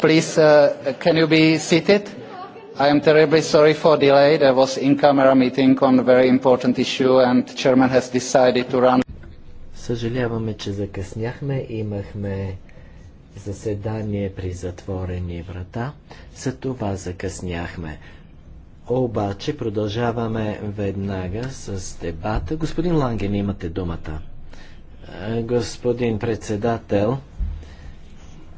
Please, uh, can you be seated? I am terribly sorry for delay. There was in-camera meeting on a very important issue and chairman has decided to run. Съжаляваме, че закъсняхме. Имахме заседание при затворени врата. За това закъсняхме. Обаче продължаваме веднага с дебата. Господин Ланген, имате думата. Господин председател,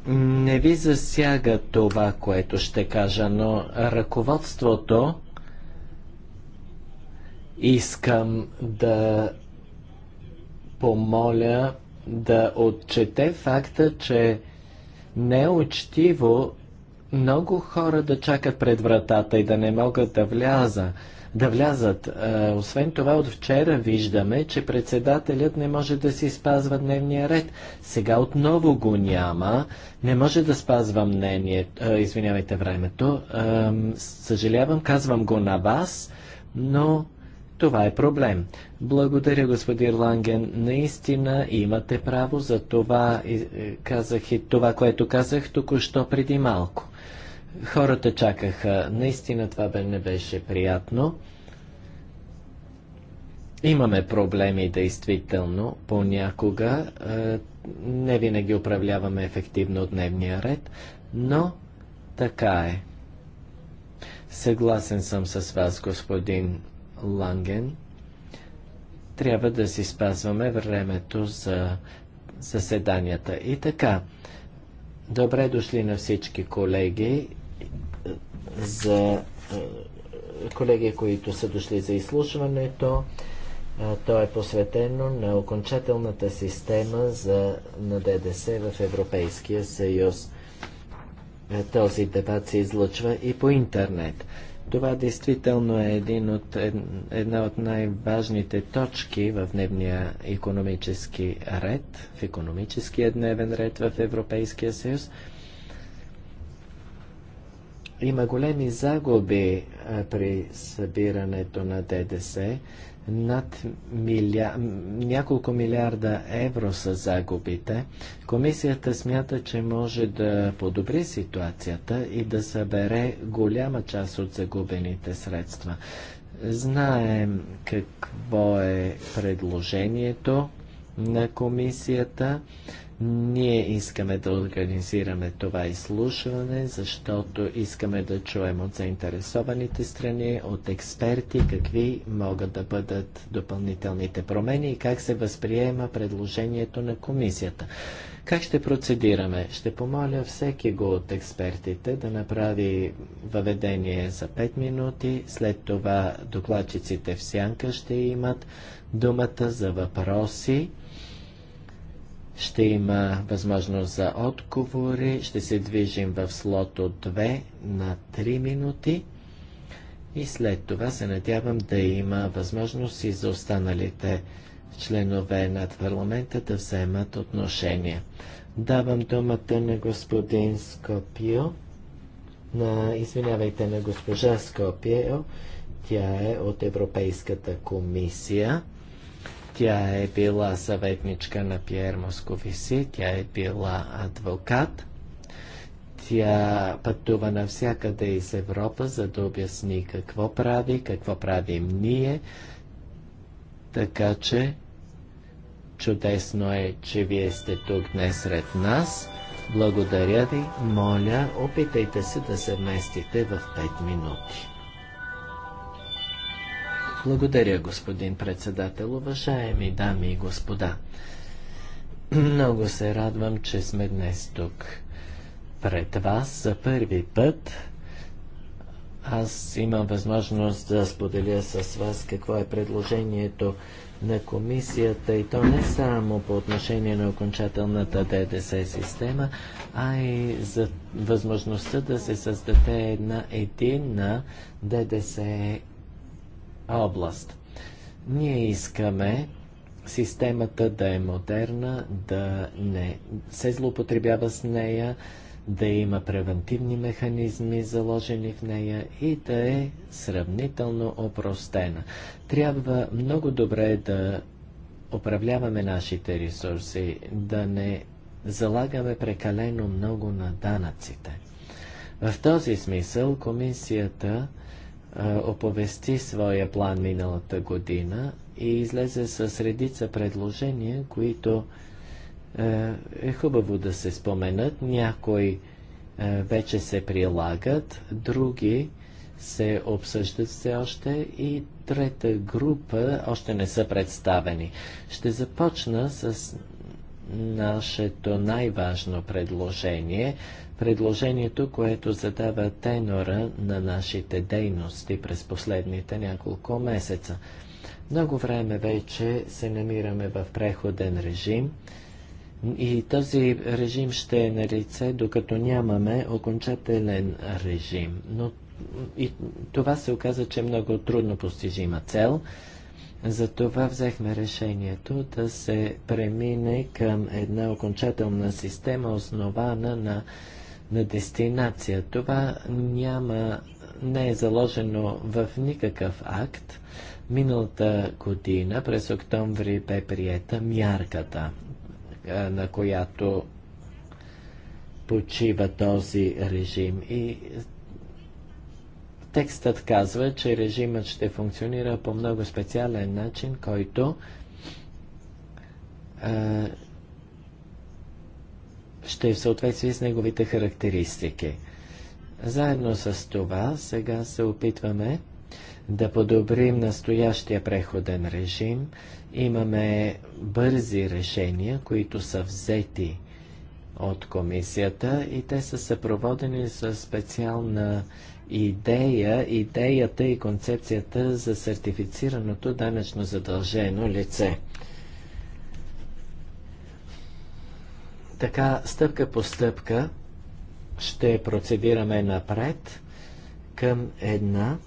не ви засяга това, което ще кажа, но ръководството искам да помоля да отчете факта, че не е учтиво много хора да чакат пред вратата и да не могат да вляза, да влязат. Е, освен това, от вчера виждаме, че председателят не може да си спазва дневния ред. Сега отново го няма. Не може да спазва мнение. Е, извинявайте времето. Съжалявам, казвам го на вас, но това е проблем. Благодаря, господин Ланген. Наистина имате право за това, е, казах и това, което казах току-що преди малко. Хората чакаха. Наистина това бе не беше приятно. Имаме проблеми, действително, понякога. Е, не винаги управляваме ефективно дневния ред, но така е. Съгласен съм с вас, господин Ланген. Трябва да си спазваме времето за заседанията. И така, добре дошли на всички колеги за е, колеги, които са дошли за изслушването. Е, то е посветено на окончателната система за, на ДДС в Европейския съюз. Е, този дебат се излъчва и по интернет. Това действително е един от, една от най-важните точки в дневния економически ред, в економическия дневен ред в Европейския съюз – има големи загуби при събирането на ДДС. Над милиар... няколко милиарда евро са загубите. Комисията смята, че може да подобри ситуацията и да събере голяма част от загубените средства. Знаем какво е предложението на комисията. Ние искаме да организираме това изслушване, защото искаме да чуем от заинтересованите страни, от експерти, какви могат да бъдат допълнителните промени и как се възприема предложението на комисията. Как ще процедираме? Ще помоля всеки го от експертите да направи въведение за 5 минути, след това докладчиците в сянка ще имат думата за въпроси ще има възможност за отговори. Ще се движим в слот от 2 на 3 минути. И след това се надявам да има възможност и за останалите членове на парламента да вземат отношение. Давам думата на господин Скопио, на, извинявайте, на госпожа Скопио, тя е от Европейската комисия. Тя е била съветничка на Пьер Московиси, тя е била адвокат. Тя пътува навсякъде из Европа, за да обясни какво прави, какво правим ние. Така че чудесно е, че вие сте тук днес сред нас. Благодаря ви. Моля, опитайте се да се вместите в 5 минути. Благодаря, господин председател. Уважаеми дами и господа, много се радвам, че сме днес тук пред вас за първи път. Аз имам възможност да споделя с вас какво е предложението на комисията и то не само по отношение на окончателната ДДС система, а и за възможността да се създаде една единна ДДС област. Ние искаме системата да е модерна, да не се злоупотребява с нея, да има превентивни механизми заложени в нея и да е сравнително опростена. Трябва много добре да управляваме нашите ресурси, да не залагаме прекалено много на данъците. В този смисъл комисията оповести своя план миналата година и излезе с редица предложения, които е хубаво да се споменат. Някои вече се прилагат, други се обсъждат все още и трета група още не са представени. Ще започна с нашето най-важно предложение, предложението, което задава тенора на нашите дейности през последните няколко месеца. Много време вече се намираме в преходен режим и този режим ще е на лице, докато нямаме окончателен режим. Но и това се оказа, че е много трудно постижима цел – затова взехме решението да се премине към една окончателна система, основана на, на дестинация. Това няма, не е заложено в никакъв акт. Миналата година, през октомври, бе приета мярката, на която почива този режим. И Текстът казва, че режимът ще функционира по много специален начин, който е, ще е в съответствие с неговите характеристики. Заедно с това сега се опитваме да подобрим настоящия преходен режим. Имаме бързи решения, които са взети от комисията и те са съпроводени с специална идея, идеята и концепцията за сертифицираното данъчно задължено лице. Така, стъпка по стъпка ще процедираме напред към една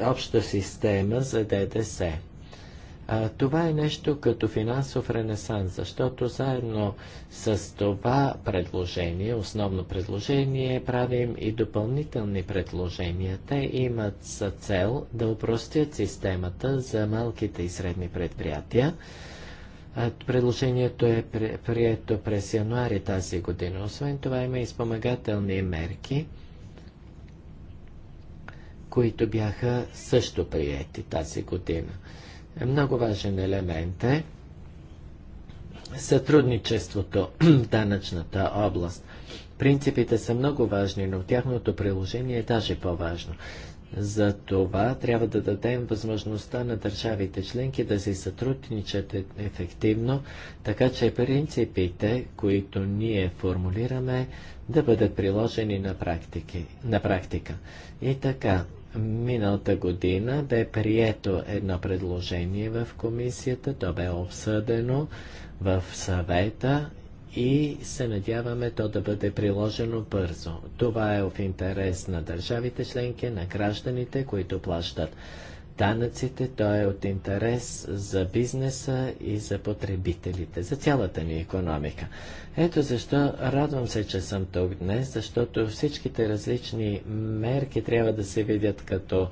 обща система за ДДС. А, това е нещо като финансов ренесанс, защото заедно с това предложение, основно предложение, правим и допълнителни предложения. Те имат за цел да упростят системата за малките и средни предприятия. Предложението е прието през януари тази година. Освен това има и спомагателни мерки, които бяха също приети тази година. Е много важен елемент е сътрудничеството в данъчната област. Принципите са много важни, но тяхното приложение е даже по-важно. За това трябва да дадем възможността на държавите членки да се сътрудничат е-, ефективно, така че принципите, които ние формулираме, да бъдат приложени на, практики, на практика. И така, Миналата година бе прието едно предложение в комисията, то бе обсъдено в съвета и се надяваме то да бъде приложено бързо. Това е в интерес на държавите членки, на гражданите, които плащат данъците. Той е от интерес за бизнеса и за потребителите, за цялата ни економика. Ето защо радвам се, че съм тук днес, защото всичките различни мерки трябва да се видят като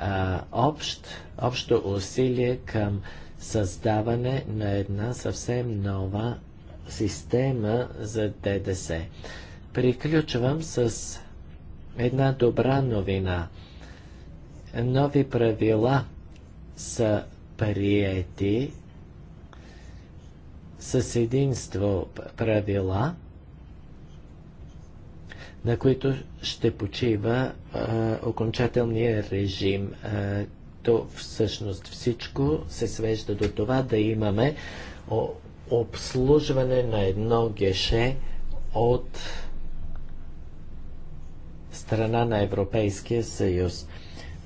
а, общ, общо усилие към създаване на една съвсем нова система за ДДС. Приключвам с една добра новина – нови правила са приети с единство правила, на които ще почива а, окончателния режим. А, то всъщност всичко се свежда до това да имаме о, обслужване на едно геше от страна на Европейския съюз.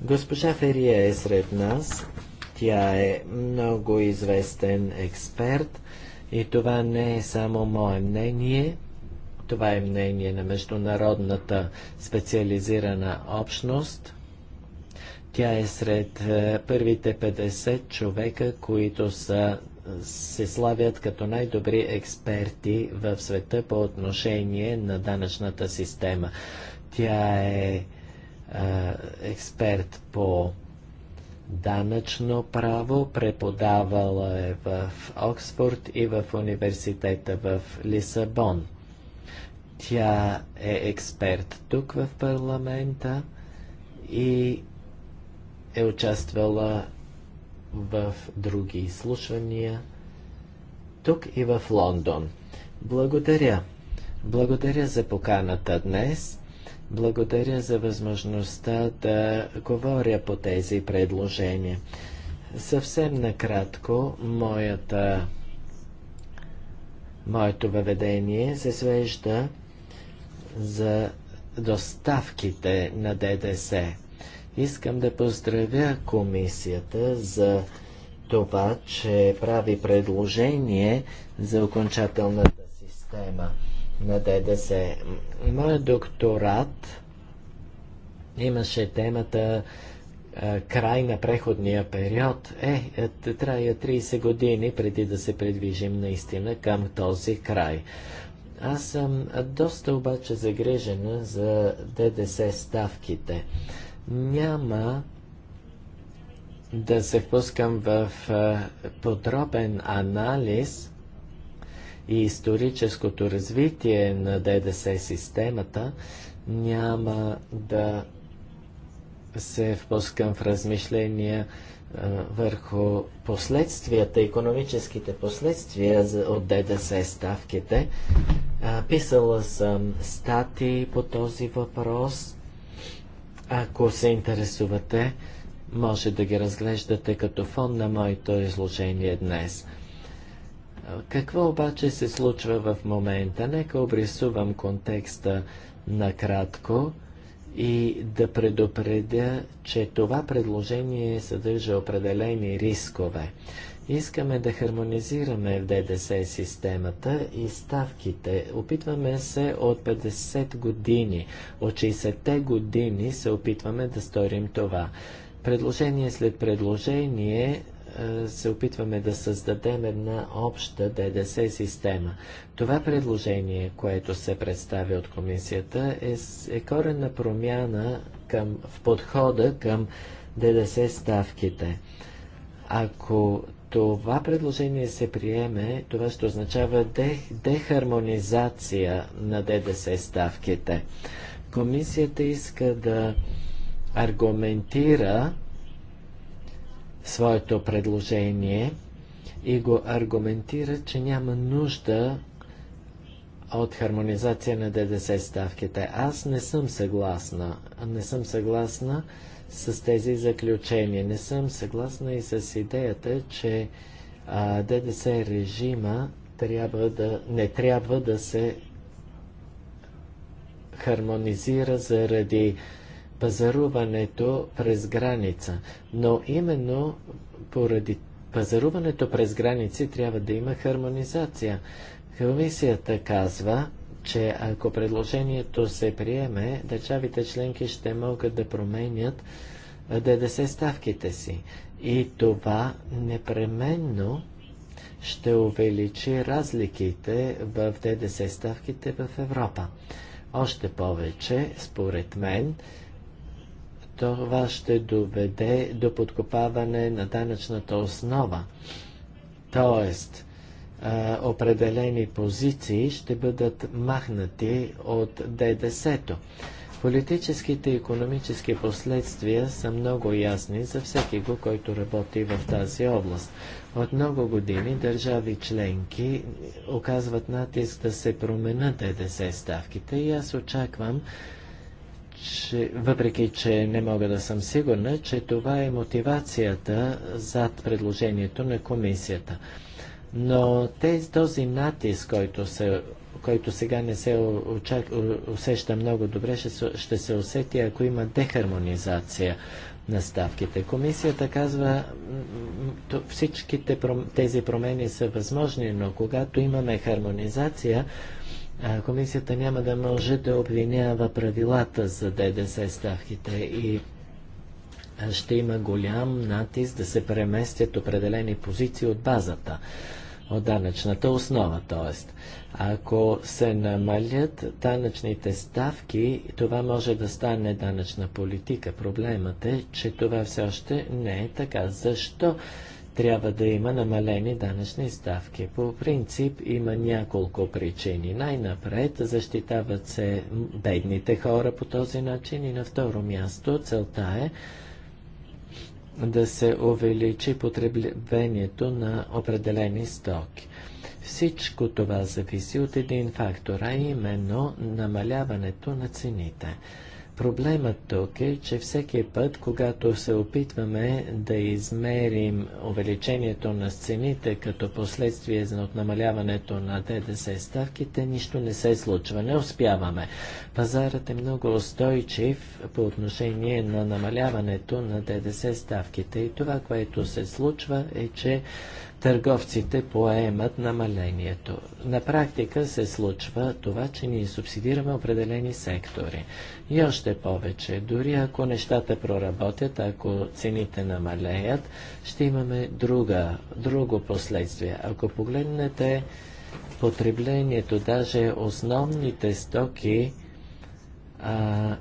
Госпожа Ферия е сред нас. Тя е много известен експерт и това не е само мое мнение. Това е мнение на международната специализирана общност. Тя е сред е, първите 50 човека, които са, се славят като най-добри експерти в света по отношение на данъчната система. Тя е е, експерт по данъчно право, преподавала е в Оксфорд и в университета в Лисабон. Тя е експерт тук в парламента и е участвала в други изслушвания тук и в Лондон. Благодаря. Благодаря за поканата днес. Благодаря за възможността да говоря по тези предложения. Съвсем накратко, моята, моето въведение се свежда за доставките на ДДС. Искам да поздравя комисията за това, че прави предложение за окончателната система на ДДС. Моят докторат имаше темата край на преходния период. Е, е трая 30 години преди да се предвижим наистина към този край. Аз съм доста обаче загрежена за ДДС ставките. Няма да се впускам в подробен анализ и историческото развитие на ДДС системата, няма да се впускам в размишления а, върху последствията, економическите последствия за, от ДДС ставките. А, писала съм статии по този въпрос. Ако се интересувате, може да ги разглеждате като фон на моето изложение днес. Какво обаче се случва в момента? Нека обрисувам контекста накратко и да предупредя, че това предложение съдържа определени рискове. Искаме да хармонизираме в ДДС системата и ставките. Опитваме се от 50 години, от 60-те години се опитваме да сторим това. Предложение след предложение се опитваме да създадем една обща ДДС система. Това предложение, което се представи от комисията, е, е корена промяна към, в подхода към ДДС ставките. Ако това предложение се приеме, това ще означава дех, дехармонизация на ДДС ставките. Комисията иска да аргументира своето предложение и го аргументира, че няма нужда от хармонизация на ДДС ставките. Аз не съм съгласна. Не съм съгласна с тези заключения. Не съм съгласна и с идеята, че а, ДДС режима трябва да, не трябва да се хармонизира заради пазаруването през граница. Но именно поради пазаруването през граници трябва да има хармонизация. Комисията казва, че ако предложението се приеме, държавите членки ще могат да променят ДДС ставките си. И това непременно ще увеличи разликите в ДДС ставките в Европа. Още повече, според мен, това ще доведе до подкопаване на данъчната основа. Тоест, определени позиции ще бъдат махнати от ДДС. -то. Политическите и економически последствия са много ясни за всеки го, който работи в тази област. От много години държави членки оказват натиск да се променят ДДС ставките и аз очаквам че, въпреки че не мога да съм сигурна, че това е мотивацията зад предложението на комисията. Но тези, този натиск, който, се, който сега не се очак, усеща много добре, ще, ще се усети, ако има дехармонизация на ставките. Комисията казва, всичките тези промени са възможни, но когато имаме хармонизация, комисията няма да може да обвинява правилата за ДДС ставките и ще има голям натиск да се преместят определени позиции от базата, от данъчната основа, т.е. Ако се намалят данъчните ставки, това може да стане данъчна политика. Проблемът е, че това все още не е така. Защо трябва да има намалени данъчни ставки. По принцип има няколко причини. Най-напред защитават се бедните хора по този начин и на второ място целта е да се увеличи потреблението на определени стоки. Всичко това зависи от един фактор, а именно намаляването на цените. Проблемът тук е, че всеки път, когато се опитваме да измерим увеличението на цените като последствие от намаляването на ДДС ставките, нищо не се случва, не успяваме. Пазарът е много устойчив по отношение на намаляването на ДДС ставките и това, което се случва е, че търговците поемат намалението. На практика се случва това, че ние субсидираме определени сектори. И още повече, дори ако нещата проработят, ако цените намалеят, ще имаме друга, друго последствие. Ако погледнете потреблението, даже основните стоки а,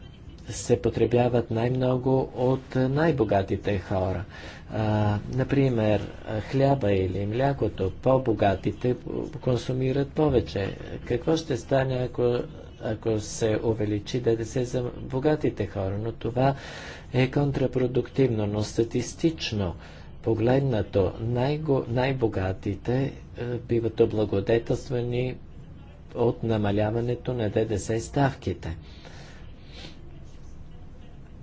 се потребяват най-много от най-богатите хора. А, например, хляба или млякото, по-богатите консумират повече. Какво ще стане, ако, ако се увеличи ДДС за богатите хора? Но това е контрапродуктивно, но статистично погледнато, най- богатите е, биват облагодетелствани от намаляването на ДДС ставките.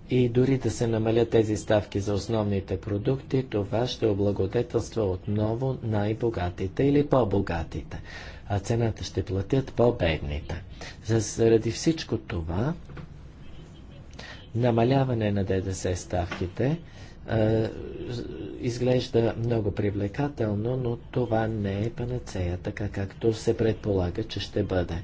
И дори да се намалят тези ставки за основните продукти, това ще облагодетелства отново най-богатите или по-богатите, а цената ще платят по-бедните. Заради всичко това, намаляване на ДДС ставките е, изглежда много привлекателно, но това не е панацея, така както се предполага, че ще бъде.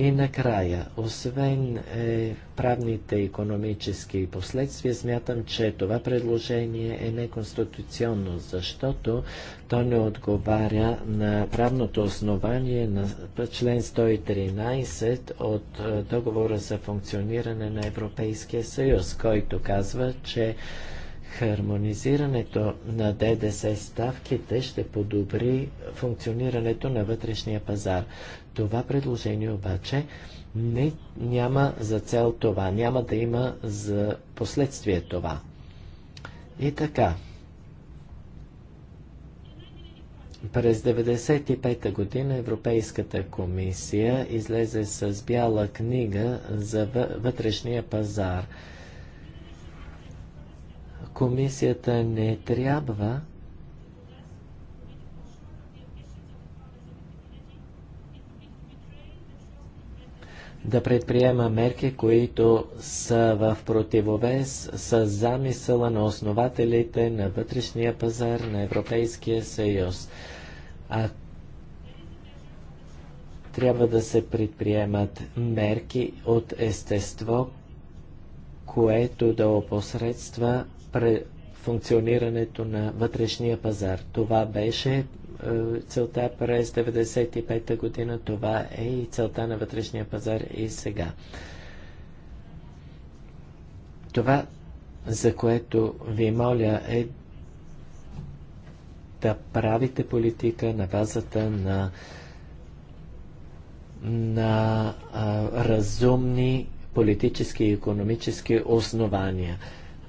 И накрая, освен е, правните и економически последствия, смятам, че това предложение е неконституционно, защото то не отговаря на правното основание на член 113 от е, договора за функциониране на Европейския съюз, който казва, че хармонизирането на ДДС ставките ще подобри функционирането на вътрешния пазар. Това предложение обаче не, няма за цел това, няма да има за последствие това. И така, през 1995 година Европейската комисия излезе с бяла книга за вътрешния пазар. Комисията не трябва да предприема мерки, които са в противовес с замисъла на основателите на вътрешния пазар на Европейския съюз. А трябва да се предприемат мерки от естество, което да опосредства функционирането на вътрешния пазар. Това беше е, целта през 1995 година. Това е и целта на вътрешния пазар и сега. Това, за което ви моля, е да правите политика на базата на, на а, разумни политически и економически основания.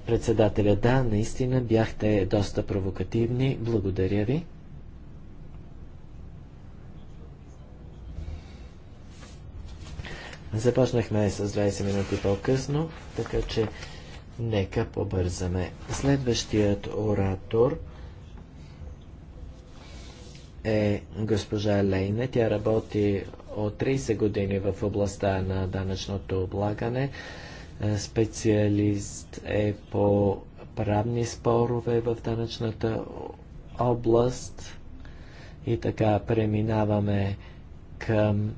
Председателя, да, наистина бяхте доста провокативни. Благодаря ви. Започнахме с 20 минути по-късно, така че нека побързаме. Следващият оратор е госпожа Лейне. Тя работи от 30 години в областта на данъчното облагане. Е, специалист е по правни спорове в данъчната област. И така преминаваме към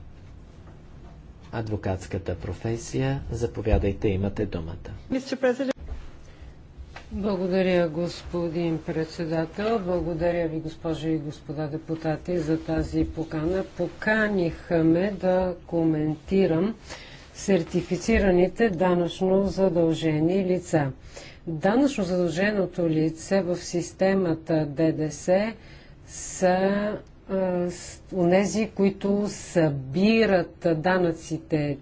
адвокатската професия. Заповядайте, имате думата. Благодаря, господин председател. Благодаря ви, госпожи и господа депутати, за тази покана. Поканиха ме да коментирам сертифицираните данъчно задължени лица. Данъчно задълженото лице в системата ДДС са е, онези, които събират данъците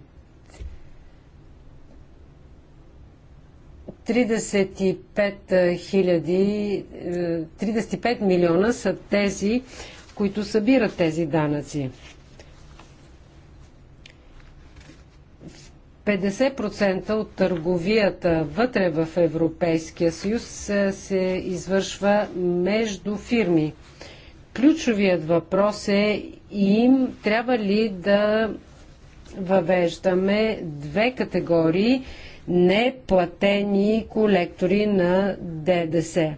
35, 35 е, милиона са тези, които събират тези данъци. 50% от търговията вътре в Европейския съюз е, се извършва между фирми – Ключовият въпрос е им трябва ли да въвеждаме две категории неплатени колектори на ДДС.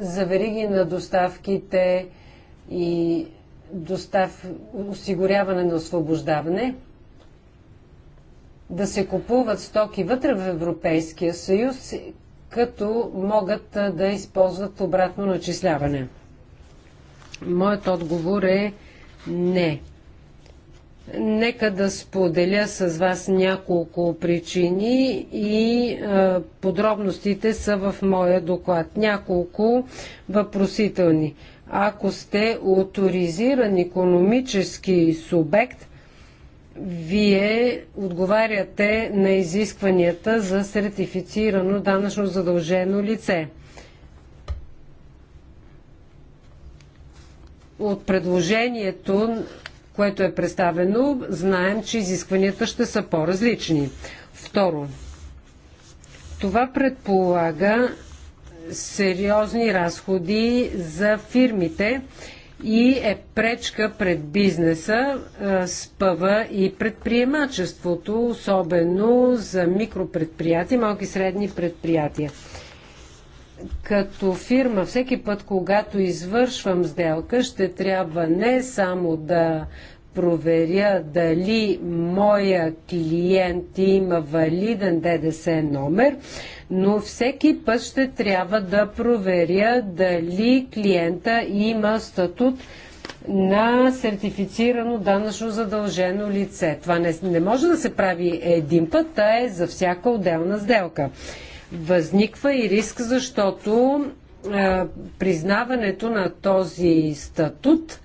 за вериги на доставките и достав... осигуряване на освобождаване – да се купуват стоки вътре в Европейския съюз, като могат да използват обратно начисляване? Моят отговор е не. Нека да споделя с вас няколко причини и е, подробностите са в моя доклад. Няколко въпросителни. Ако сте авторизиран економически субект, вие отговаряте на изискванията за сертифицирано данъчно задължено лице. От предложението, което е представено, знаем, че изискванията ще са по-различни. Второ, това предполага сериозни разходи за фирмите и е пречка пред бизнеса, е, спъва и предприемачеството, особено за микропредприятия, малки и средни предприятия. Като фирма, всеки път, когато извършвам сделка, ще трябва не само да проверя дали моя клиент има валиден ДДС номер, но всеки път ще трябва да проверя дали клиента има статут на сертифицирано данъчно задължено лице. Това не, не може да се прави един път, а е за всяка отделна сделка. Възниква и риск, защото е, признаването на този статут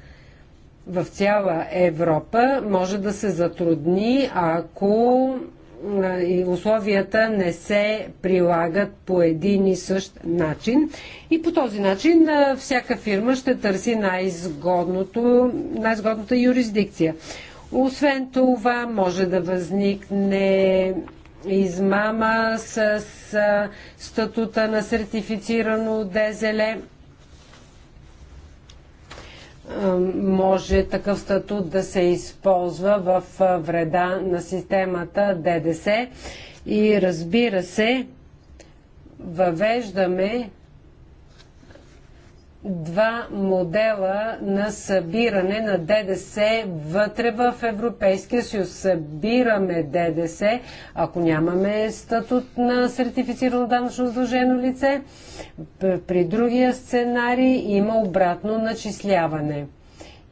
в цяла Европа може да се затрудни, ако и условията не се прилагат по един и същ начин. И по този начин всяка фирма ще търси най-изгодното, най-изгодната юрисдикция. Освен това, може да възникне измама с статута на сертифицирано дезеле може такъв статут да се използва в вреда на системата ДДС. И разбира се, въвеждаме два модела на събиране на ДДС вътре в Европейския съюз. Събираме ДДС, ако нямаме статут на сертифицирано данъчно задължено лице. При другия сценарий има обратно начисляване.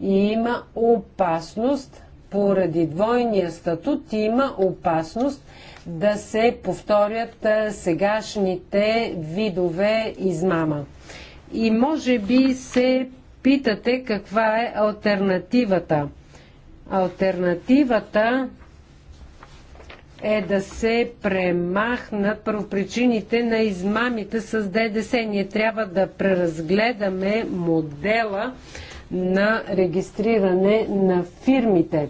И има опасност, поради двойния статут, има опасност да се повторят сегашните видове измама. И може би се питате каква е альтернативата. Альтернативата е да се премахнат първопричините на измамите с ДДС. Ние трябва да преразгледаме модела на регистриране на фирмите.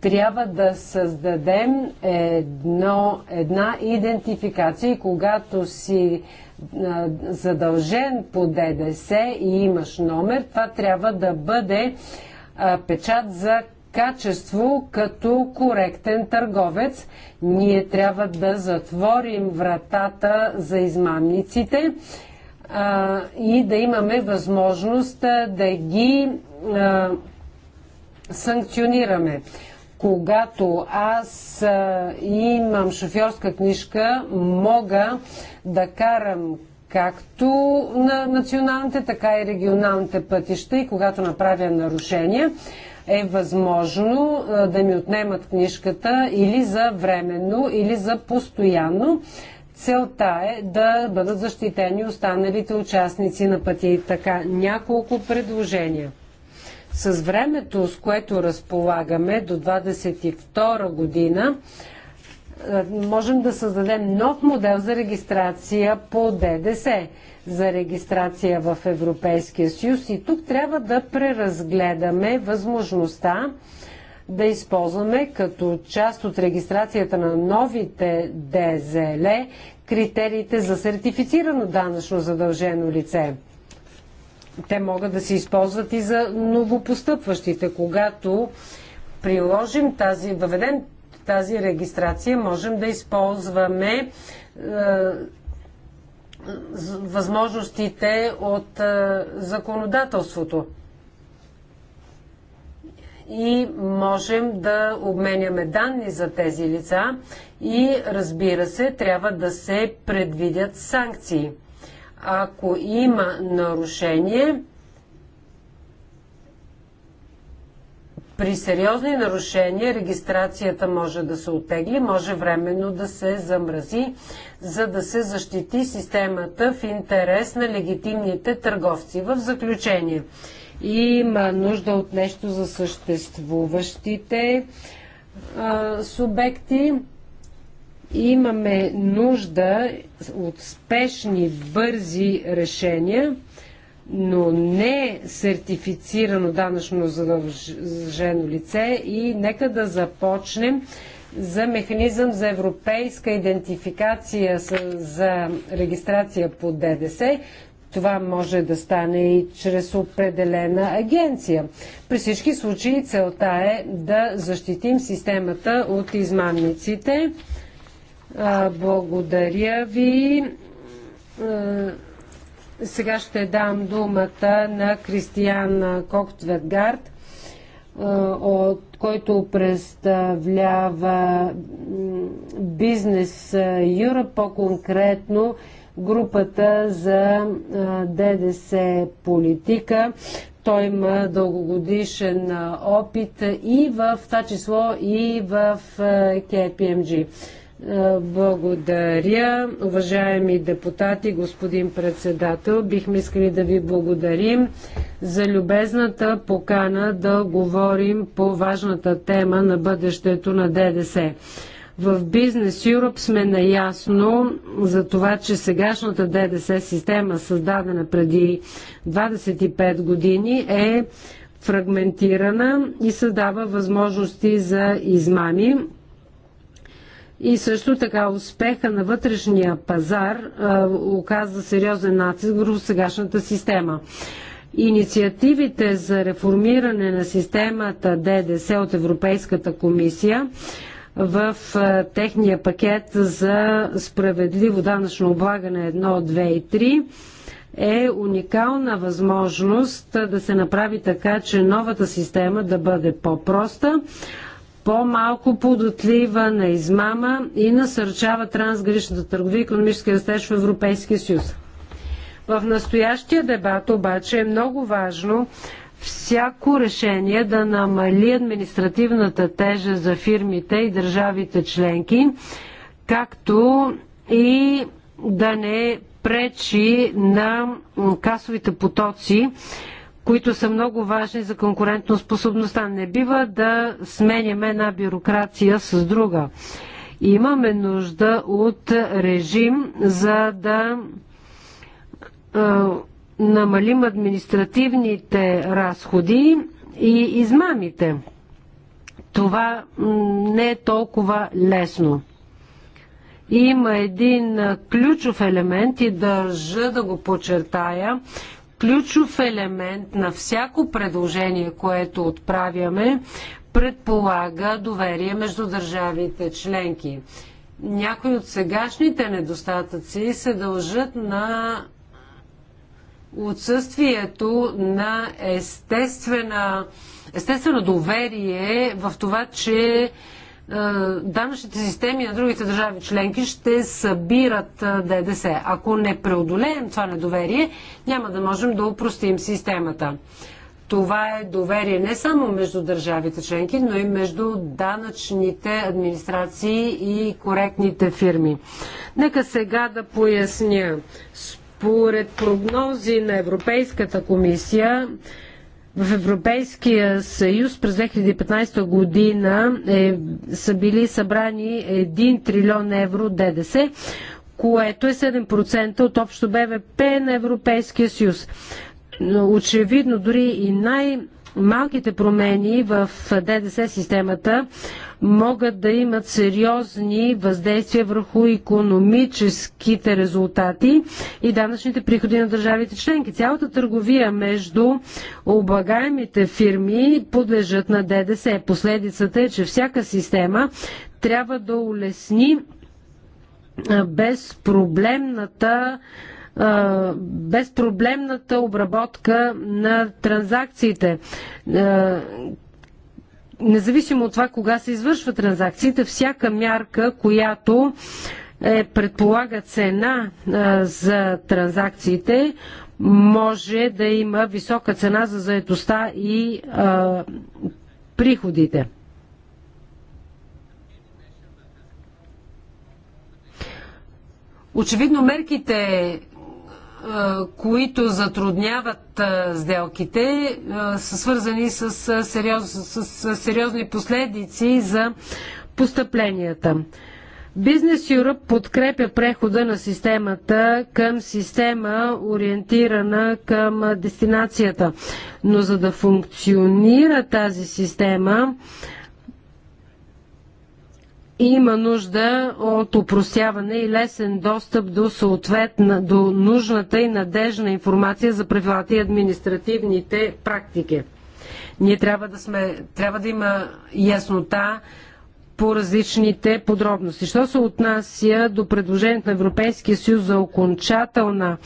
Трябва да създадем едно, една идентификация и когато си задължен по ДДС и имаш номер, това трябва да бъде печат за качество като коректен търговец. Ние трябва да затворим вратата за измамниците и да имаме възможност да ги санкционираме когато аз имам шофьорска книжка, мога да карам както на националните, така и регионалните пътища и когато направя нарушения, е възможно да ми отнемат книжката или за временно, или за постоянно. Целта е да бъдат защитени останалите участници на пътя и така. Няколко предложения. С времето, с което разполагаме до 22 година, е, можем да създадем нов модел за регистрация по ДДС, за регистрация в Европейския съюз и тук трябва да преразгледаме възможността да използваме като част от регистрацията на новите ДЗЛ критериите за сертифицирано данъчно задължено лице те могат да се използват и за новопостъпващите. Когато приложим тази, въведем тази регистрация, можем да използваме е, възможностите от е, законодателството. И можем да обменяме данни за тези лица и разбира се, трябва да се предвидят санкции. Ако има нарушение, При сериозни нарушения регистрацията може да се отегли, може временно да се замрази, за да се защити системата в интерес на легитимните търговци. В заключение, има нужда от нещо за съществуващите а, субекти. Имаме нужда от спешни, бързи решения, но не сертифицирано данъчно задължено лице и нека да започнем за механизъм за европейска идентификация за регистрация по ДДС. Това може да стане и чрез определена агенция. При всички случаи целта е да защитим системата от измамниците. Благодаря ви. Сега ще дам думата на Кристиян Коктветгард, от който представлява Бизнес Юра, по-конкретно групата за ДДС политика. Той има дългогодишен опит и в това число и в KPMG. Благодаря, уважаеми депутати, господин председател. Бихме искали да ви благодарим за любезната покана да говорим по важната тема на бъдещето на ДДС. В Бизнес Юроп сме наясно за това, че сегашната ДДС система, създадена преди 25 години, е фрагментирана и създава възможности за измами и също така успеха на вътрешния пазар а, оказа сериозен натиск върху сегашната система. Инициативите за реформиране на системата ДДС от Европейската комисия в а, техния пакет за справедливо данъчно облагане 1, 2 и 3 е уникална възможност да се направи така, че новата система да бъде по-проста, по-малко податлива на измама и насърчава трансгранична търговия и економически растеж в Европейския съюз. В настоящия дебат обаче е много важно всяко решение да намали административната тежа за фирмите и държавите членки, както и да не пречи на касовите потоци които са много важни за конкурентоспособността. Не бива да сменяме една бюрокрация с друга. Имаме нужда от режим, за да намалим административните разходи и измамите. Това не е толкова лесно. Има един ключов елемент и държа да го подчертая. Ключов елемент на всяко предложение, което отправяме, предполага доверие между държавите членки. Някои от сегашните недостатъци се дължат на отсъствието на естествена, естествено доверие в това, че е, данъчните системи на другите държави членки ще събират е, ДДС. Ако не преодолеем това недоверие, няма да можем да упростим системата. Това е доверие не само между държавите членки, но и между данъчните администрации и коректните фирми. Нека сега да поясня. Според прогнози на Европейската комисия, в Европейския съюз през 2015 година е, са били събрани 1 трилион евро ДДС, което е 7% от общо БВП на Европейския съюз. Но очевидно дори и най- малките промени в ДДС системата могат да имат сериозни въздействия върху економическите резултати и данъчните приходи на държавите членки. Цялата търговия между облагаемите фирми подлежат на ДДС. Последицата е, че всяка система трябва да улесни безпроблемната безпроблемната обработка на транзакциите. Независимо от това кога се извършва транзакциите, всяка мярка, която е, предполага цена а, за транзакциите, може да има висока цена за заедостта и а, приходите. Очевидно мерките, които затрудняват сделките, са свързани с, сериоз, с сериозни последици за постъпленията. Бизнес Юръп подкрепя прехода на системата към система, ориентирана към дестинацията. Но за да функционира тази система, има нужда от упростяване и лесен достъп до съответна, до нужната и надежна информация за правилата и административните практики. Ние трябва да сме, трябва да има яснота по различните подробности. Що се отнася до предложението на Европейския съюз за окончателна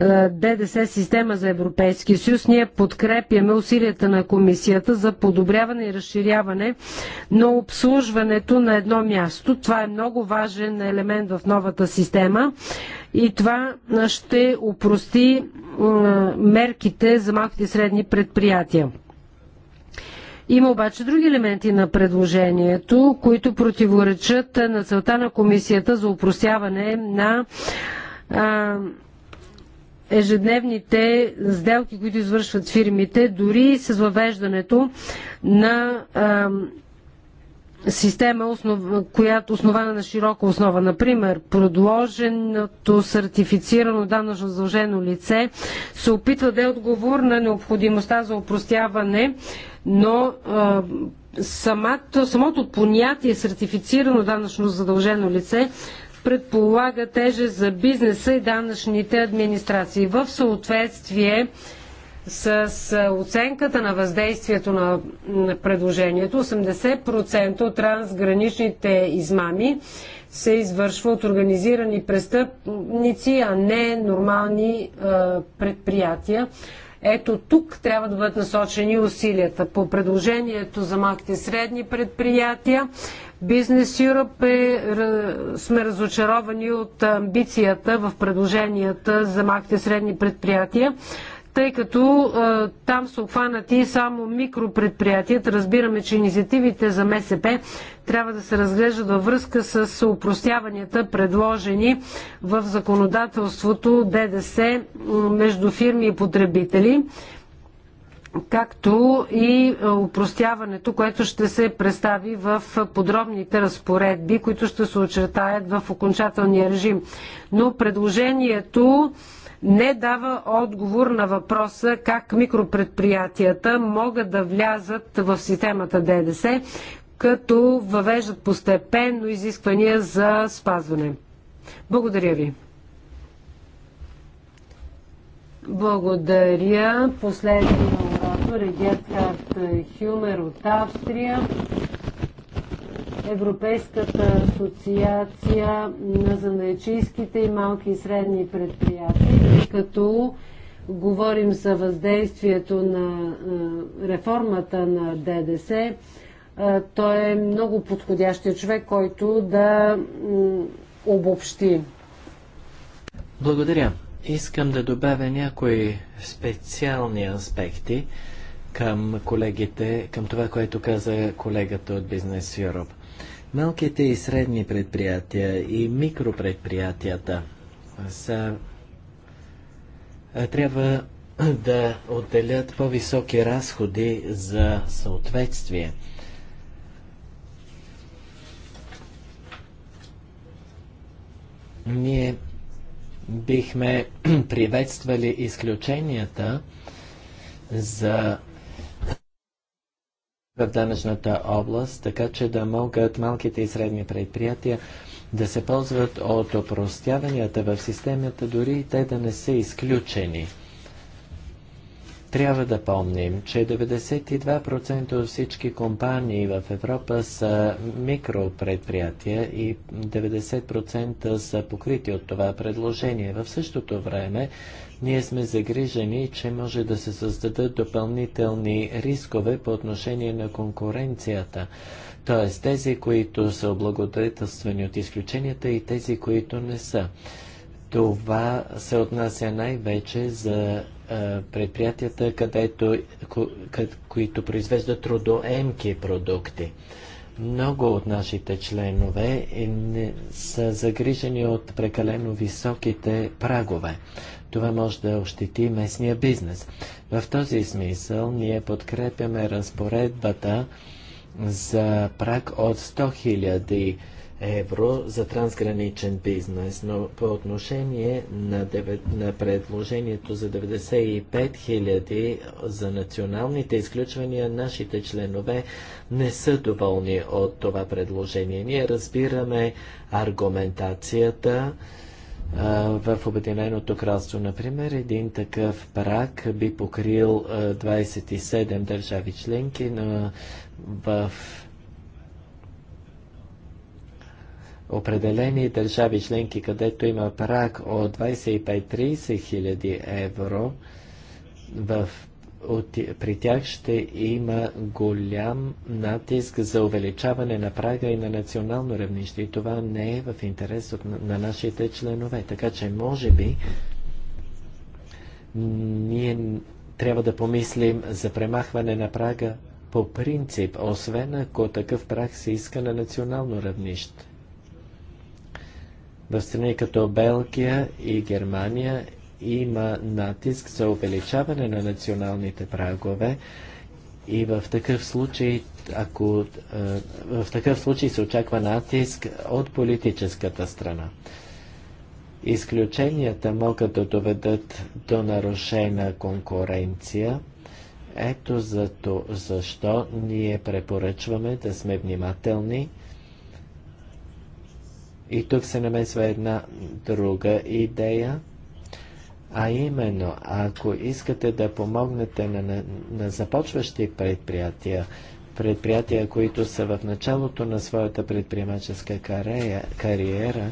е, ДДС система за Европейския съюз, ние подкрепяме усилията на комисията за подобряване и разширяване на обслужването на едно място. Това е много важен елемент в новата система и това ще упрости е, мерките за малките и средни предприятия. Има обаче други елементи на предложението, които противоречат на целта на комисията за упростяване на е, ежедневните сделки, които извършват фирмите, дори с въвеждането на система, основ... която основана на широка основа. Например, продложеното сертифицирано данъчно задължено лице се опитва да е отговор на необходимостта за опростяване, но а, самото, самото понятие сертифицирано данъчно задължено лице предполага тежест за бизнеса и данъчните администрации. В съответствие с оценката на въздействието на предложението, 80% от трансграничните измами се извършва от организирани престъпници, а не нормални предприятия. Ето тук трябва да бъдат насочени усилията. По предложението за малките и средни предприятия, Бизнес Юроп е, сме разочаровани от амбицията в предложенията за малките и средни предприятия тъй като а, там са обхванати само микропредприятията. Разбираме, че инициативите за МСП трябва да се разглеждат във връзка с упростяванията, предложени в законодателството ДДС между фирми и потребители както и упростяването, което ще се представи в подробните разпоредби, които ще се очертаят в окончателния режим. Но предложението не дава отговор на въпроса как микропредприятията могат да влязат в системата ДДС, като въвеждат постепенно изисквания за спазване. Благодаря ви. Благодаря. Последния оратор е Герхард Хюмер от Австрия. Европейската асоциация на занайчийските и малки и средни предприятия, като говорим за въздействието на реформата на ДДС, той е много подходящия човек, който да обобщи. Благодаря. Искам да добавя някои специални аспекти към колегите, към това, което каза колегата от Бизнес Europe. Малките и средни предприятия и микропредприятията са, трябва да отделят по-високи разходи за съответствие. Ние бихме приветствали изключенията за в данъчната област, така че да могат малките и средни предприятия да се ползват от опростяванията в системата, дори и те да не са изключени. Трябва да помним, че 92% от всички компании в Европа са микропредприятия и 90% са покрити от това предложение. В същото време ние сме загрижени, че може да се създадат допълнителни рискове по отношение на конкуренцията. Т.е. тези, които са облагодетелствани от изключенията и тези, които не са. Това се отнася най-вече за предприятията, където, които произвеждат трудоемки продукти. Много от нашите членове е, са загрижени от прекалено високите прагове. Това може да ощети местния бизнес. В този смисъл ние подкрепяме разпоредбата за праг от 100 000 евро за трансграничен бизнес, но по отношение на, 9, на предложението за 95 000 за националните изключвания, нашите членове не са доволни от това предложение. Ние разбираме аргументацията, в Обединеното кралство, например, един такъв прак би покрил 27 държави членки, но в определени държави членки, където има прак от 25-30 хиляди евро, в, от, при тях ще има голям натиск за увеличаване на прага и на национално равнище. И това не е в интерес от, на, на нашите членове. Така че, може би, ние трябва да помислим за премахване на прага по принцип, освен ако такъв прах се иска на национално равнище. В страни като Белгия и Германия има натиск за увеличаване на националните прагове и в такъв случай, ако, е, в такъв случай се очаква натиск от политическата страна. Изключенията могат да доведат до нарушена конкуренция. Ето за то, защо ние препоръчваме да сме внимателни и тук се намесва една друга идея, а именно, ако искате да помогнете на, на, на започващи предприятия, предприятия, които са в началото на своята предприемаческа кариера, кариера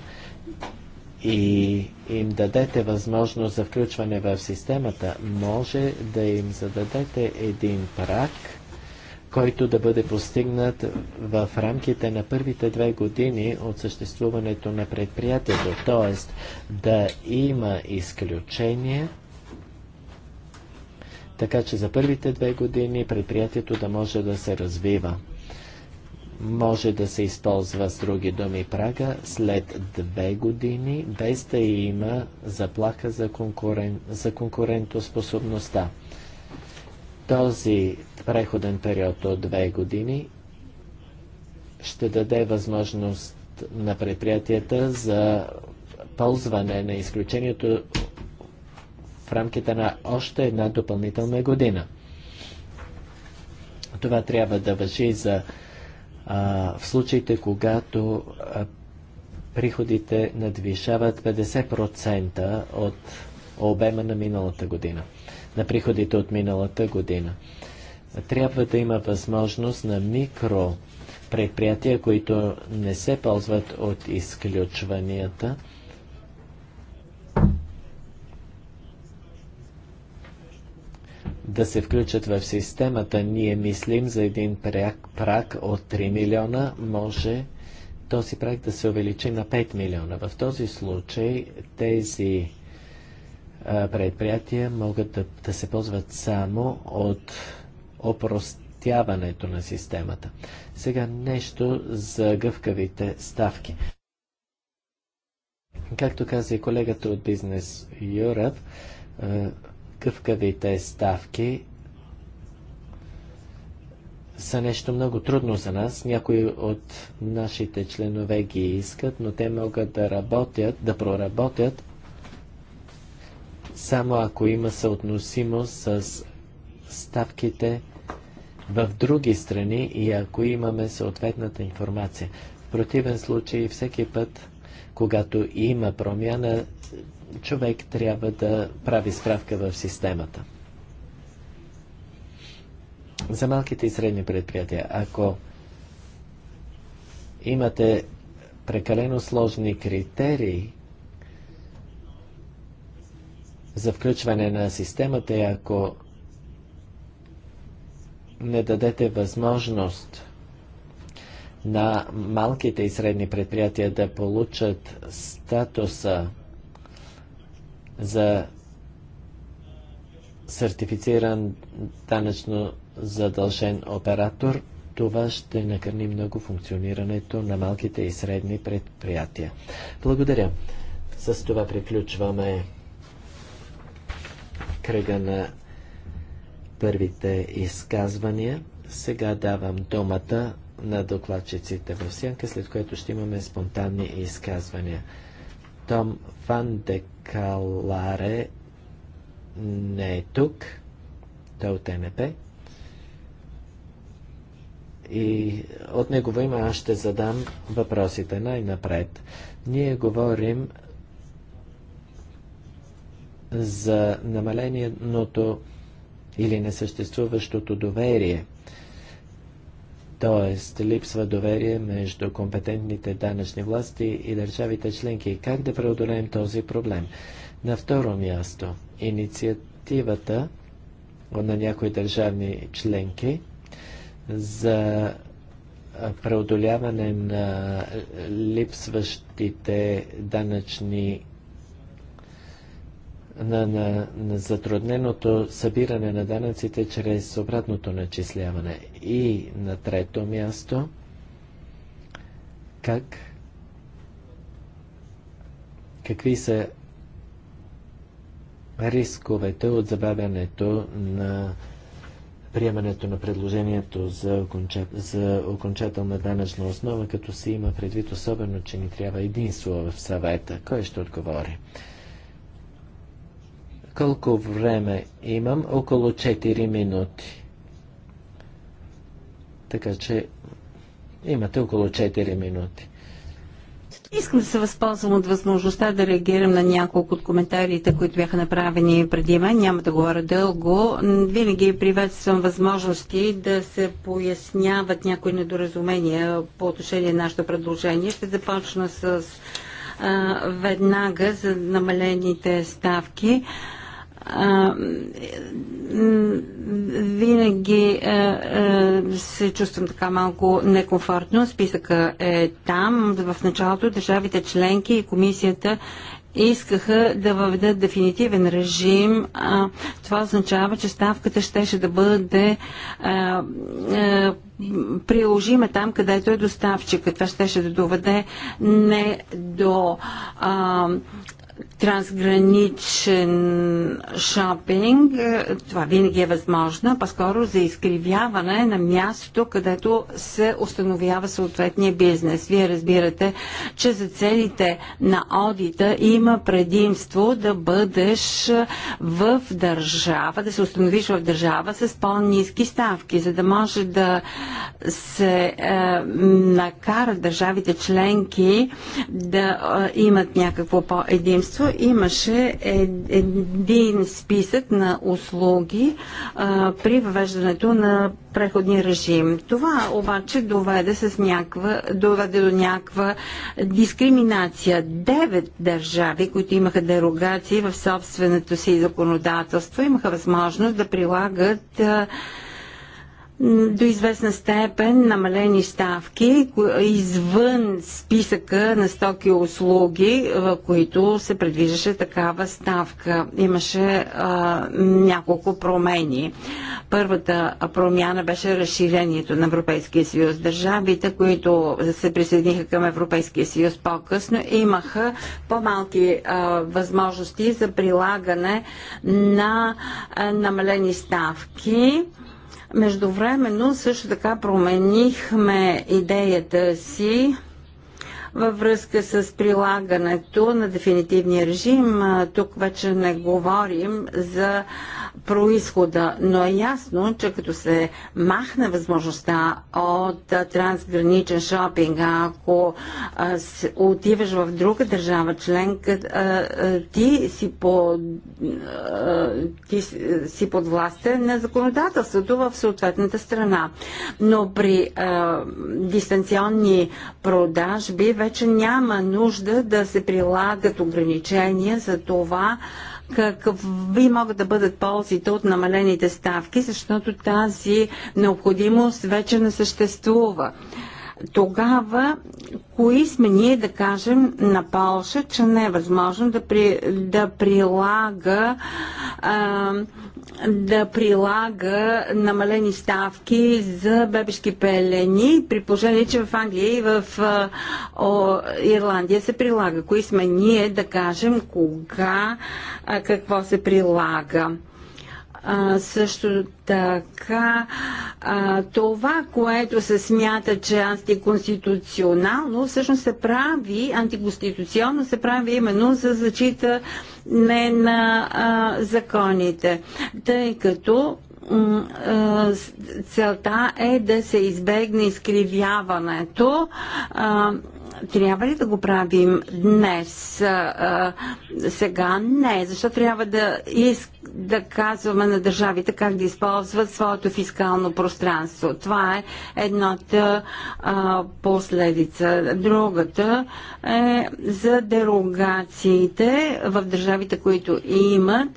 и им дадете възможност за включване в системата, може да им зададете един прак – който да бъде постигнат в рамките на първите две години от съществуването на предприятието, т.е. да има изключение, така че за първите две години предприятието да може да се развива. Може да се използва с други думи прага след две години, без да има заплаха за, конкурен... за конкурентоспособността. Този преходен период от две години ще даде възможност на предприятията за ползване на изключението в рамките на още една допълнителна година. Това трябва да въжи за а, в случаите, когато а, приходите надвишават 50% от обема на миналата година на приходите от миналата година. Трябва да има възможност на микро предприятия, които не се ползват от изключванията, да се включат в системата. Ние мислим за един пряк прак от 3 милиона, може този прак да се увеличи на 5 милиона. В този случай тези предприятия могат да, да се ползват само от опростяването на системата. Сега нещо за гъвкавите ставки. Както каза и колегата от Business Europe, гъвкавите ставки са нещо много трудно за нас. Някои от нашите членове ги искат, но те могат да работят, да проработят само ако има съотносимост с ставките в други страни и ако имаме съответната информация. В противен случай всеки път, когато има промяна, човек трябва да прави справка в системата. За малките и средни предприятия, ако имате прекалено сложни критерии, за включване на системата и ако не дадете възможност на малките и средни предприятия да получат статуса за сертифициран данъчно задължен оператор, това ще накърни много функционирането на малките и средни предприятия. Благодаря. С това приключваме кръга на първите изказвания. Сега давам думата на докладчиците в сянка, след което ще имаме спонтанни изказвания. Том Ван Декаларе не е тук. Той е от НП. И от негово има аз ще задам въпросите най-напред. Ние говорим за намалението или несъществуващото доверие. Тоест, липсва доверие между компетентните данъчни власти и държавите членки. Как да преодолеем този проблем? На второ място, инициативата на някои държавни членки за преодоляване на липсващите данъчни на, на, на затрудненото събиране на данъците чрез обратното начисляване. И на трето място, как, какви са рисковете от забавянето на приемането на предложението за, оконча... за окончателна данъчна основа, като се има предвид особено, че ни трябва един слово в съвета. Кой ще отговори? Колко време имам? Около 4 минути. Така че имате около 4 минути. Искам да се възползвам от възможността да реагирам на няколко от коментарите, които бяха направени преди мен. Няма да говоря дълго. Винаги приветствам възможности да се поясняват някои недоразумения по отношение на нашето предложение. Ще започна с а, веднага за намалените ставки. А, винаги а, а, се чувствам така малко некомфортно. Списъка е там. В началото държавите членки и комисията искаха да въведат дефинитивен режим. А, това означава, че ставката щеше да бъде а, а, приложима там, където е доставчика. Това щеше да доведе не до а, трансграничен шопинг, е, това винаги е възможно, по-скоро за изкривяване на мястото, където се установява съответния бизнес. Вие разбирате, че за целите на одита има предимство да бъдеш в държава, да се установиш в държава с по-низки ставки, за да може да се е, накарат държавите членки да е, имат някакво по-единство правителство имаше е, един списък на услуги а, при въвеждането на преходния режим. Това обаче доведе, с няква, доведе до някаква дискриминация. Девет държави, които имаха дерогации в собственото си законодателство, имаха възможност да прилагат а, до известна степен намалени ставки извън списъка на стоки и услуги, в които се предвиждаше такава ставка. Имаше а, няколко промени. Първата промяна беше разширението на Европейския съюз. Държавите, които се присъединиха към Европейския съюз по-късно, имаха по-малки възможности за прилагане на а, намалени ставки. Междувременно също така променихме идеята си във връзка с прилагането на дефинитивния режим, тук вече не говорим за происхода, но е ясно, че като се махне възможността от трансграничен шопинг, ако отиваш в друга държава членка, ти си, по, ти си властта на законодателството в съответната страна. Но при дистанционни продажби вече няма нужда да се прилагат ограничения за това какви могат да бъдат ползите от намалените ставки, защото тази необходимост вече не съществува тогава кои сме ние да кажем на Полша, че не е възможно да, при, да прилага а, да прилага намалени ставки за бебешки пелени, при положение, че в Англия и в а, о, Ирландия се прилага. Кои сме ние да кажем кога, а, какво се прилага. А, също така, а, това, което се смята, че е антиконституционално, всъщност се прави, антиконституционно се прави именно за зачита не на а, законите, тъй като целта е да се избегне изкривяването а, трябва ли да го правим днес, а, а, сега? Не. Защо трябва да, иск, да казваме на държавите как да използват своето фискално пространство? Това е едната а, последица. Другата е за дерогациите в държавите, които имат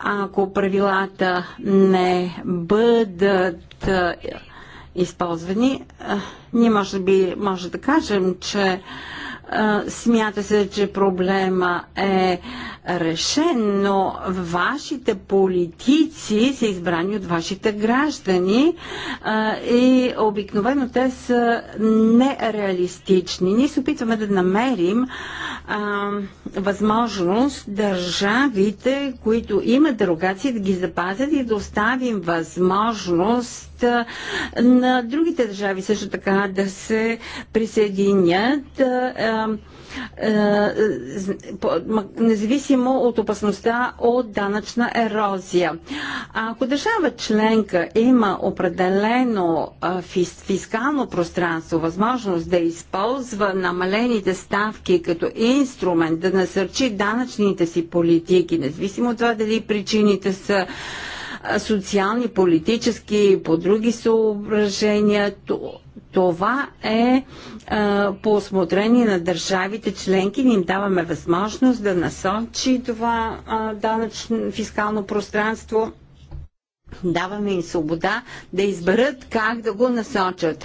ако правилата не бъдат използвани. Ние може би може да кажем, че смята се, че проблема е решен, но вашите политици са избрани от вашите граждани а, и обикновено те са нереалистични. Ние се опитваме да намерим а, възможност държавите, които имат дерогации, да ги запазят и да оставим възможност а, на другите държави също така да се присъединят. А, а, е, независимо от опасността от данъчна ерозия. Ако държава членка има определено фискално пространство, възможност да използва намалените ставки като инструмент да насърчи данъчните си политики, независимо от това дали причините са социални, политически, по други съображения, това е а, по осмотрение на държавите членки. Ни им даваме възможност да насочи това а, данъчно фискално пространство. Даваме им свобода да изберат как да го насочат.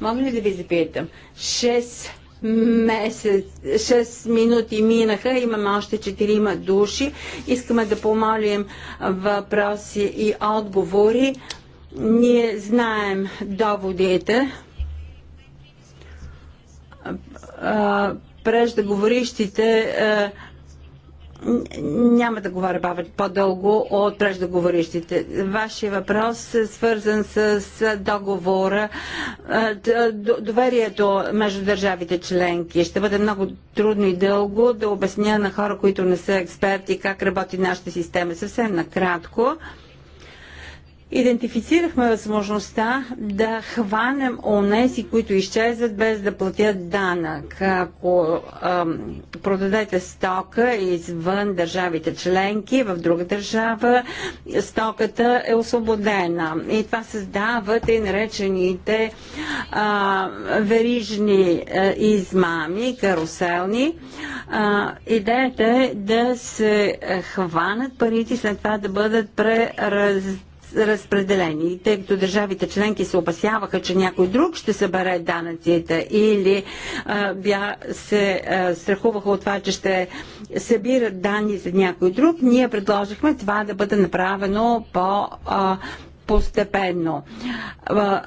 Мога ли да ви запитам? 6 месец, 6 минути минаха, имаме още 4 души. Искаме да помолим въпроси и отговори. Ние знаем доводите, преждеговорищите няма да говоря по-дълго от преждеговорищите. Вашия въпрос е свързан с договора, доверието между държавите членки. Ще бъде много трудно и дълго да обясня на хора, които не са експерти, как работи нашата система. Съвсем накратко идентифицирахме възможността да хванем онези, които изчезват без да платят данък. Ако ам, продадете стока извън държавите членки, в друга държава, стоката е освободена. И това създава и наречените а, верижни а, е, измами, каруселни. А, идеята е да се хванат парите, след това да бъдат преразделени разпределени. Тъй като държавите членки се опасяваха, че някой друг ще събере данъците или а, бя, се а, страхуваха от това, че ще събират данни за някой друг, ние предложихме това да бъде направено по а, постепенно.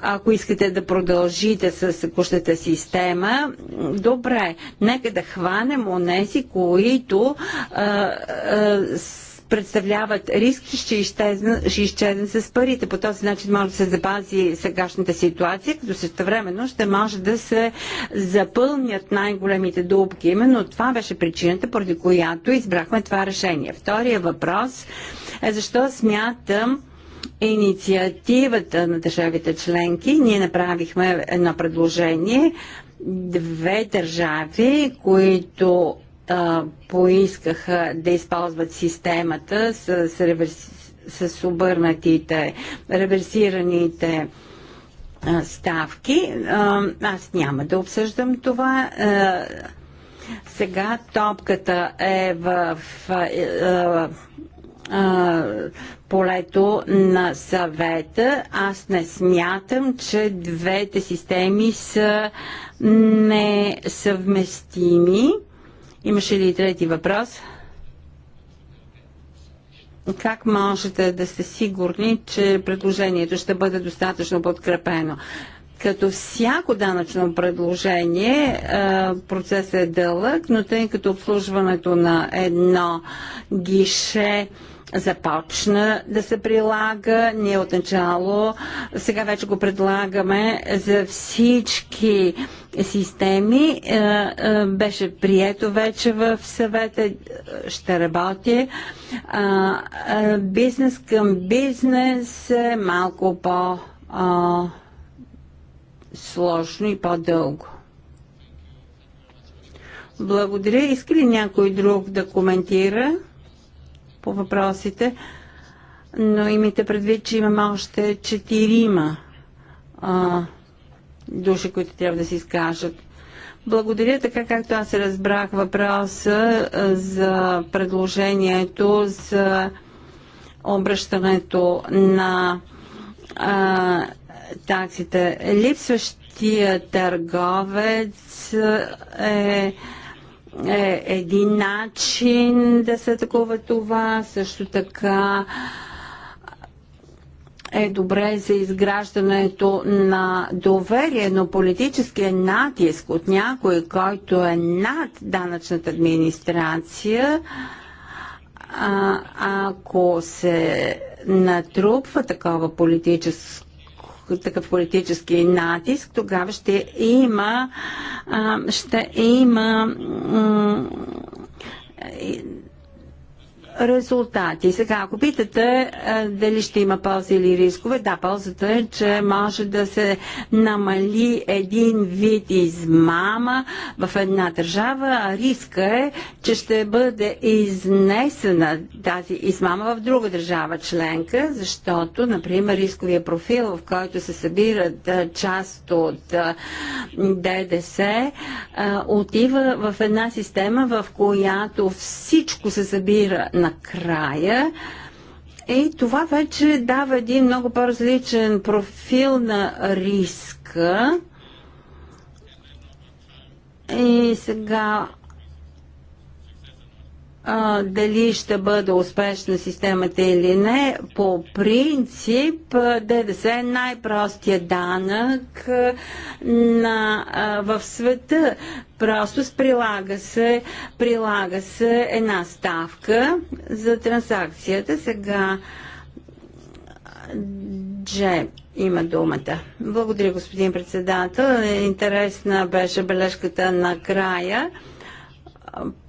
Ако искате да продължите с кущата система, добре, нека да хванем онези, които а, а, представляват риск, ще изчезнат, ще изчезна с парите. По този начин може да се запази сегашната ситуация, като същевременно ще може да се запълнят най-големите дубки, Именно това беше причината, поради която избрахме това решение. Втория въпрос е защо смятам, инициативата на държавите членки, ние направихме едно предложение. Две държави, които а, поискаха да използват системата с, с, реверс, с обърнатите, реверсираните а, ставки. А, аз няма да обсъждам това. А, сега топката е в. А, а, полето на съвета. Аз не смятам, че двете системи са несъвместими. Имаше ли и трети въпрос? Как можете да сте сигурни, че предложението ще бъде достатъчно подкрепено? Като всяко данъчно предложение, процесът е дълъг, но тъй като обслужването на едно гише започна да се прилага. Ние отначало сега вече го предлагаме за всички системи. Е, е, беше прието вече в съвета, ще работи. Е, бизнес към бизнес е малко по- сложно и по-дълго. Благодаря. Иска ли някой друг да коментира? по въпросите, но имайте предвид, че имаме още четирима а, души, които трябва да се изкажат. Благодаря, така както аз разбрах въпроса за предложението за обръщането на а, таксите. Липсващия търговец е е един начин да се атакува това. Също така е добре за изграждането на доверие, но политическия натиск от някой, който е над данъчната администрация, а, ако се натрупва такова политическо такъв политически натиск, тогава ще има, ще има резултати. Сега, ако питате дали ще има ползи или рискове, да, ползата е, че може да се намали един вид измама в една държава, а риска е, че ще бъде изнесена тази измама в друга държава членка, защото, например, рисковия профил, в който се събират част от ДДС, отива в една система, в която всичко се събира на накрая. И това вече дава един много по-различен профил на риска. И сега а, дали ще бъде успешна системата или не, по принцип ДДС е най-простия данък на, а, в света. Просто прилага се, прилага се една ставка за транзакцията. Сега Дже има думата. Благодаря, господин председател. Интересна беше бележката на края.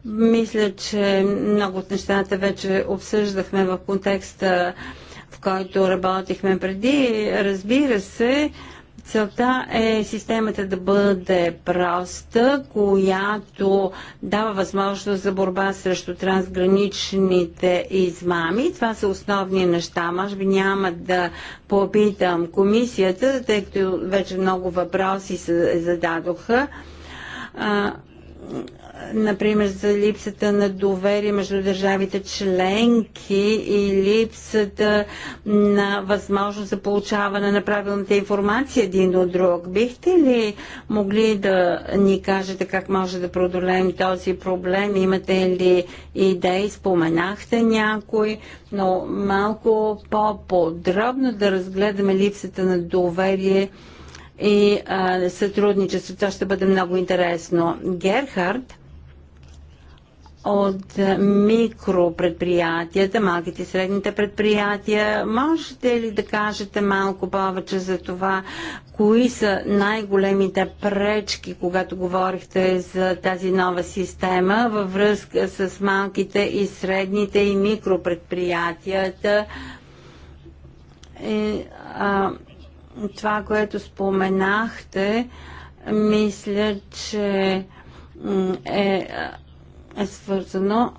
Мисля, че много от нещата вече обсъждахме в контекста, в който работихме преди. Разбира се, Целта е системата да бъде проста, която дава възможност за борба срещу трансграничните измами. Това са основни неща. Може би няма да попитам комисията, тъй като вече много въпроси се зададоха например, за липсата на доверие между държавите членки и липсата на възможност за получаване на правилната информация един от друг. Бихте ли могли да ни кажете как може да продолеем този проблем? Имате ли идеи? Споменахте някой, но малко по-подробно да разгледаме липсата на доверие и а, сътрудничество. Това ще бъде много интересно. Герхард от микропредприятията, малките и средните предприятия. Можете ли да кажете малко повече за това, кои са най-големите пречки, когато говорихте за тази нова система във връзка с малките и средните и микропредприятията? И, е, а, това, което споменахте, мисля, че е е свързано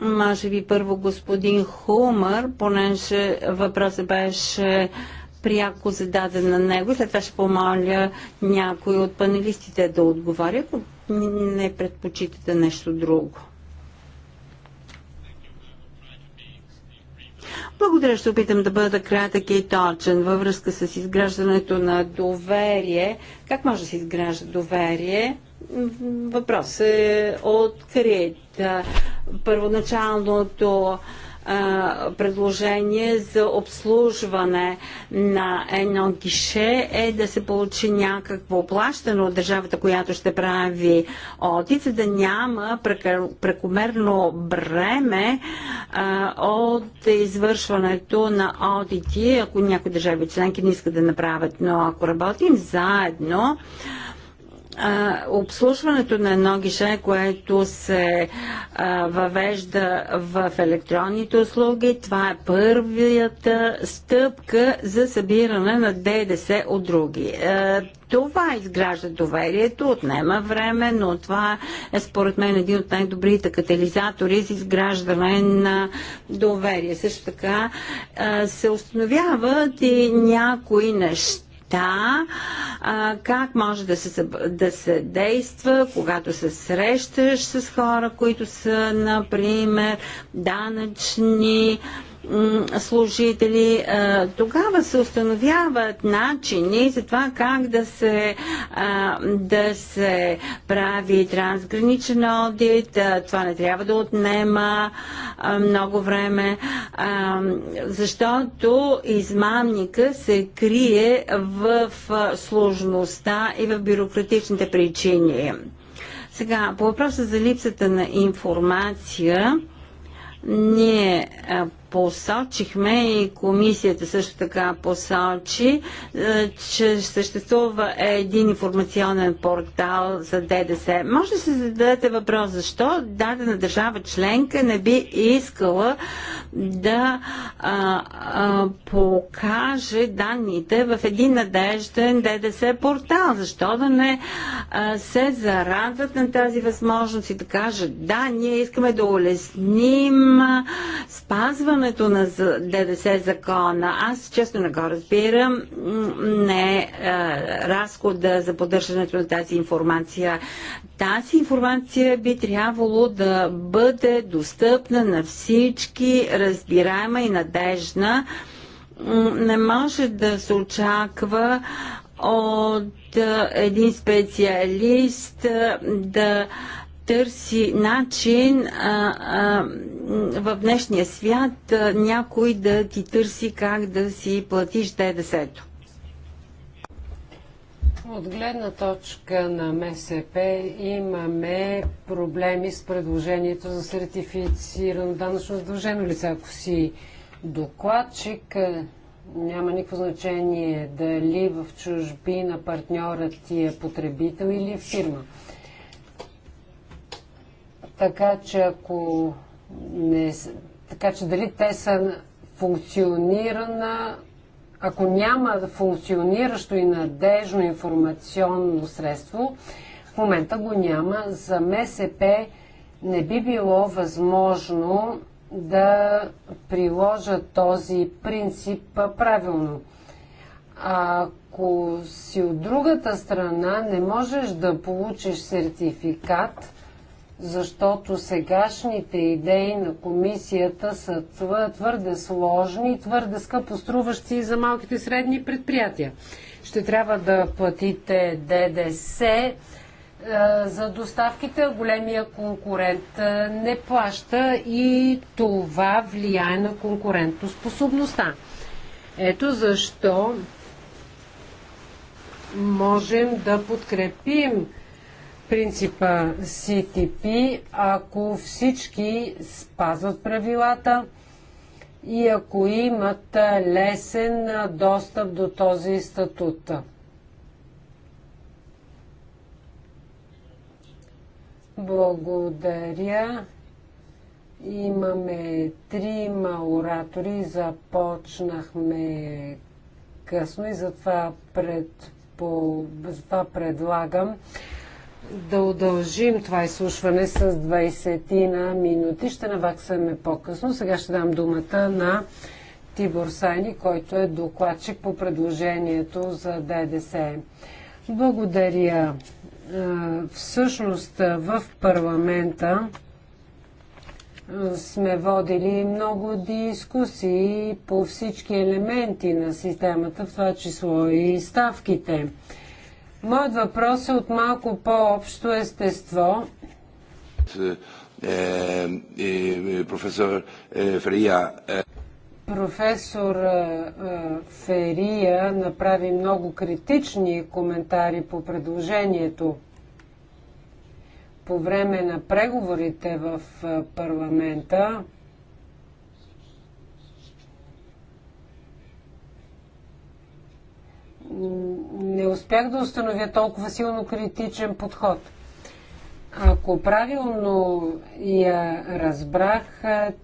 може би първо господин Хумър, понеже въпросът беше пряко зададен на него. След това ще помоля някой от панелистите да отговаря, ако не предпочитате нещо друго. Благодаря, ще опитам да бъда кратък и точен във връзка с изграждането на доверие. Как може да се изгражда доверие? Въпрос е открит. Първоначалното предложение за обслужване на едно гише е да се получи някакво плащане от държавата, която ще прави одит, за да няма прекомерно бреме от извършването на одити, ако някои държави членки не искат да направят. Но ако работим заедно, а, обслужването на едно гише, което се а, въвежда в електронните услуги, това е първията стъпка за събиране на ДДС от други. А, това изгражда доверието, отнема време, но това е според мен един от най-добрите катализатори за изграждане на доверие. Също така се установяват и някои неща, света, а, как може да се, да се действа, когато се срещаш с хора, които са, например, данъчни, а, служители, е, тогава се установяват начини за това как да се, е, да се прави трансграничен одит. Е, това не трябва да отнема много време, защото измамника се крие в сложността и в бюрократичните причини. Сега, по въпроса за липсата на информация, ние посочихме и комисията също така посочи, е, че съществува един информационен портал за ДДС. Може да се зададете въпрос защо дадена държава членка не би искала да а, а, покаже данните в един надежден ДДС портал. Защо да не а, се зарадват на тази възможност и да кажат да, ние искаме да улесним спазваме отпадането на ДДС закона, аз честно не го разбирам, не е разхода за поддържането на тази информация. Тази информация би трябвало да бъде достъпна на всички, разбираема и надежна. Не може да се очаква от е, един специалист е, да търси начин а, а, в днешния свят а, някой да ти търси как да си платиш ДДС-то. От гледна точка на МСП имаме проблеми с предложението за сертифицирано данъчно задължено лице. Ако си докладчик, няма никакво значение дали в чужбина партньорът ти е потребител или е фирма. Така че ако не... Така че дали те са функционирана, ако няма функциониращо и надежно информационно средство, в момента го няма. За МСП не би било възможно да приложа този принцип правилно. Ако си от другата страна не можеш да получиш сертификат, защото сегашните идеи на комисията са твърде сложни и твърде скъпо струващи за малките и средни предприятия. Ще трябва да платите ДДС е, за доставките, а големия конкурент е, не плаща и това влияе на конкурентоспособността. Ето защо можем да подкрепим принципа CTP, ако всички спазват правилата и ако имат лесен достъп до този статут. Благодаря. Имаме трима оратори. Започнахме късно и затова, пред, по, затова предлагам да удължим това изслушване с 20 на минути. Ще наваксаме по-късно. Сега ще дам думата на Тибор Сайни, който е докладчик по предложението за ДДС. Благодаря. Е, всъщност е, в парламента е, сме водили много дискусии по всички елементи на системата, в това число и ставките. Моят въпрос е от малко по-общо естество. Е, е, е, професор Ферия. Професор Ферия направи много критични коментари по предложението. По време на преговорите в парламента не успях да установя толкова силно критичен подход. Ако правилно я разбрах,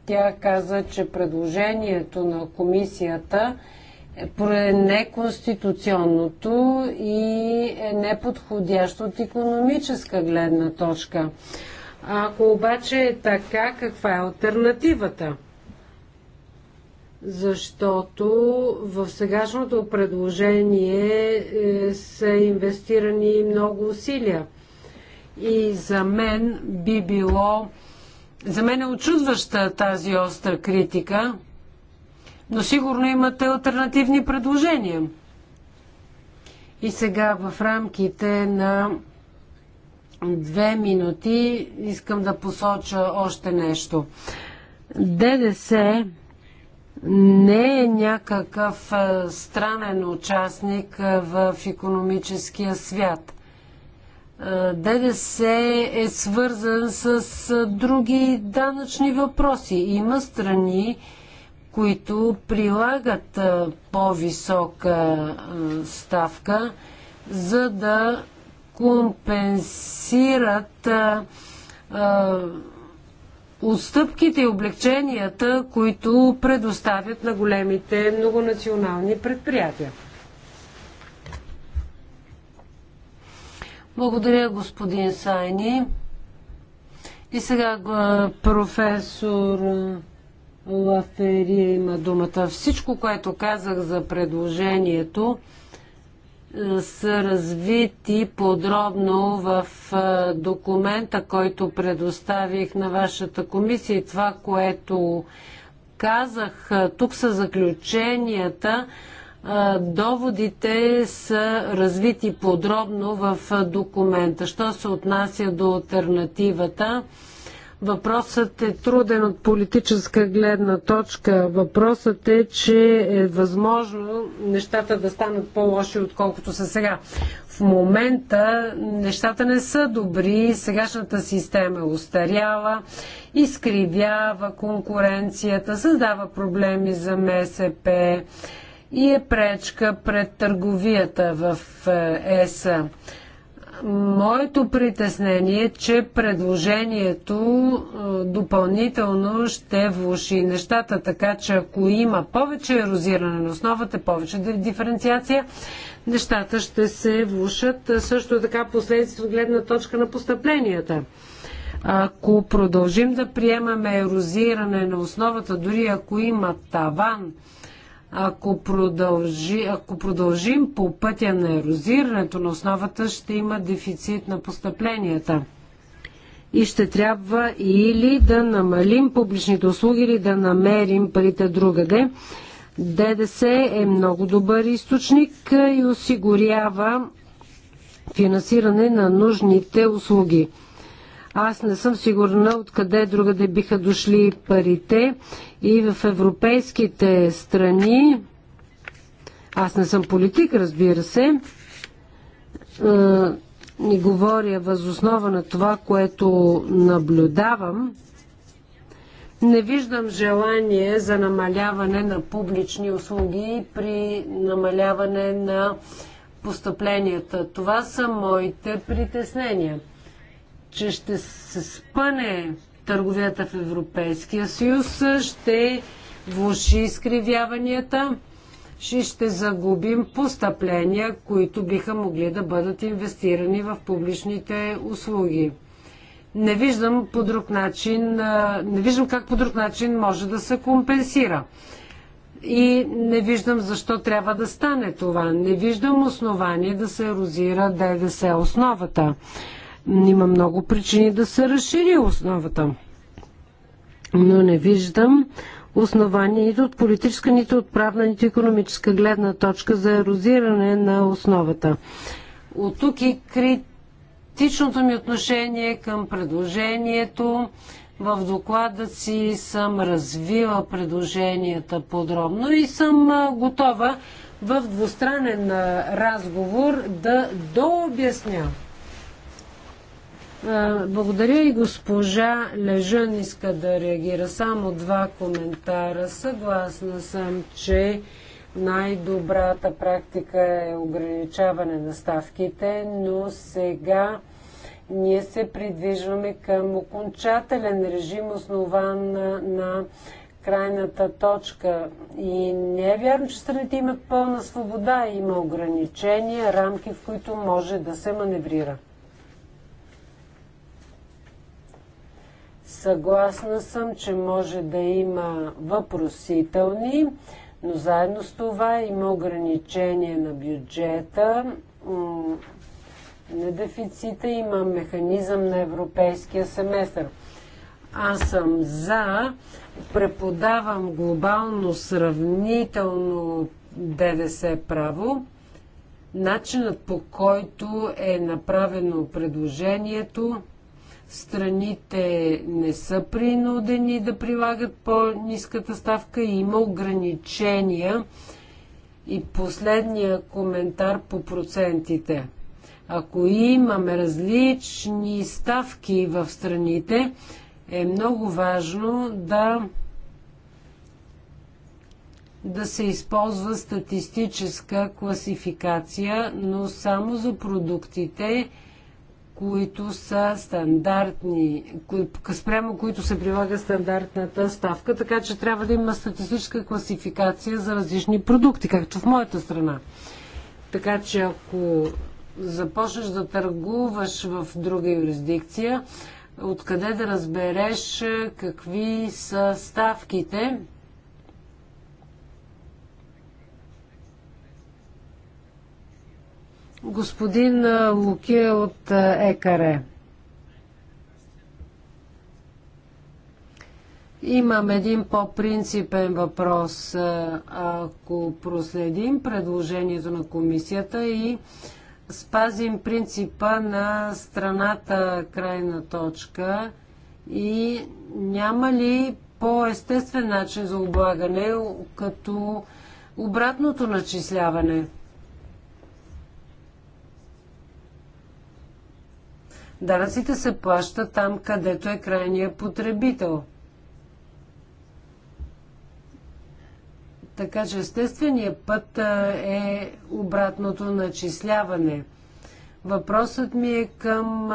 тя каза, че предложението на комисията е неконституционното и е неподходящо от економическа гледна точка. Ако обаче е така, каква е альтернативата? защото в сегашното предложение е, са инвестирани много усилия. И за мен би било. За мен е очудваща тази остра критика, но сигурно имате альтернативни предложения. И сега в рамките на две минути искам да посоча още нещо. ДДС не е някакъв е, странен участник е, в економическия свят. Е, ДДС е свързан с други данъчни въпроси. Има страни, които прилагат по-висока ставка, за да компенсират отстъпките и облегченията, които предоставят на големите многонационални предприятия. Благодаря, господин Сайни. И сега професор Лаферия има думата. Всичко, което казах за предложението, са развити подробно в документа, който предоставих на вашата комисия и това, което казах. Тук са заключенията. Доводите са развити подробно в документа. Що се отнася до альтернативата? Въпросът е труден от политическа гледна точка. Въпросът е, че е възможно нещата да станат по-лоши, отколкото са сега. В момента нещата не са добри, сегашната система е устаряла, изкривява конкуренцията, създава проблеми за МСП и е пречка пред търговията в е, ЕСА. Моето притеснение е, че предложението е, допълнително ще влуши нещата, така че ако има повече ерозиране на основата, повече диференциация, нещата ще се влушат. Е, също така последствието гледна точка на постъпленията. Ако продължим да приемаме ерозиране на основата, дори ако има таван, ако, продължи, ако продължим по пътя на ерозирането на основата, ще има дефицит на постъпленията. И ще трябва или да намалим публичните услуги, или да намерим парите другаде. ДДС е много добър източник и осигурява финансиране на нужните услуги. Аз не съм сигурна откъде другаде биха дошли парите и в европейските страни. Аз не съм политик, разбира се. Не говоря възоснова на това, което наблюдавам. Не виждам желание за намаляване на публични услуги при намаляване на постъпленията. Това са моите притеснения че ще се спъне търговията в Европейския съюз, ще влуши изкривяванията, ще, ще загубим постъпления, които биха могли да бъдат инвестирани в публичните услуги. Не виждам по друг начин, не виждам как по друг начин може да се компенсира. И не виждам защо трябва да стане това. Не виждам основание да се ерозира ДДС основата. Има много причини да се разшири основата. Но не виждам основания нито от политическа, нито от правна, нито економическа гледна точка за ерозиране на основата. От тук и критичното ми отношение към предложението. В доклада си съм развила предложенията подробно и съм готова в двустранен разговор да дообясня благодаря и госпожа Лежън иска да реагира. Само два коментара. Съгласна съм, че най-добрата практика е ограничаване на ставките, но сега ние се придвижваме към окончателен режим, основан на, на крайната точка. И не е вярно, че страните имат пълна свобода. Има ограничения, рамки, в които може да се маневрира. Съгласна съм, че може да има въпросителни, но заедно с това има ограничение на бюджета, на дефицита, има механизъм на европейския семестър. Аз съм за, преподавам глобално сравнително ДДС право. Начинът по който е направено предложението Страните не са принудени да прилагат по-низката ставка и има ограничения. И последния коментар по процентите. Ако имаме различни ставки в страните, е много важно да да се използва статистическа класификация, но само за продуктите, които са стандартни, кои, спрямо които се прилага стандартната ставка, така че трябва да има статистическа класификация за различни продукти, както в моята страна. Така че ако започнеш да търгуваш в друга юрисдикция, откъде да разбереш е, какви са ставките Господин Луки от ЕКАРЕ. Имам един по-принципен въпрос. Ако проследим предложението на комисията и спазим принципа на страната крайна точка и няма ли по-естествен начин за облагане, като обратното начисляване? Данъците се плащат там, където е крайният потребител. Така че естественият път е обратното начисляване. Въпросът ми е към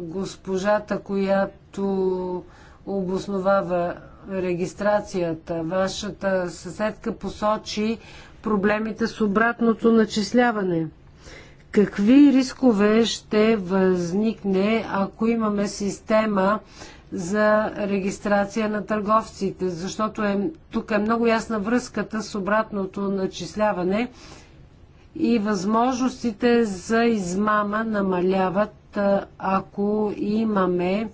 госпожата, която обосновава регистрацията. Вашата съседка посочи проблемите с обратното начисляване. Какви рискове ще възникне, ако имаме система за регистрация на търговците? Защото е, тук е много ясна връзката с обратното начисляване и възможностите за измама намаляват, ако имаме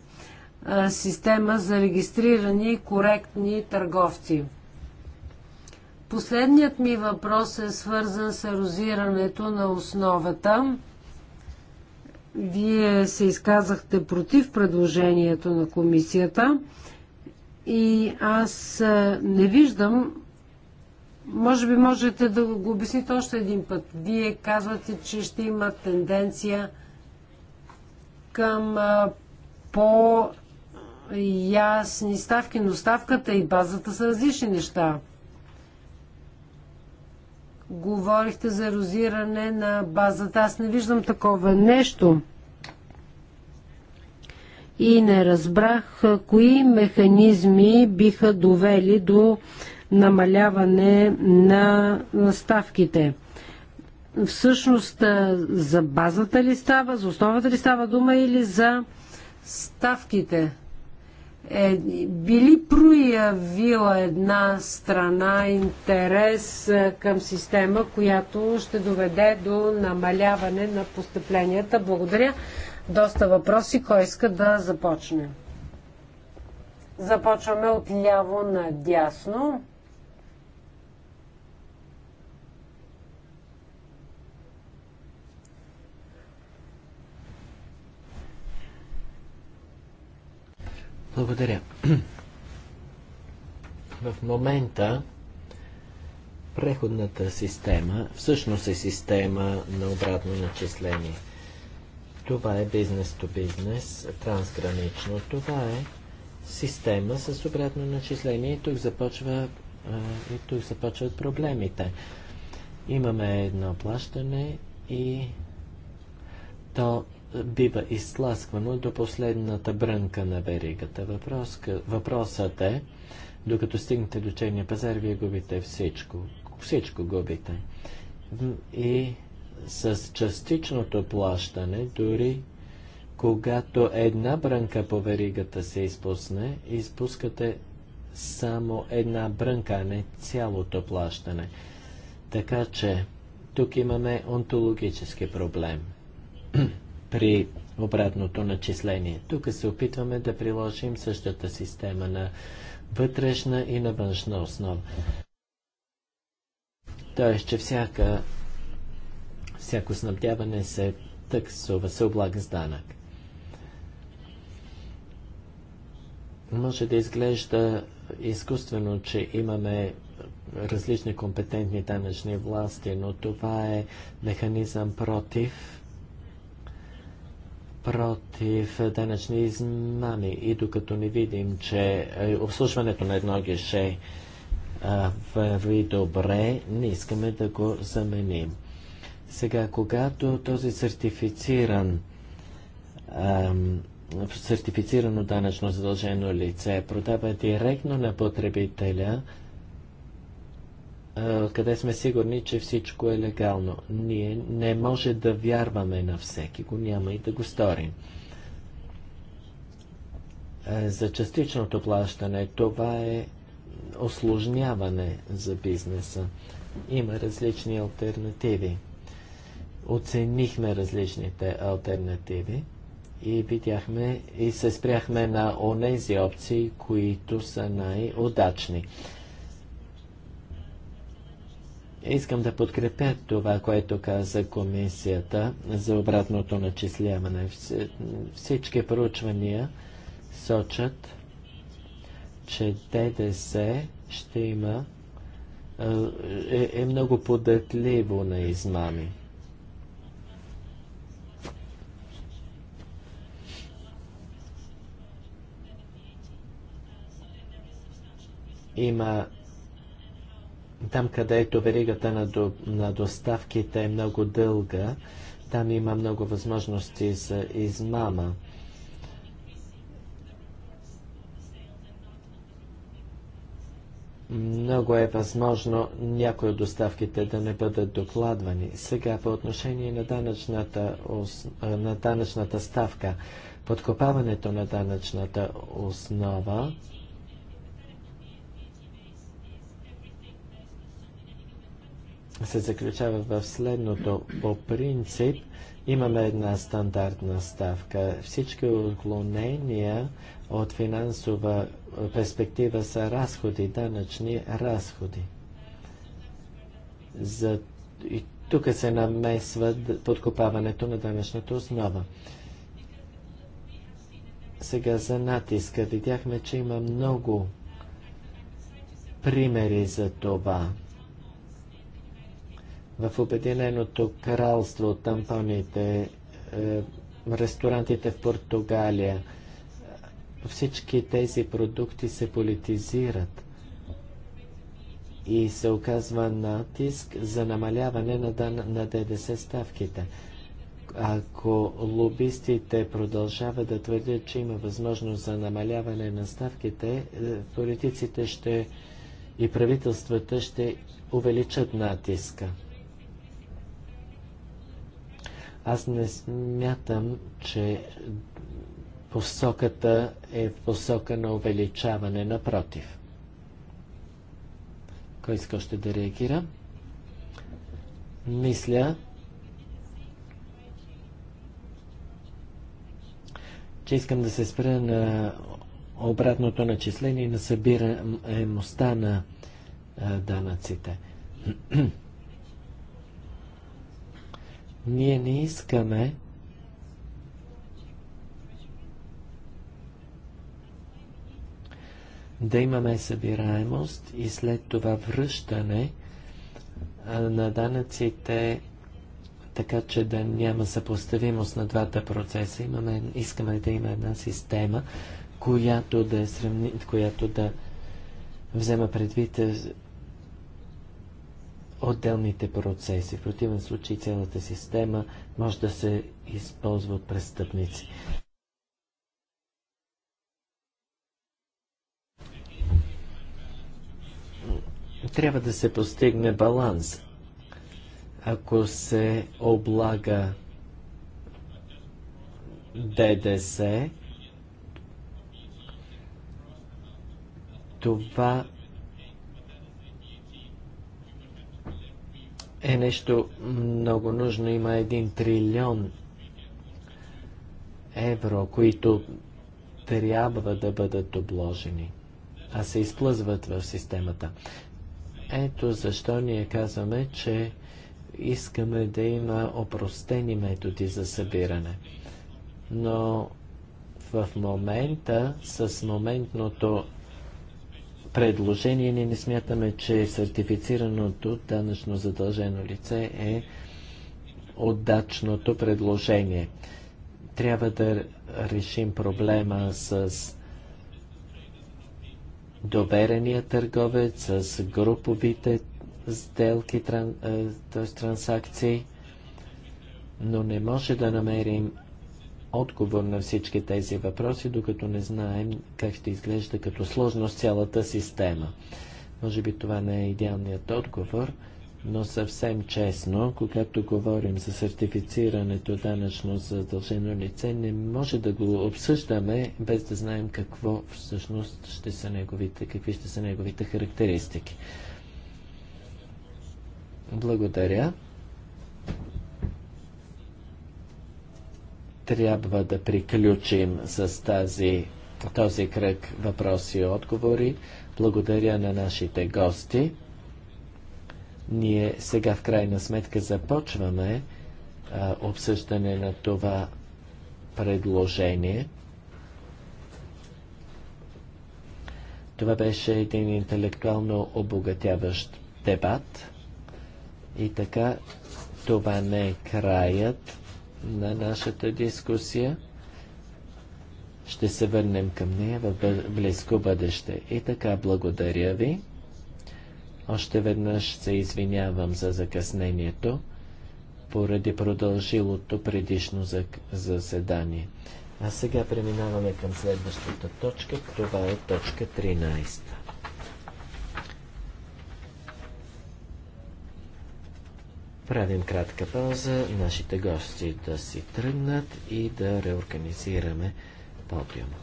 система за регистрирани коректни търговци. Последният ми въпрос е свързан с ерозирането на основата. Вие се изказахте против предложението на комисията и аз не виждам. Може би можете да го обясните още един път. Вие казвате, че ще има тенденция към по-ясни ставки, но ставката и базата са различни неща. Говорихте за ерозиране на базата. Аз не виждам такова нещо. И не разбрах кои механизми биха довели до намаляване на ставките. Всъщност за базата ли става, за основата ли става дума или за ставките? е, били проявила една страна интерес е, към система, която ще доведе до намаляване на постъпленията? Благодаря. Доста въпроси. Кой иска да започне? Започваме от ляво на дясно. Благодаря. В момента преходната система всъщност е система на обратно начисление. Това е бизнес-то-бизнес, трансгранично. Това е система с обратно начисление и тук, започва, и тук започват проблемите. Имаме едно плащане и то бива изтласквано до последната брънка на веригата. Въпрос, въпросът е, докато стигнете до черния пазар, вие губите всичко. Всичко губите. И с частичното плащане, дори когато една брънка по веригата се изпусне, изпускате само една брънка, а не цялото плащане. Така че тук имаме онтологически проблем. при обратното начисление. Тук се опитваме да приложим същата система на вътрешна и на външна основа. Тоест, че всяка, всяко снабдяване се таксува, се облага с данък. Може да изглежда изкуствено, че имаме различни компетентни данъчни власти, но това е механизъм против против данъчни измами и докато не видим, че е, обслужването на едно геше е, върви добре, не искаме да го заменим. Сега, когато този сертифициран сертифицирано данъчно задължено лице продава директно на потребителя, къде сме сигурни, че всичко е легално. Ние не може да вярваме на всеки го, няма и да го сторим. За частичното плащане това е осложняване за бизнеса. Има различни альтернативи. Оценихме различните альтернативи и видяхме и се спряхме на онези опции, които са най-удачни. Искам да подкрепя това, което каза комисията за обратното начисляване. Всички проучвания сочат, че ДДС ще има е, е много податливо на измами. Има там където веригата на, до, на доставките е много дълга, там има много възможности за измама. Много е възможно някои от доставките да не бъдат докладвани. Сега по отношение на данъчната, на данъчната ставка. Подкопаването на данъчната основа се заключава в следното. По принцип имаме една стандартна ставка. Всички отклонения от финансова перспектива са разходи, данъчни разходи. За... И тук се намесва подкопаването на данъчната основа. Сега за натиска. Видяхме, че има много примери за това в Обединеното кралство, тампоните, е, ресторантите в Португалия. Всички тези продукти се политизират и се оказва натиск за намаляване на, дан, на ДДС ставките. Ако лобистите продължават да твърдят, че има възможност за намаляване на ставките, е, политиците ще и правителствата ще увеличат натиска. Аз не смятам, че посоката е в посока на увеличаване, напротив. Кой иска още да реагира? Мисля, че искам да се спра на обратното начисление и на събираемостта на данъците. Ние не искаме да имаме събираемост и след това връщане на данъците, така че да няма съпоставимост на двата процеса. Имаме, искаме да има една система, която да, е сравни, която да взема предвид е, отделните процеси. В противен случай цялата система може да се използва от престъпници. Трябва да се постигне баланс. Ако се облага ДДС, това е нещо много нужно. Има един трилион евро, които трябва да бъдат обложени, а се изплъзват в системата. Ето защо ние казваме, че искаме да има опростени методи за събиране. Но в момента с моментното предложение. Ние не смятаме, че сертифицираното данъчно задължено лице е отдачното предложение. Трябва да решим проблема с доверения търговец, с груповите сделки, т.е. трансакции, но не може да намерим отговор на всички тези въпроси, докато не знаем как ще изглежда като сложност цялата система. Може би това не е идеалният отговор, но съвсем честно, когато говорим за сертифицирането данъчно задължено лице, не може да го обсъждаме без да знаем какво всъщност ще са неговите, какви ще са неговите характеристики. Благодаря. трябва да приключим с тази, този кръг въпроси и отговори. Благодаря на нашите гости. Ние сега в крайна сметка започваме а, обсъждане на това предложение. Това беше един интелектуално обогатяващ дебат. И така, това не е краят на нашата дискусия. Ще се върнем към нея в близко бъдеще. И така, благодаря ви. Още веднъж се извинявам за закъснението поради продължилото предишно заседание. А сега преминаваме към следващата точка. Това е точка 13. Правим кратка пауза, нашите гости да си тръгнат и да реорганизираме подиума.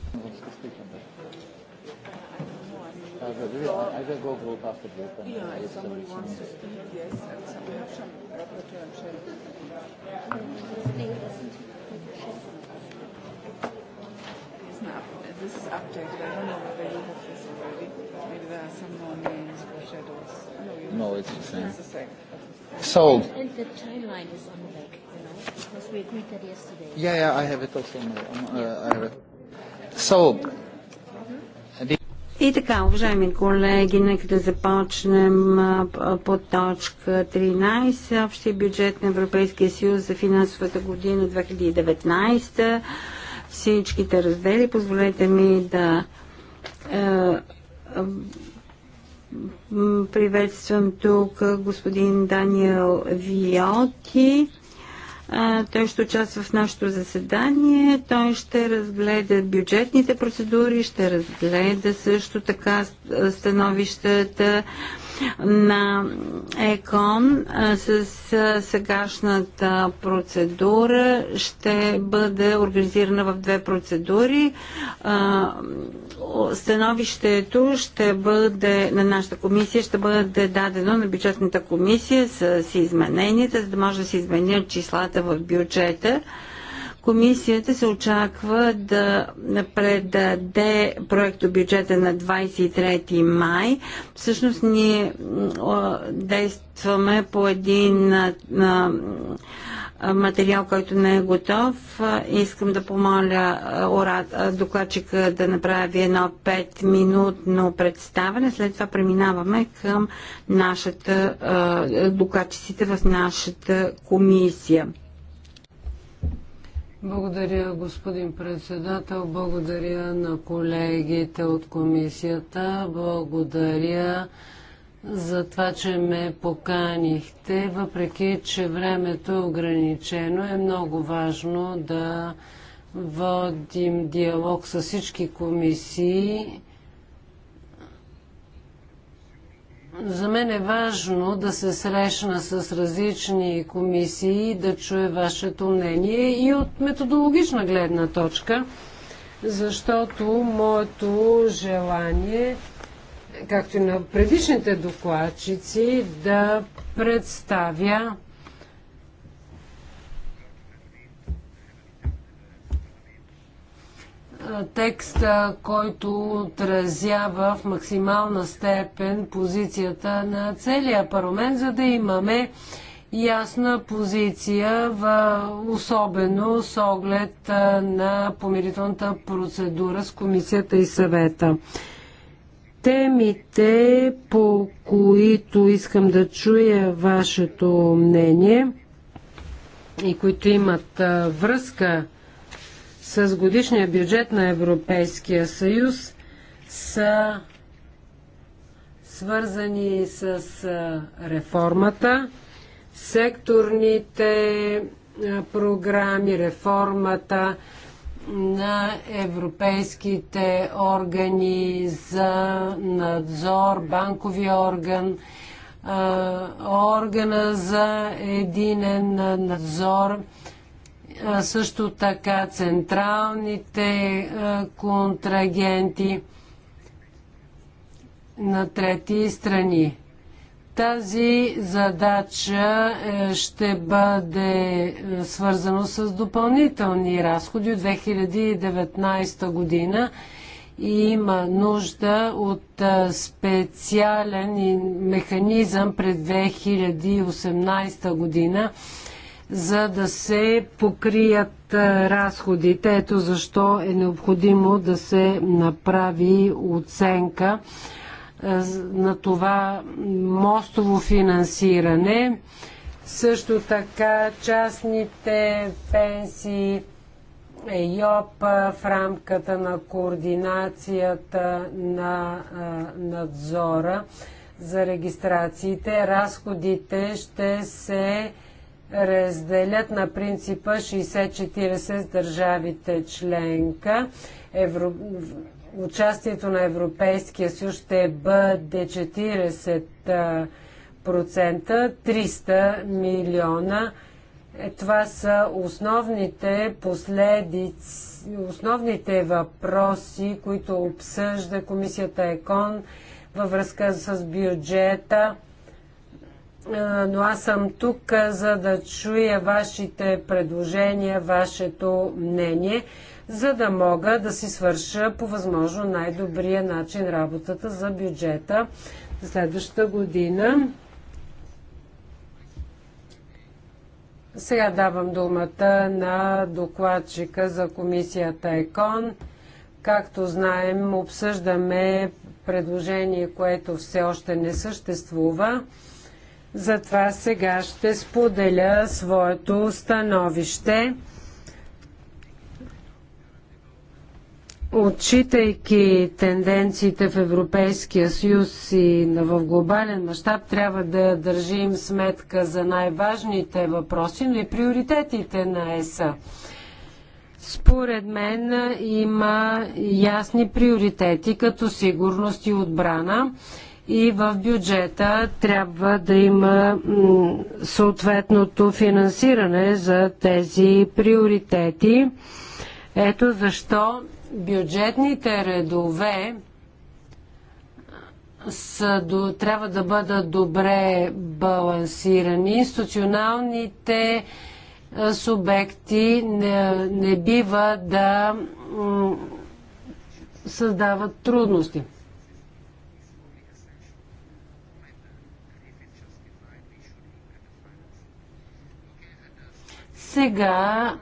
Uh, but there is one, either go group after group. And yeah, if somebody wants to speak, yes, and some, we have some rapporteur and shadows. This is updated. I don't know whether you have this already. Maybe there are some more names for shadows. No, it's the same. It's the same. Sold. And the timeline is on back, you know, because we agreed that yesterday. Yeah, yeah, I have it also. On, uh, I have it. Sold. Mm-hmm. И така, уважаеми колеги, нека да започнем по точка 13, общия бюджет на Европейския съюз за финансовата година 2019. Всичките раздели, позволете ми да е, Приветствам тук господин Даниел Виоти. Той ще участва в нашето заседание. Той ще разгледа бюджетните процедури, ще разгледа също така становищата на ЕКОН с сегашната процедура ще бъде организирана в две процедури. Становището ще бъде на нашата комисия, ще бъде дадено на бюджетната комисия с измененията, за да може да се изменят числата в бюджета. Комисията се очаква да предаде проекто бюджета на 23 май. Всъщност ние действаме по един материал, който не е готов. Искам да помоля докладчика да направи едно 5-минутно представене. След това преминаваме към нашата, докладчиците в нашата комисия. Благодаря, господин председател. Благодаря на колегите от комисията. Благодаря за това, че ме поканихте. Въпреки, че времето е ограничено, е много важно да водим диалог с всички комисии За мен е важно да се срещна с различни комисии, да чуя вашето мнение и от методологична гледна точка, защото моето желание, както и на предишните докладчици, да представя текста, който отразява в максимална степен позицията на целия парламент, за да имаме ясна позиция, в, особено с оглед на помирителната процедура с комисията и съвета. Темите, по които искам да чуя вашето мнение и които имат връзка с годишния бюджет на Европейския съюз са свързани с реформата, секторните програми, реформата на европейските органи за надзор, банкови орган, органа за единен надзор, също така централните контрагенти на трети страни. Тази задача е, ще бъде е, свързана с допълнителни разходи от 2019 година и има нужда от специален механизъм през 2018 година за да се покрият разходите. Ето защо е необходимо да се направи оценка на това мостово финансиране. Също така частните пенсии, ЕЙОП в рамката на координацията на надзора за регистрациите. Разходите ще се разделят на принципа 60-40 държавите членка. Евро... Участието на Европейския съюз ще бъде 40%, 300 милиона. Е, това са основните последици, основните въпроси, които обсъжда комисията ЕКОН във връзка с бюджета е, но аз съм тук, е, за да чуя вашите предложения, вашето мнение, за да мога да си свърша по възможно най-добрия начин работата за бюджета за следващата година. Сега давам думата на докладчика за комисията ЕКОН. Както знаем, обсъждаме предложение, което все още не съществува. Затова сега ще споделя своето становище. Отчитайки тенденциите в Европейския съюз и в глобален мащаб, трябва да държим сметка за най-важните въпроси, но и приоритетите на ЕСА. Според мен има ясни приоритети като сигурност и отбрана и в бюджета трябва да има съответното финансиране за тези приоритети. Ето защо бюджетните редове са, до, трябва да бъдат добре балансирани. Институционалните субекти не, не бива да създават трудности. Сега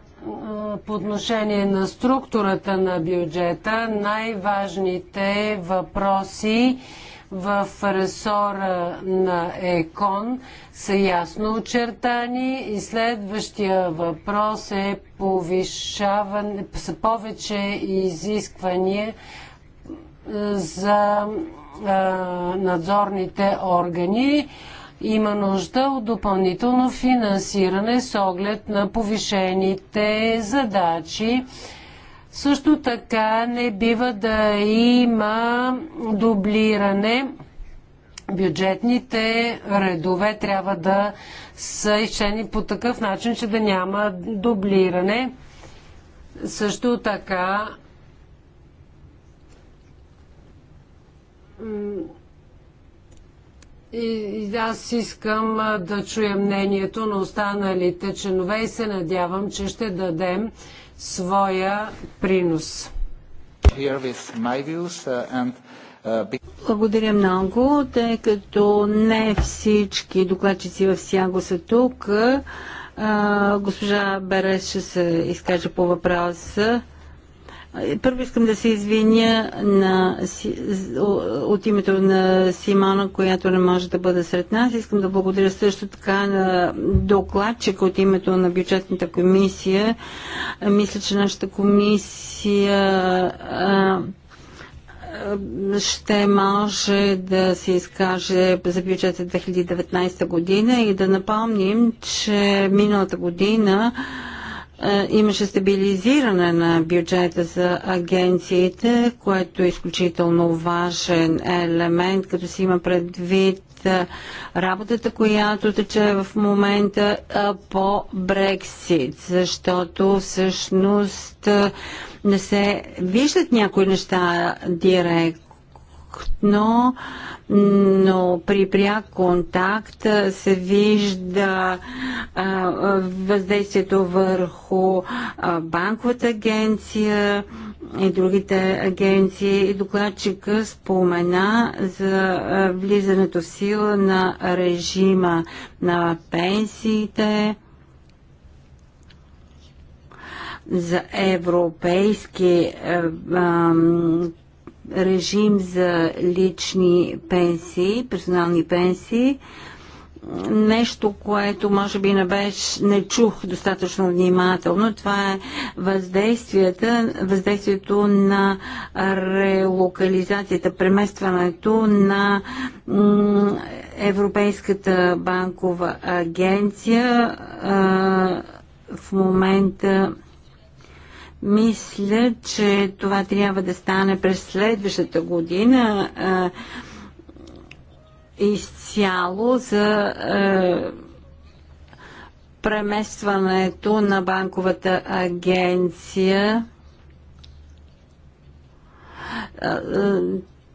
по отношение на структурата на бюджета, най-важните въпроси в ресора на ЕКОН са ясно очертани и следващия въпрос е повишаване, са повече изисквания за а, надзорните органи има нужда от допълнително финансиране с оглед на повишените задачи. Също така не бива да има дублиране. Бюджетните редове трябва да са изчени по такъв начин, че да няма дублиране. Също така и аз искам да чуя мнението на останалите членове и се надявам, че ще дадем своя принос. Uh, uh, Благодаря много, тъй като не всички докладчици в Сяго са тук. Госпожа Береш ще се изкаже по въпроса. Първо искам да се извиня на, от името на Симона, която не може да бъде сред нас. Искам да благодаря също така на докладчик от името на бюджетната комисия. Мисля, че нашата комисия ще може да се изкаже за бюджета 2019 година и да напомним, че миналата година е, имаше стабилизиране на бюджета за агенциите, което е изключително важен елемент, като си има предвид е, работата, която тече в момента е, по Брексит, защото всъщност не се виждат някои неща директно абстрактно, но при пряк контакт се вижда въздействието върху банковата агенция и другите агенции. И докладчика спомена за влизането в сила на режима на пенсиите за европейски режим за лични пенсии, персонални пенсии, нещо, което може би не, беше, не чух достатъчно внимателно. Това е въздействието на релокализацията, преместването на Европейската банкова агенция. В момента мисля, че това трябва да стане през следващата година а, изцяло за а, преместването на банковата агенция.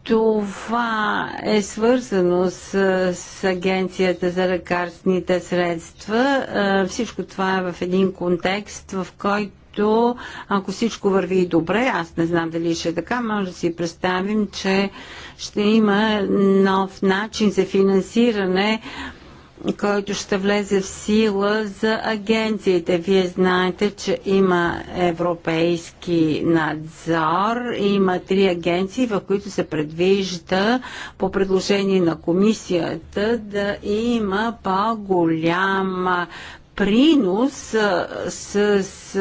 Това е свързано с, с Агенцията за лекарствените средства. Всичко това е в един контекст, в който което, ако всичко върви добре, аз не знам дали ще е така, може да си представим, че ще има нов начин за финансиране който ще влезе в сила за агенциите. Вие знаете, че има европейски надзор, има три агенции, в които се предвижда по предложение на комисията да има по-голяма принос а, с, с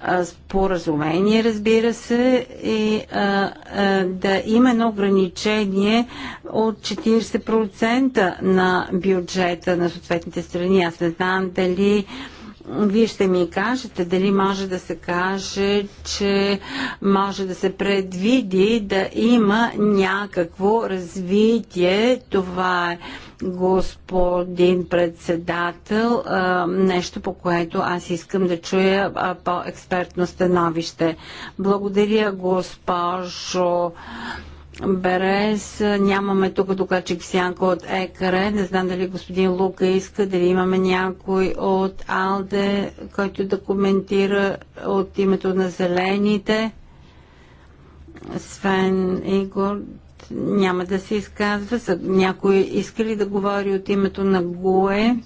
а, споразумение, разбира се, и а, а, да има едно ограничение от 40% на бюджета на съответните страни. Аз не знам дали вие ще ми кажете дали може да се каже, че може да се предвиди да има някакво развитие. Това е господин председател, нещо по което аз искам да чуя по-експертно становище. Благодаря, госпожо Берес. Нямаме тук тока Сянка от ЕКР. Не знам дали господин Лука иска, дали имаме някой от АЛДЕ, който да коментира от името на зелените. Свен Игор, няма да се изказва. някой иска ли да говори от името на ГУЕ?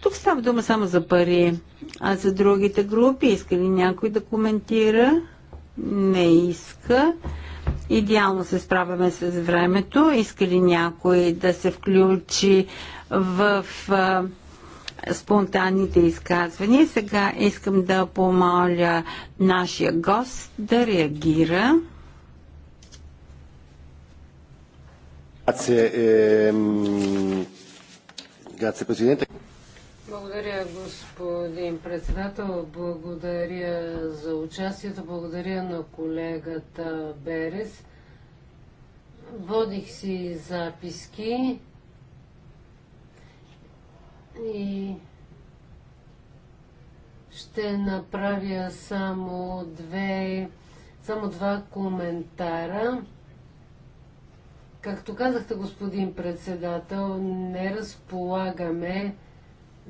Тук става дума само за пари. А за другите групи иска ли някой да коментира? Не иска. Идеално се справяме с времето. Иска ли някой да се включи в а, спонтанните изказвания? Сега искам да помоля нашия гост да реагира. Ehm, Благодаря, господин председател. Благодаря за участието. Благодаря на колегата Берес. Водих си записки и ще направя само две, само два коментара. Както казахте, господин председател, не разполагаме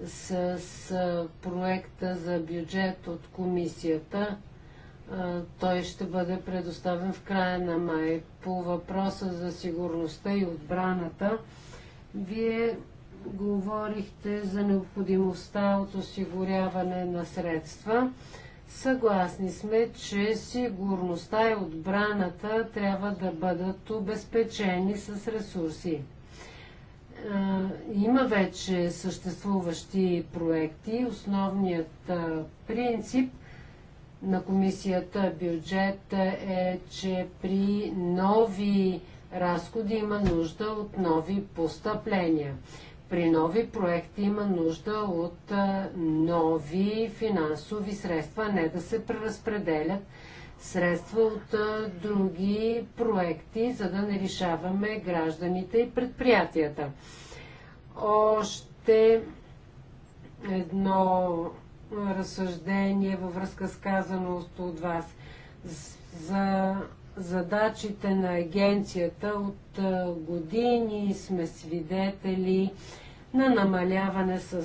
с, с проекта за бюджет от комисията. Той ще бъде предоставен в края на май. По въпроса за сигурността и отбраната, вие говорихте за необходимостта от осигуряване на средства. Съгласни сме, че сигурността и отбраната трябва да бъдат обезпечени с ресурси. Има вече съществуващи проекти. Основният принцип на комисията бюджет е, че при нови разходи има нужда от нови постъпления. При нови проекти има нужда от нови финансови средства, не да се преразпределят средства от други проекти, за да не лишаваме гражданите и предприятията. Още едно разсъждение във връзка с казаното от вас за задачите на агенцията. От години сме свидетели на намаляване с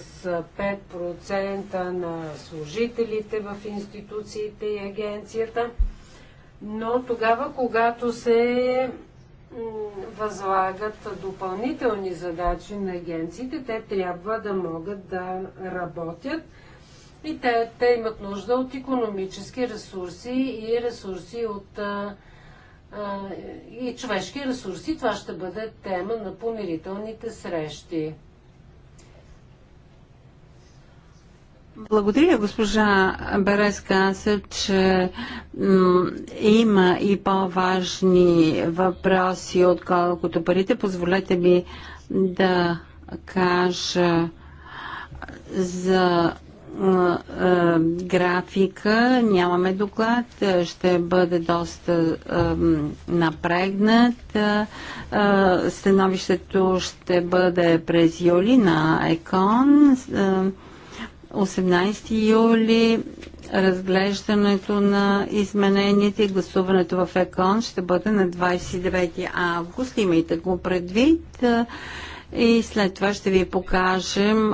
5% на служителите в институциите и агенцията. Но тогава, когато се възлагат допълнителни задачи на агенциите, те трябва да могат да работят и те, те имат нужда от економически ресурси и ресурси от а, и човешки ресурси. Това ще бъде тема на помирителните срещи. Благодаря, госпожа Берес каза, че има и по-важни въпроси, отколкото парите. Позволете ми да кажа за графика, нямаме доклад, ще бъде доста напрегнат. Становището ще бъде през юли на ЕКОН. 18 юли разглеждането на измененията и гласуването в ЕКОН ще бъде на 29 август. Имайте го предвид и след това ще ви покажем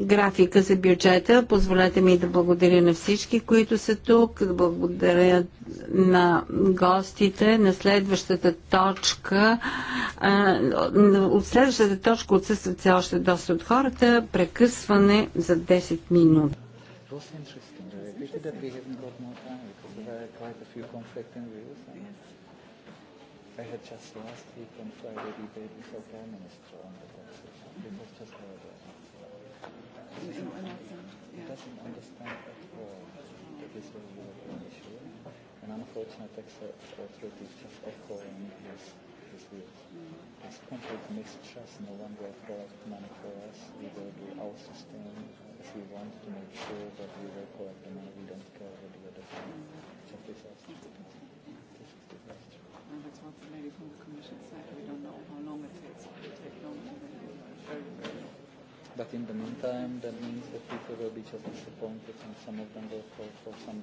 графика за бюджета. Позволете ми да благодаря на всички, които са тук, да благодаря на гостите. На следващата точка, от следващата точка отсъстват все още доста от хората. Прекъсване за 10 минути. I had just last week on Friday debate with our Prime Minister. It doesn't understand at all that this is a European issue, and unfortunately, Texas authorities just echoing his his views. This conflict makes trust no longer a correct money for us. We will do our system if we want to make sure that we will collect the money. We don't care what the other thing. It's a It's a disaster. And that's what maybe from the commission said. We don't know how long it takes. It will take longer than But in the meantime, that means that people will be just disappointed, and some of them will fall for some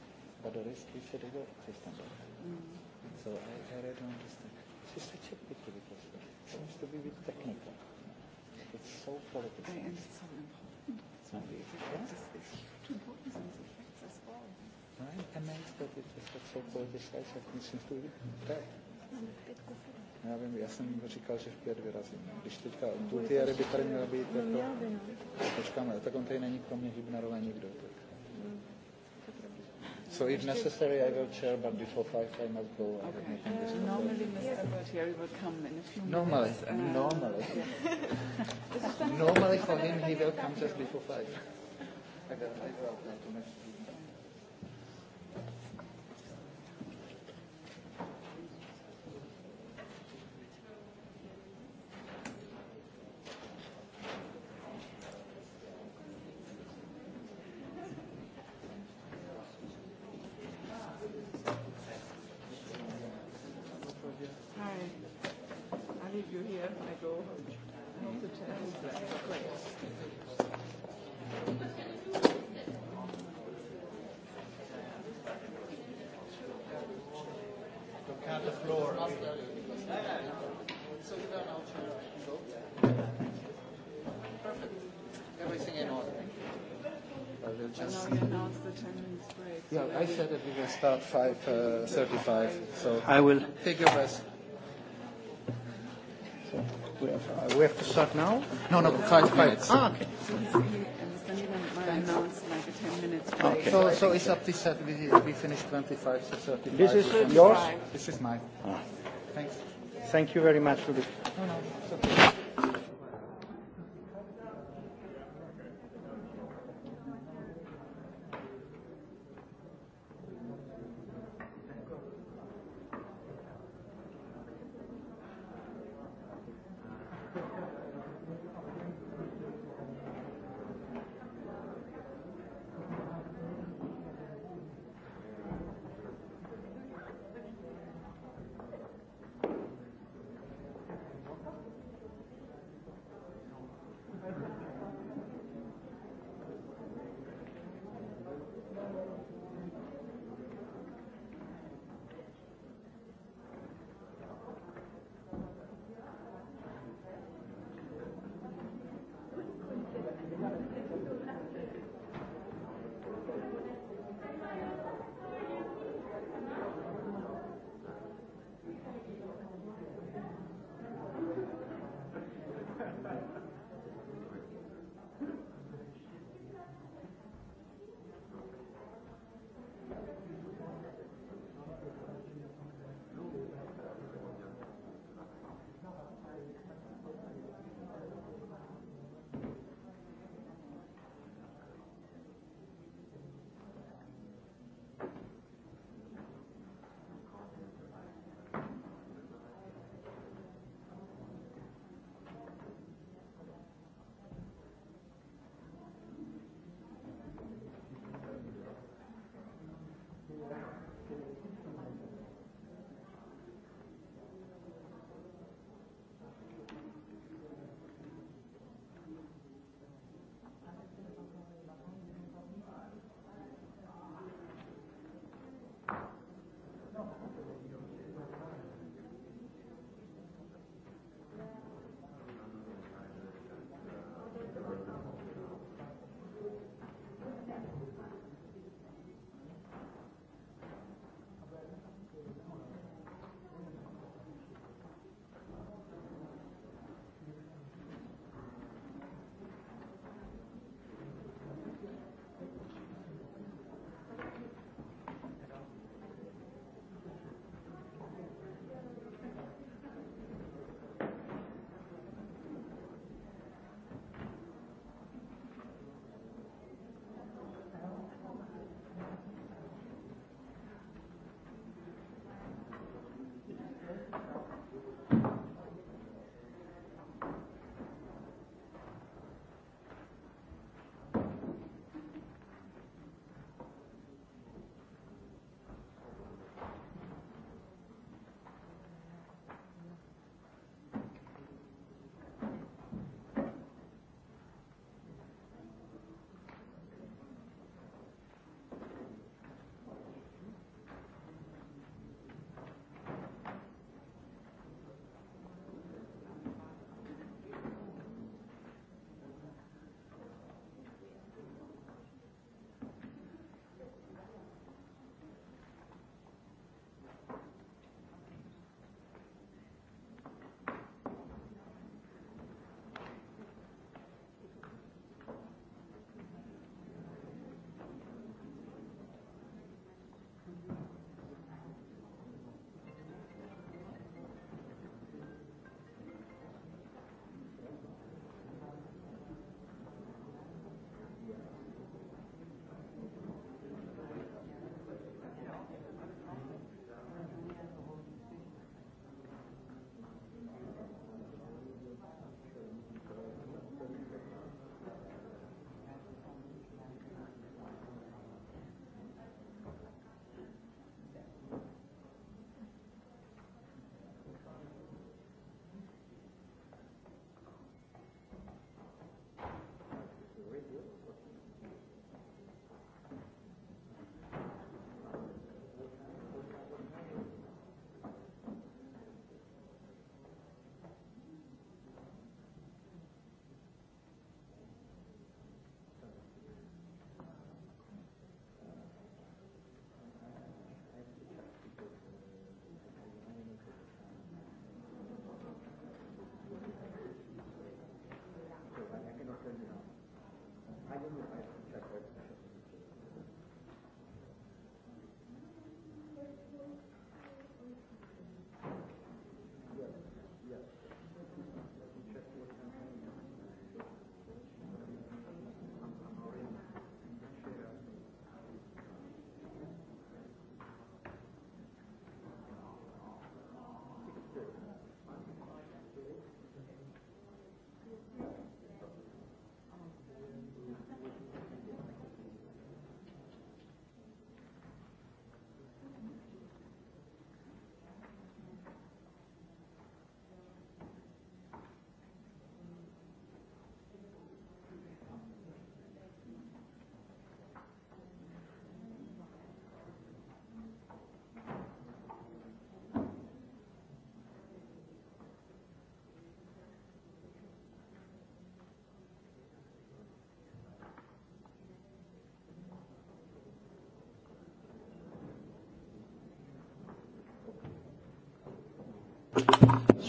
But the rest is a rigor system. Mm. So I, I don't understand. It's such a pity because it seems to be a bit technical. It's so political. I am so important. It's not easy. It's, it's huge importance I'm amazed that it so to Já vím, já jsem říkal, že v pět vyrazím. Když teďka tu ty ryby tady měla být, tak to... Počkáme, tak on tady není kromě Hybnerové nikdo. Tak... So if necessary, I will chair, but before five I must go. I uh, normally, Mr. Gualtieri will come in a few normally, minutes. Normally, normally. normally for him, he will come just before five. I will, I will, to miss. they'll just. No, you announced the 10 minutes break. So Yeah, I said that we will start 5:35. So. I will. Take your rest. So we have, uh, we have to start now. No, no, five five minutes. Ah, okay. Okay. So, so it's up to set. We we finished 25 so 35. This is yours. This is mine. Ah. Thanks. Thank you very much, for this. No, no, it's okay.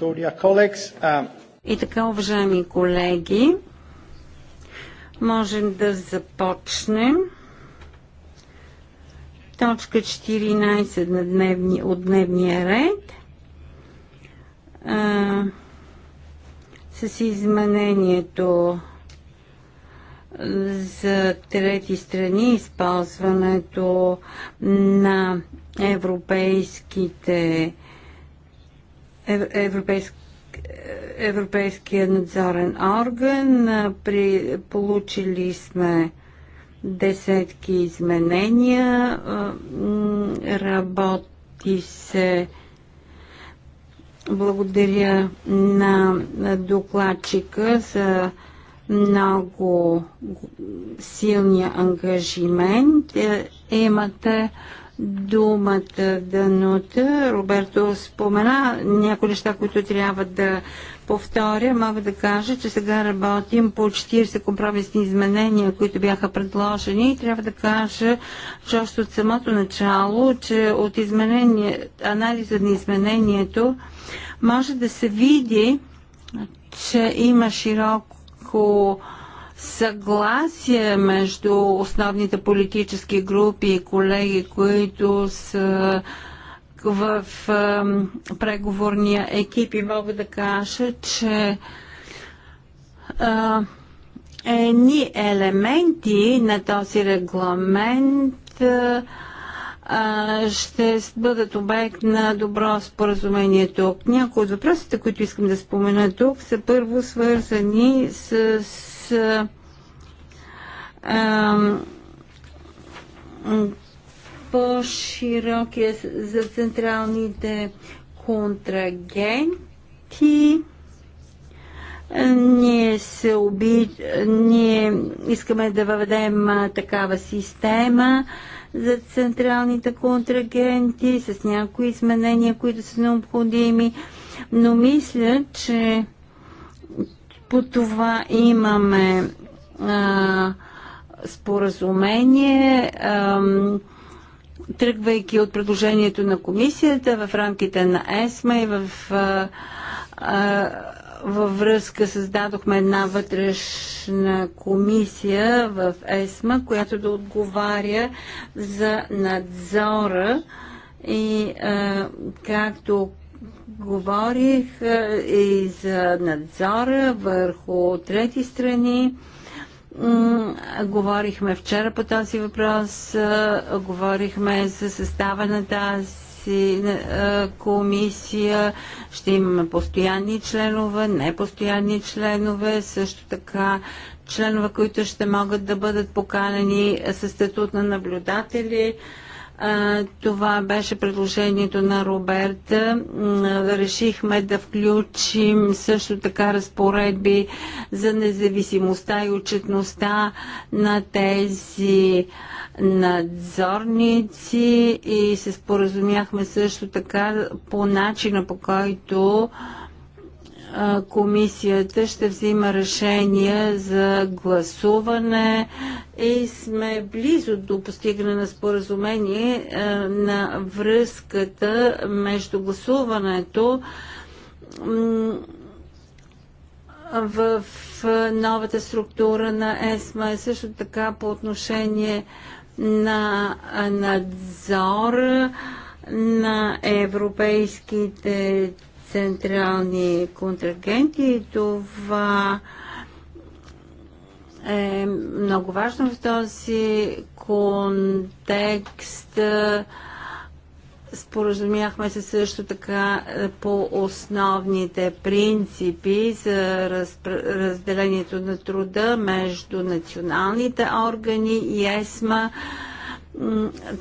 Um, И така, уважаеми колеги, можем да започнем. Точка 14 на дневни, от дневния ред а, с изменението за трети страни използването на европейските Европейски Европейския надзорен орган. При, получили сме десетки изменения. Работи се благодаря на докладчика за много силния ангажимент. Е, имате думата Данута. Роберто спомена някои неща, които трябва да повторя. Мога да кажа, че сега работим по 40 компромисни изменения, които бяха предложени и трябва да кажа, че още от самото начало, че от изменение, анализа на изменението може да се види, че има широко съгласие между основните политически групи и колеги, които са в преговорния екип и мога да кажа, че едни елементи на този регламент ще бъдат обект на добро споразумение тук. Някои от въпросите, които искам да спомена тук, са първо свързани с а, а, по широкия за централните контрагенти. Ние, се оби... Ние искаме да въведем такава система за централните контрагенти с някои изменения, които са необходими, но мисля, че по това имаме а, споразумение. А, тръгвайки от предложението на комисията в рамките на ЕСМА и в, а, а, във връзка създадохме една вътрешна комисия в ЕСМА, която да отговаря за надзора и а, както Говорих е, и за надзора върху трети страни. Говорихме вчера по този въпрос, е, говорихме за състава на тази е, комисия, ще имаме постоянни членове, непостоянни членове, също така членове, които ще могат да бъдат поканени със статут на наблюдатели. Това беше предложението на Роберта. Решихме да включим също така разпоредби за независимостта и отчетността на тези надзорници и се споразумяхме също така по начина по който комисията ще взима решение за гласуване и сме близо до постигане на споразумение на връзката между гласуването в новата структура на ЕСМА и също така по отношение на надзор на европейските централни контрагенти и това е много важно в този контекст. Споразумяхме се също така е, по основните принципи за разделението на труда между националните органи и ЕСМА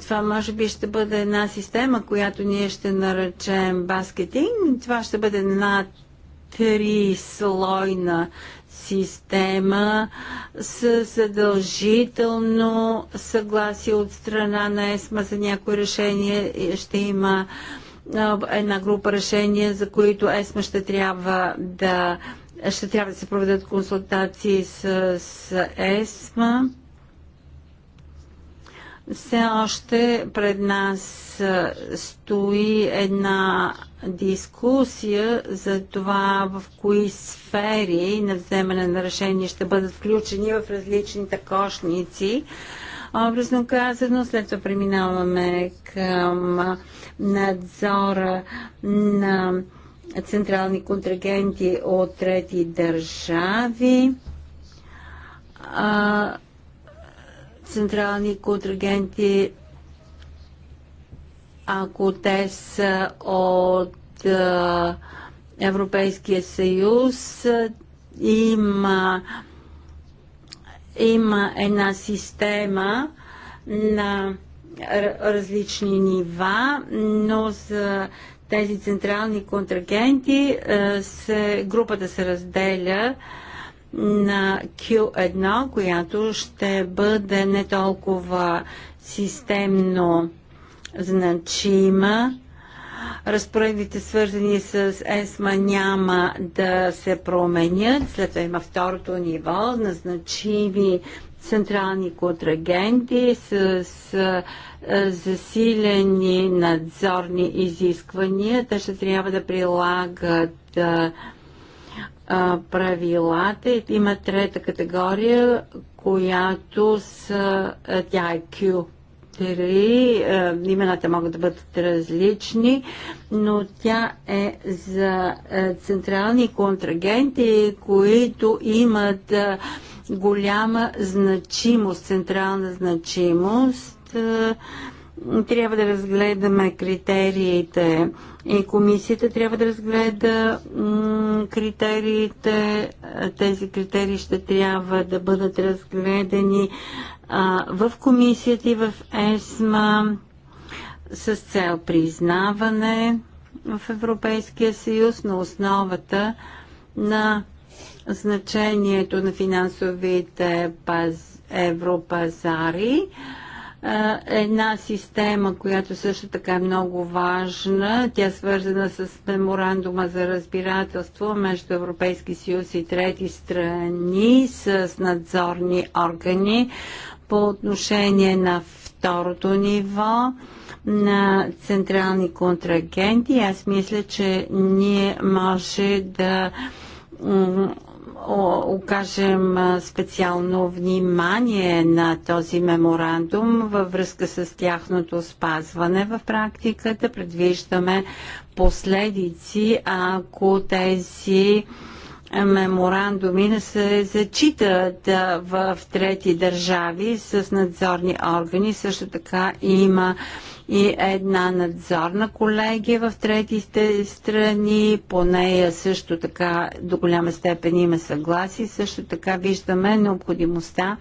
това може би ще бъде една система, която ние ще наречем баскетинг. Това ще бъде една трислойна система с задължително съгласие от страна на ЕСМА за някои решения. Ще има една група решения, за които ЕСМА ще трябва да ще трябва да се проведат консултации с, с ЕСМА все още пред нас стои една дискусия за това в кои сфери на вземане на решение ще бъдат включени в различните кошници. Образно казано, след това преминаваме към надзора на централни контрагенти от трети държави централни контрагенти, ако те са от Европейския съюз, има, има една система на различни нива, но за тези централни контрагенти се, групата се разделя на Q1, която ще бъде не толкова системно значима. Разпоредбите, свързани с ЕСМА, няма да се променят. След това има второто ниво на значими централни контрагенти с, с засилени надзорни изисквания. Те ще трябва да прилагат а, правилата. Има трета категория, която са, тя е Q 3, имената могат да бъдат различни, но тя е за централни контрагенти, които имат голяма значимост, централна значимост. Трябва да разгледаме критериите и комисията трябва да разгледа критериите. Тези критерии ще трябва да бъдат разгледани в комисията и в ЕСМА с цел признаване в Европейския съюз на основата на значението на финансовите паз... европазари. Една система, която също така е много важна, тя е свързана с меморандума за разбирателство между Европейски съюз и трети страни с надзорни органи по отношение на второто ниво на централни контрагенти. Аз мисля, че ние може да окажем специално внимание на този меморандум във връзка с тяхното спазване в практиката. Предвиждаме последици, ако тези меморандуми не се зачитат в трети държави с надзорни органи. Също така има и една надзорна колегия в третите страни. По нея също така до голяма степен има съгласи, Също така виждаме необходимостта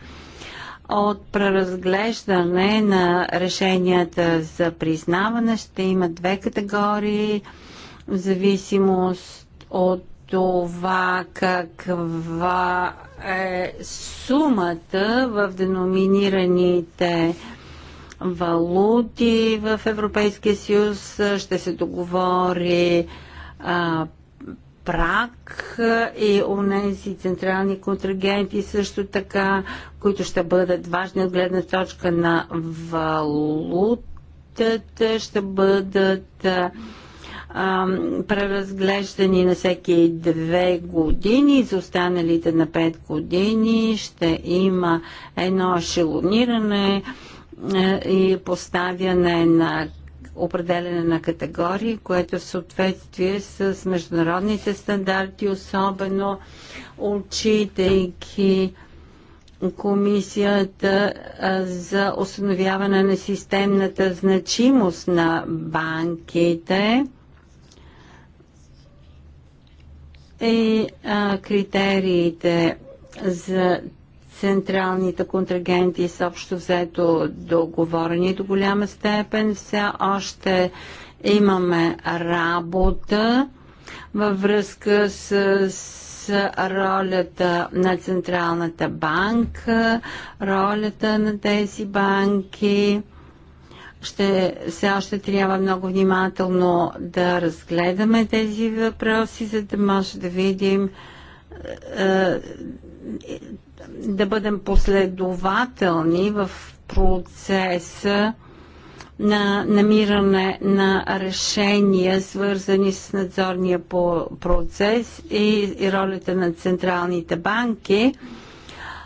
от преразглеждане на решенията за признаване ще има две категории в зависимост от това каква е сумата в деноминираните валути в Европейския съюз. Ще се договори а, прак и онези централни контрагенти също така, които ще бъдат важни от гледна точка на валутата, ще бъдат а, а, преразглеждани на всеки две години. За останалите на пет години ще има едно шелониране и поставяне на определене на категории, което в съответствие с международните стандарти, особено отчитайки Комисията за установяване на системната значимост на банките и а, критериите за централните контрагенти са общо взето договорени до голяма степен. Все още имаме работа във връзка с, с ролята на Централната банка, ролята на тези банки ще, все още трябва много внимателно да разгледаме тези въпроси, за да може да видим е, е, да бъдем последователни в процеса на намиране на решения, свързани с надзорния процес и, и ролята на централните банки.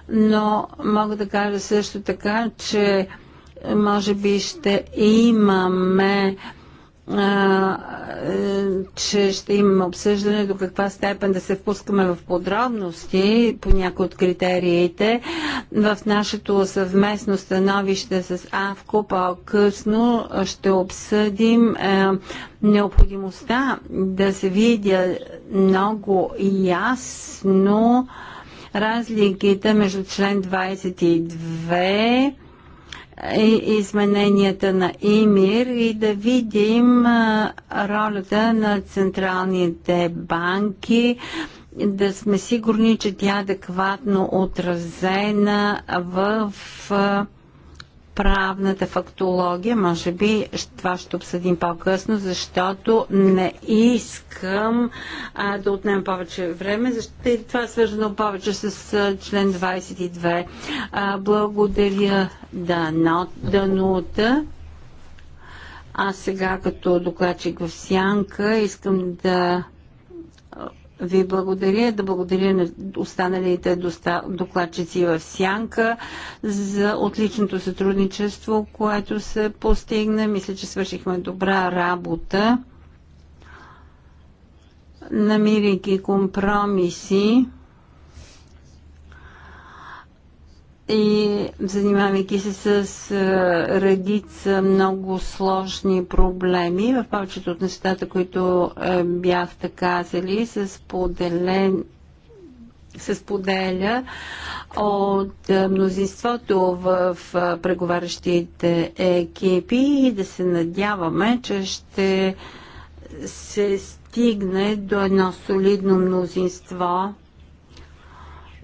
Но мога да кажа също така, че може би ще имаме а, е, че ще имаме обсъждане до каква степен да се впускаме в подробности по някои от критериите. В нашето съвместно становище с АВКО по-късно ще обсъдим а, е, необходимостта да се видя много ясно разликите между член 22 измененията на ИМИР и да видим ролята на централните банки, да сме сигурни, че тя е адекватно отразена в правната фактология, може би това ще обсъдим по-късно, защото не искам а, да отнем повече време, защото това е свързано повече с а, член 22. А, благодаря Данута. А сега като докладчик в Сянка искам да ви благодаря, да благодаря на останалите докладчици в Сянка за отличното сътрудничество, което се постигна. Мисля, че свършихме добра работа, намирайки компромиси. и занимавайки се с редица много сложни проблеми, в повечето от нещата, които бяхте казали, се споделен се споделя от мнозинството в преговарящите екипи и да се надяваме, че ще се стигне до едно солидно мнозинство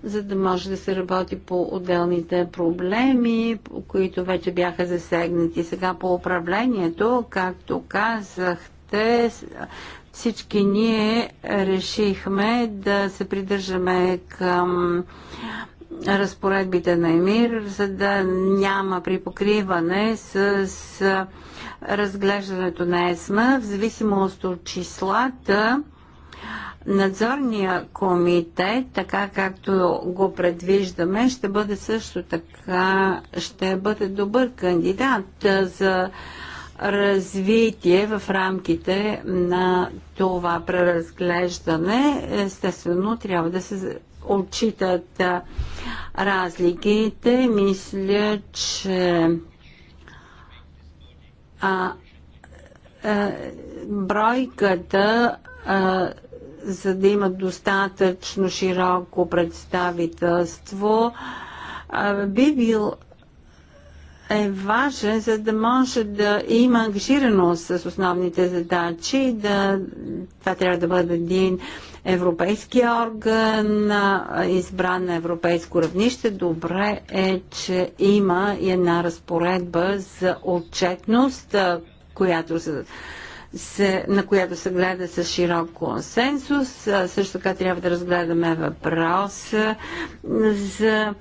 за да може да се работи по отделните проблеми, които вече бяха засегнати. Сега по управлението, както казахте, всички ние решихме да се придържаме към разпоредбите на ЕМИР, за да няма припокриване с, разглеждането на ЕСМА, в зависимост от числата, Надзорния комитет, така както го предвиждаме, ще бъде също така, ще бъде добър кандидат за развитие в рамките на това преразглеждане. Естествено, трябва да се отчитат разликите. Мисля, че а, а, бройката а, за да имат достатъчно широко представителство, би бил е важен, за да може да има ангажираност с основните задачи. Да, това трябва да бъде един европейски орган, избран на европейско равнище. Добре е, че има една разпоредба за отчетност, която се се, на която се гледа с широк консенсус. Също така трябва да разгледаме въпрос за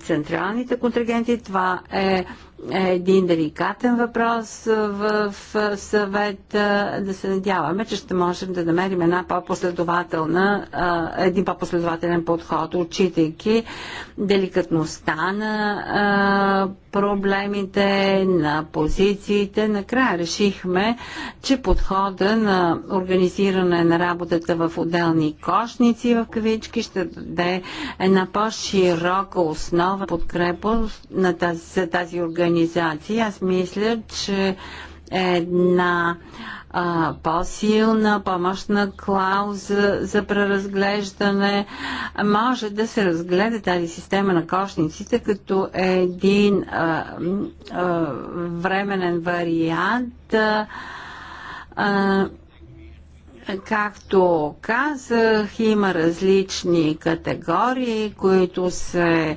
централните контрагенти. Това е е един деликатен въпрос в съвета. Да се надяваме, че ще можем да намерим една по-последователна, един по-последователен подход, отчитайки деликатността на проблемите, на позициите. Накрая решихме, че подхода на организиране на работата в отделни кошници в кавички ще даде една по-широка основа подкрепа на тази, за тази организация организации. Аз мисля, че една по-силна помощна клауза за преразглеждане. Може да се разгледа тази система на кошниците като един а, а, временен вариант. а, Както казах, има различни категории, които се а,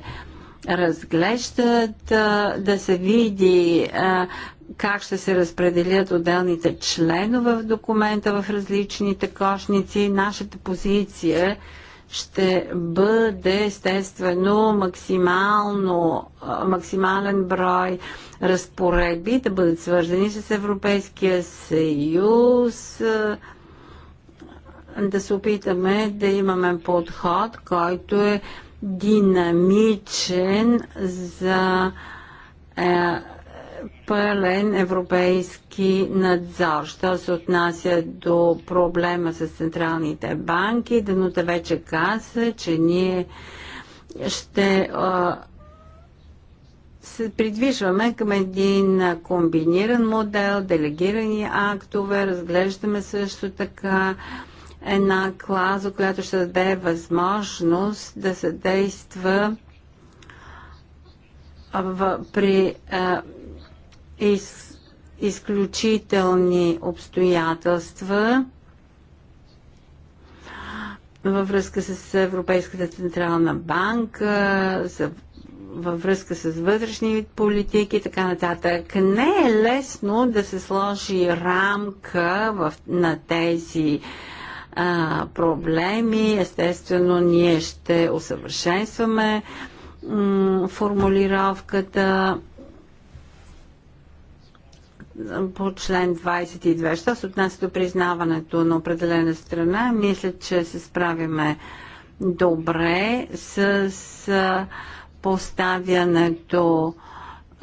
разглеждат, да се види как ще се разпределят отделните членове в документа в различните кошници. Нашата позиция ще бъде естествено максимално, максимален брой разпоредби да бъдат свързани с Европейския съюз, да се опитаме да имаме подход, който е динамичен за е, пълен европейски надзор. Що се отнася до проблема с централните банки, Данута вече каза, че ние ще е, се придвижваме към един комбиниран модел, делегирани актове, разглеждаме също така една клауза, която ще даде възможност да се действа в, при а, е, из, изключителни обстоятелства във връзка с Европейската централна банка, за, във връзка с вътрешни политики и така нататък. Не е лесно да се сложи рамка в, на тези а, а, проблеми. Естествено, ние ще усъвършенстваме формулировката по член 22. Що се отнася до признаването на определена страна, мисля, че се справиме добре с поставянето а,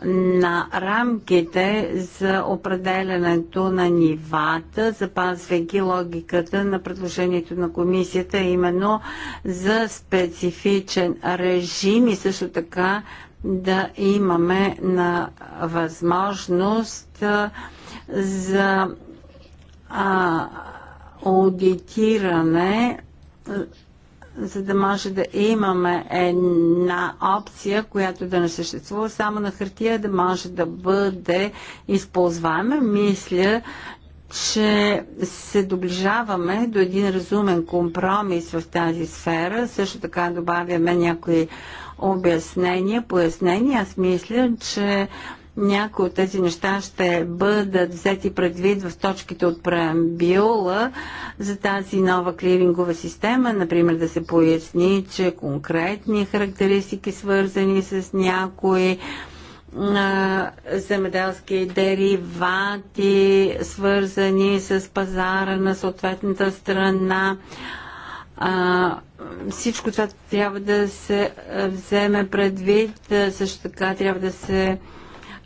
на рамките за определенето на нивата, запазвайки логиката на предложението на комисията, именно за специфичен режим и също така да имаме на възможност за а, аудитиране за да може да имаме една опция, която да не съществува само на хартия, да може да бъде използваема. Мисля, че се доближаваме до един разумен компромис в тази сфера. Също така добавяме някои обяснения, пояснения. Аз мисля, че някои от тези неща ще бъдат взети предвид в точките от преамбиола за тази нова кливингова система, например да се поясни, че конкретни характеристики свързани с някои земеделски деривати, свързани с пазара на съответната страна. А, всичко това трябва да се вземе предвид, също така трябва да се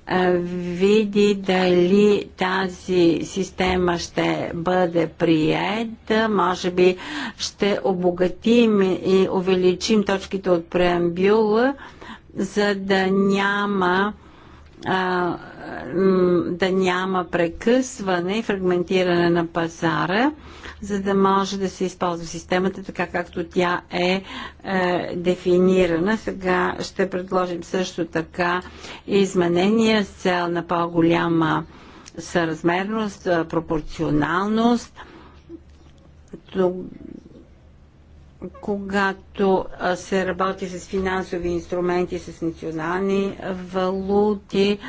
види дали тази система ще бъде приета, може би ще обогатим и увеличим точките от преамбюла, за да няма а, да няма прекъсване и фрагментиране на пазара, за да може да се използва системата така, както тя е, е дефинирана. Сега ще предложим също така изменения с цел на по-голяма съразмерност, е, пропорционалност. Когато е, се работи с финансови инструменти, с национални валути,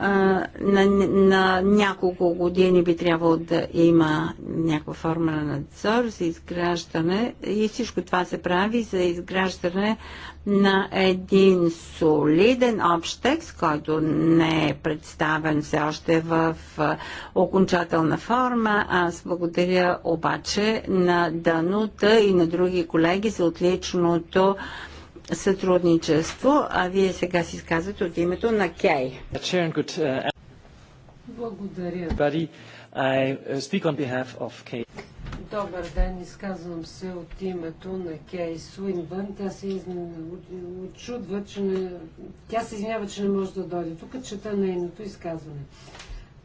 на, на няколко години би трябвало да има някаква форма на надзор за изграждане и всичко това се прави за изграждане на един солиден общ текст, който не е представен все още в окончателна форма. Аз благодаря обаче на Данута и на други колеги за отличното сътрудничество, а вие сега си изказвате от името на Кей. Благодаря. Uh, Добър ден, изказвам се от името на Кей Суинбън. Тя се из... очудва, че не... тя се извинява, че не може да дойде. Тук чета нейното изказване.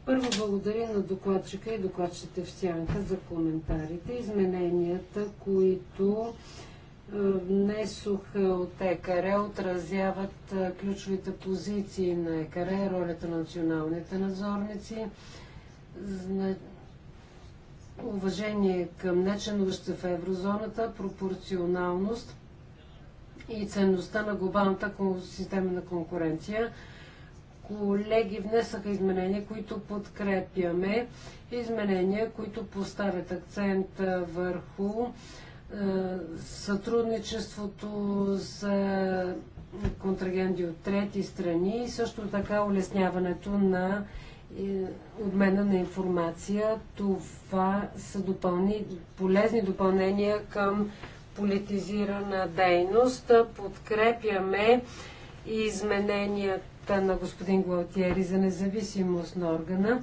Първо благодаря на докладчика и докладчите в сянка за коментарите, измененията, които внесох от ЕКАРЕ отразяват ключовите позиции на ЕКАРЕ, ролята на националните надзорници, уважение към нечленуващите в еврозоната, пропорционалност и ценността на глобалната система на конкуренция. Колеги внесаха изменения, които подкрепяме, изменения, които поставят акцент върху е, сътрудничеството за контрагенти от трети страни и също така улесняването на е, обмена на информация. Това са допълни, полезни допълнения към политизирана дейност. Подкрепяме измененията на господин Гуалтиери за независимост на органа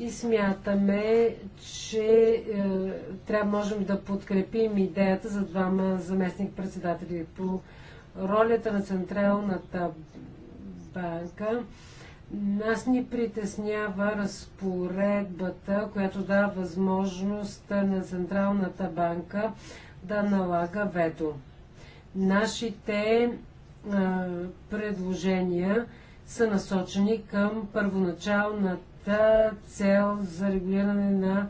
и смятаме, че е, трябва можем да подкрепим идеята за двама заместник-председатели по ролята на Централната банка. Нас ни притеснява разпоредбата, която дава възможност на Централната банка да налага вето. Нашите а, е, предложения са насочени към първоначалната цел за регулиране на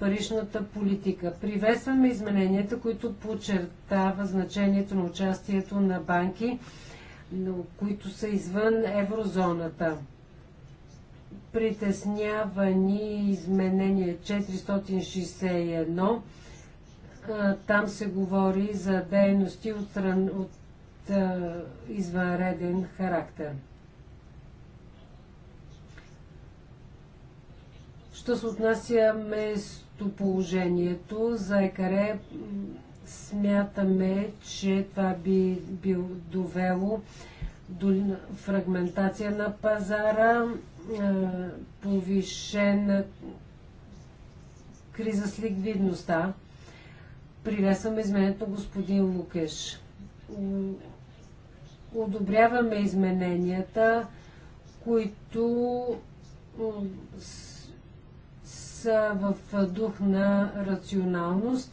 паричната политика. Приветстваме измененията, които подчертава значението на участието на банки, които са извън еврозоната. Притеснявани изменения 461. Там се говори за дейности от, от извънреден характер. Що се отнася местоположението за Екаре, смятаме, че това би бил довело до фрагментация на пазара, повишена криза с ликвидността. Приветстваме изменението господин Лукеш. Одобряваме измененията, които в дух на рационалност.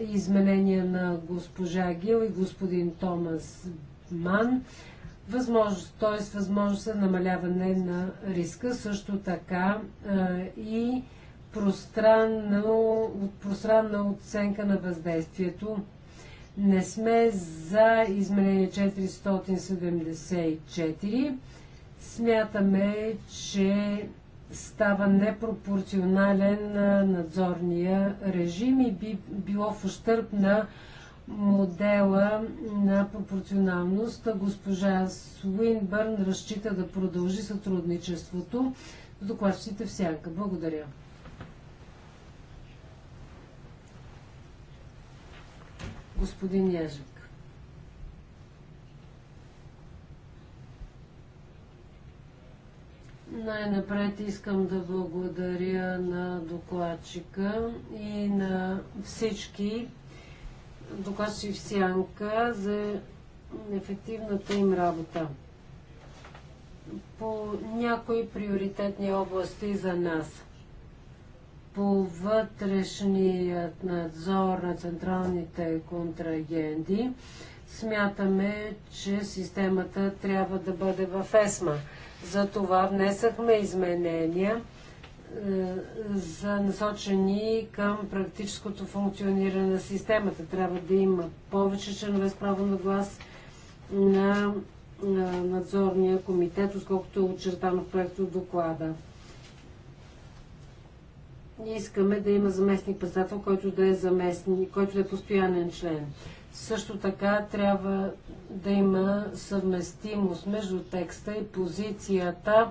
Изменения на госпожа Гил и господин Томас Ман. Възможност, т.е. възможност за намаляване на риска, също така и пространна оценка на въздействието. Не сме за изменение 474. Смятаме, че става непропорционален надзорния режим и би било в ущърп на модела на пропорционалност. Госпожа Суинбърн разчита да продължи сътрудничеството с докладчите в сянка. Благодаря. Господин Яжев. Най-напред искам да благодаря на докладчика и на всички докладчи в сянка за ефективната им работа. По някои приоритетни области за нас. По вътрешният надзор на централните контрагенти смятаме, че системата трябва да бъде в ЕСМА. Затова внесахме изменения е, за насочени към практическото функциониране на системата. Трябва да има повече членове с право на глас на е, надзорния комитет, отколкото е очертано в проекто доклада. Ние искаме да има заместник председател, който да е заместник, който да е постоянен член. Също така трябва да има съвместимост между текста и позицията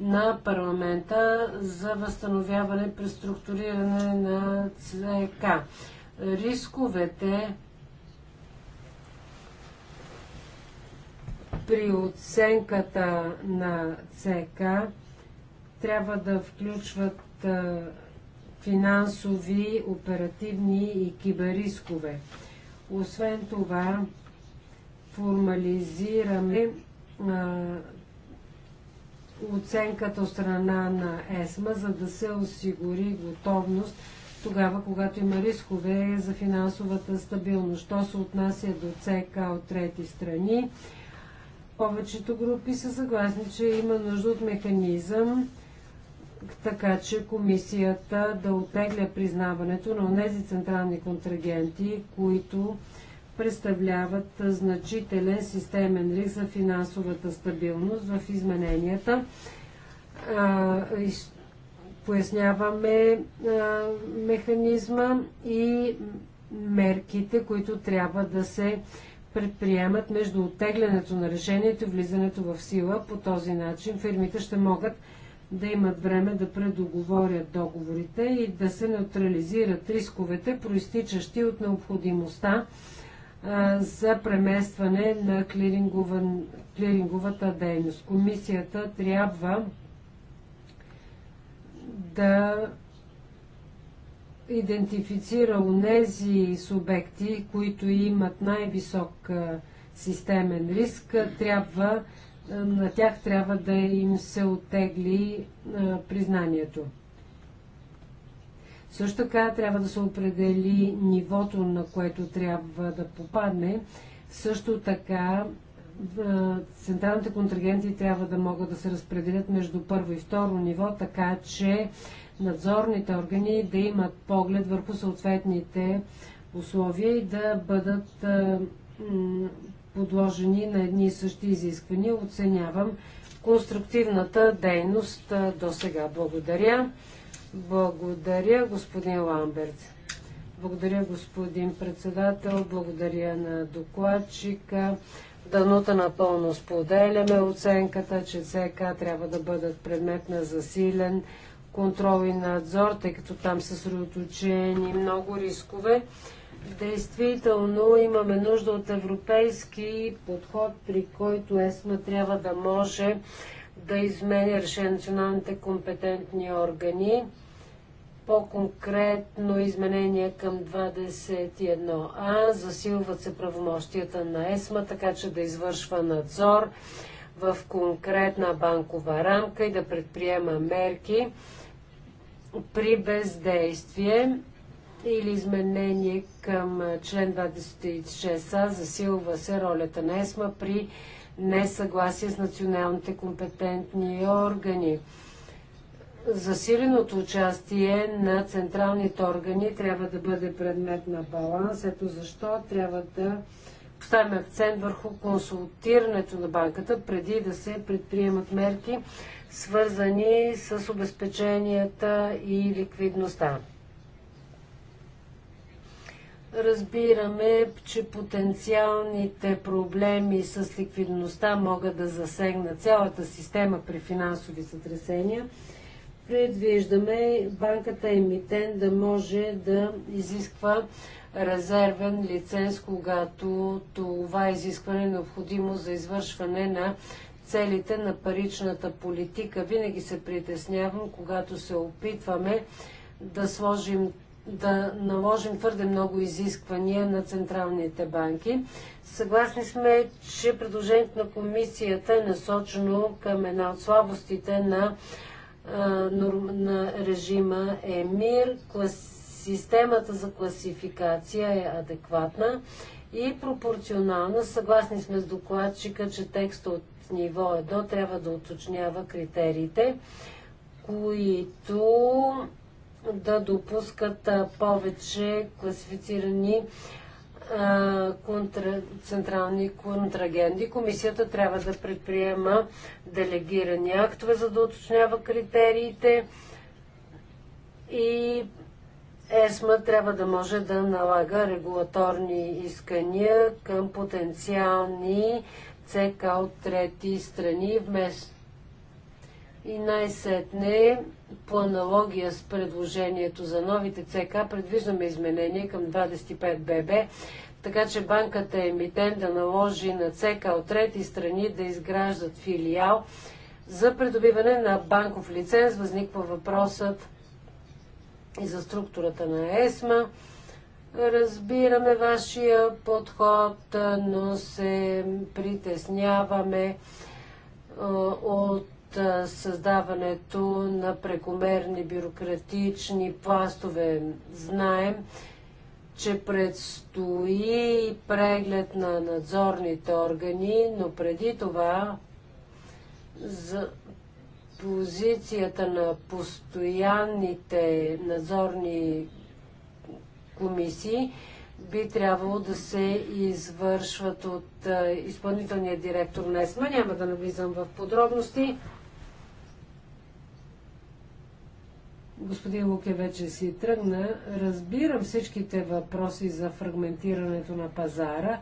на парламента за възстановяване и преструктуриране на ЦК. Рисковете при оценката на ЦК трябва да включват финансови, оперативни и киберрискове. Освен това, формализираме а, оценката от страна на ЕСМА, за да се осигури готовност тогава, когато има рискове за финансовата стабилност. Що се отнася до ЦК от трети страни, повечето групи са съгласни, че има нужда от механизъм, така че комисията да отегля признаването на тези централни контрагенти, които представляват значителен системен риск за финансовата стабилност в измененията. поясняваме механизма и мерките, които трябва да се предприемат между оттеглянето на решението и влизането в сила. По този начин фирмите ще могат да имат време да предоговорят договорите и да се неутрализират рисковете, проистичащи от необходимостта за преместване на клирингова, клиринговата дейност. Комисията трябва да идентифицира нези субекти, които имат най-висок системен риск, трябва на тях трябва да им се отегли признанието. Също така трябва да се определи нивото, на което трябва да попадне. Също така централните контрагенти трябва да могат да се разпределят между първо и второ ниво, така че надзорните органи да имат поглед върху съответните условия и да бъдат подложени на едни и същи изисквания. Оценявам конструктивната дейност до сега. Благодаря. Благодаря, господин Ламберт. Благодаря, господин председател. Благодаря на докладчика. Данута напълно споделяме оценката, че ЦК трябва да бъдат предмет на засилен контрол и надзор, тъй като там са средоточени много рискове. Действително имаме нужда от европейски подход, при който ЕСМА трябва да може да измени решение националните компетентни органи. По-конкретно изменение към 21А засилват се правомощията на ЕСМА, така че да извършва надзор в конкретна банкова рамка и да предприема мерки при бездействие или изменение към член 26а засилва се ролята на ЕСМА при несъгласие с националните компетентни органи. Засиленото участие на централните органи трябва да бъде предмет на баланс. Ето защо трябва да поставим акцент върху консултирането на банката преди да се предприемат мерки, свързани с обезпеченията и ликвидността. Разбираме, че потенциалните проблеми с ликвидността могат да засегнат цялата система при финансови сътресения. Предвиждаме банката емитен да може да изисква резервен лиценз, когато това изискване е необходимо за извършване на целите на паричната политика. Винаги се притеснявам, когато се опитваме да сложим да наложим твърде много изисквания на централните банки. Съгласни сме, че предложението на комисията е насочено към една от слабостите на, на режима ЕМИР. Системата за класификация е адекватна и пропорционална. Съгласни сме с докладчика, че текста от ниво 1 трябва да уточнява критериите, които да допускат повече класифицирани централни контрагенти. Комисията трябва да предприема делегирани актове, за да уточнява критериите и ЕСМА трябва да може да налага регулаторни искания към потенциални ЦК от трети страни вместо и най-сетне по аналогия с предложението за новите ЦК предвиждаме изменение към 25 ББ, така че банката е емитен да наложи на ЦК от трети страни да изграждат филиал. За придобиване на банков лиценз възниква въпросът и за структурата на ЕСМА. Разбираме вашия подход, но се притесняваме от създаването на прекомерни бюрократични пластове. Знаем, че предстои преглед на надзорните органи, но преди това за позицията на постоянните надзорни комисии би трябвало да се извършват от изпълнителния директор на ЕСМА. Няма да навлизам в подробности. господин Луке вече си тръгна. Разбирам всичките въпроси за фрагментирането на пазара,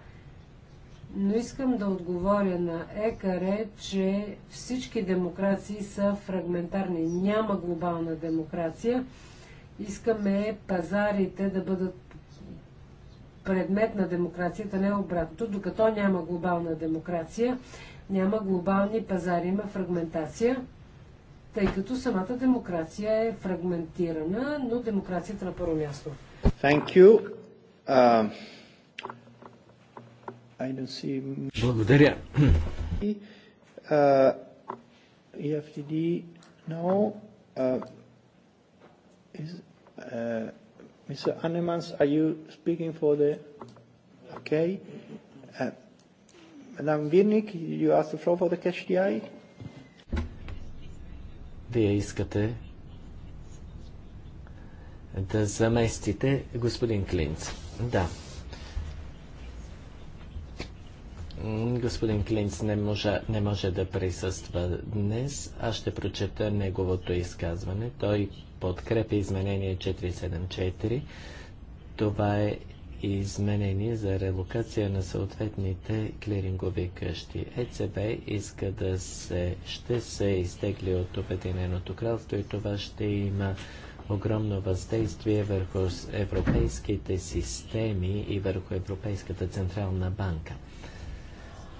но искам да отговоря на Екаре, че всички демокрации са фрагментарни. Няма глобална демокрация. Искаме пазарите да бъдат предмет на демокрацията, не обратното. Докато няма глобална демокрация, няма глобални пазари, има фрагментация тъй като самата демокрация е фрагментирана, но демокрацията на първо място. Thank you. Uh, I don't see... Благодаря. Uh, EFTD, no. Uh, is, uh, Mr. Annemans, are you speaking for the... Okay. Uh, Madam Virnik, you asked the floor for the cash DI? Вие искате да заместите господин Клинц. Да. Господин Клинц не може, не може да присъства днес. Аз ще прочета неговото изказване. Той подкрепи изменение 474. Това е изменение за релокация на съответните клирингови къщи. ЕЦБ иска да се, ще се изтегли от Обединеното кралство и това ще има огромно въздействие върху европейските системи и върху Европейската централна банка.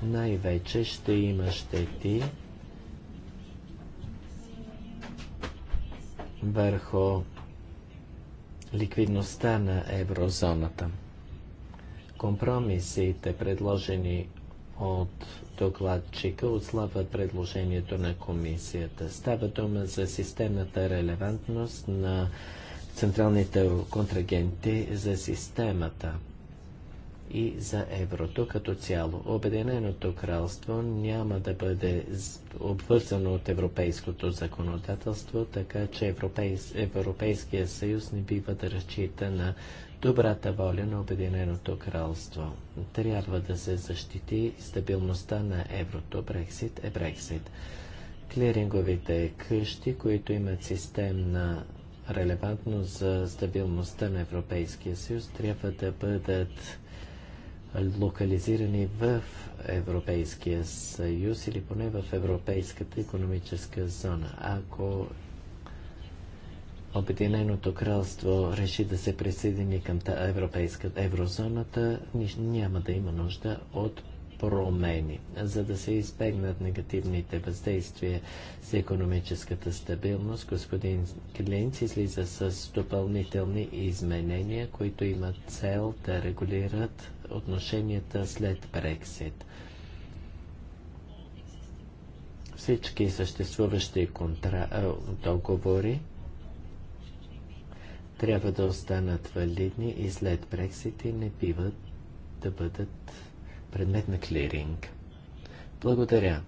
Най-вече ще има щети върху ликвидността на еврозоната. Компромисите, предложени от докладчика, отслабват предложението на комисията. Става дума за системната релевантност на централните контрагенти за системата и за еврото като цяло. Обединеното кралство няма да бъде обвързано от европейското законодателство, така че Европейс... Европейския съюз не бива да разчита на добрата воля на Обединеното кралство. Трябва да се защити стабилността на еврото. Брексит е Брексит. Клиринговите къщи, които имат системна релевантност за стабилността на Европейския съюз, трябва да бъдат локализирани в Европейския съюз или поне в Европейската економическа зона. Ако Обединеното кралство реши да се присъедини към европейска еврозоната, няма да има нужда от промени, за да се избегнат негативните въздействия с економическата стабилност. Господин Клинц излиза с допълнителни изменения, които имат цел да регулират отношенията след Брексит. Всички съществуващи контра... договори трябва да останат валидни и след Брексит и не биват да бъдат предмет на клиринг. Благодаря.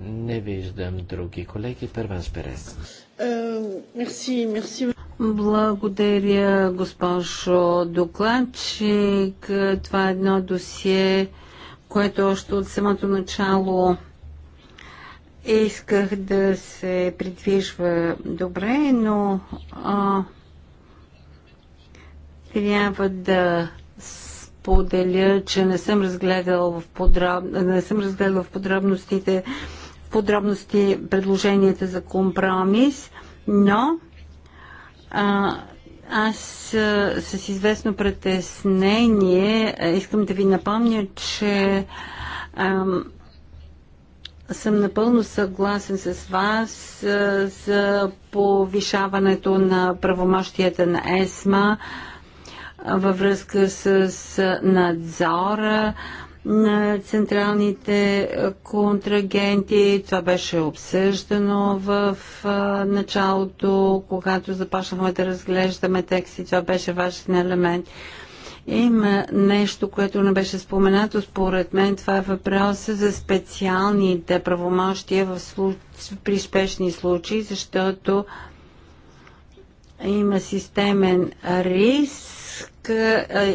Не виждам други колеги. първен, Сперес. Е, мерси, мерси. Благодаря, госпожо докладчик. Това е едно досие, което още от самото начало Исках да се придвижва добре, но а, трябва да споделя, че не съм разгледал в, подроб... не съм разгледал в подробностите в подробности предложенията за компромис, но а, аз а, с известно притеснение искам да ви напомня, че а, съм напълно съгласен с вас за повишаването на правомощията на ЕСМА във връзка с надзора на централните контрагенти. Това беше обсъждано в началото, когато започнахме да разглеждаме и Това беше важен елемент. Има нещо, което не беше споменато. Според мен това е въпроса за специалните правомощия в случ... при спешни случаи, защото има системен риск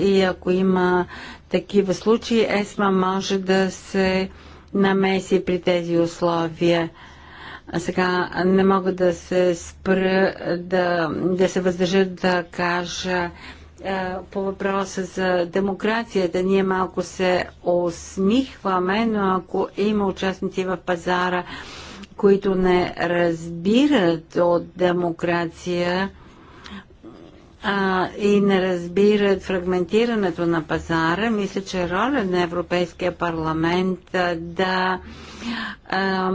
и ако има такива случаи, ЕСМА може да се намеси при тези условия. А сега не мога да се спра, да, да се въздържа да кажа по въпроса за демокрацията. Ние малко се усмихваме, но ако има участници в пазара, които не разбират от демокрация, а, и не разбират фрагментирането на пазара, мисля, че е роля на Европейския парламент а, да, а,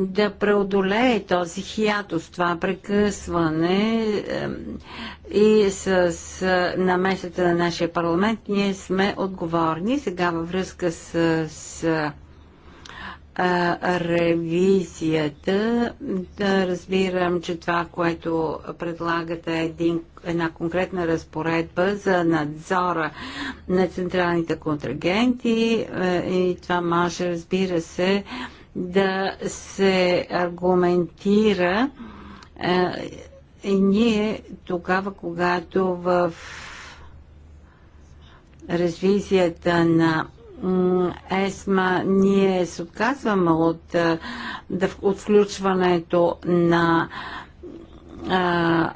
да преодолее този хиатус, това прекъсване а, и с, с намесата на нашия парламент ние сме отговорни. Сега във връзка с, с а, ревизията. Да разбирам, че това, което предлагате е един, една конкретна разпоредба за надзора на централните контрагенти е, и това може, разбира се, да се аргументира е, и ние тогава, когато в ревизията на ЕСМА ние се отказваме от, от включването на а,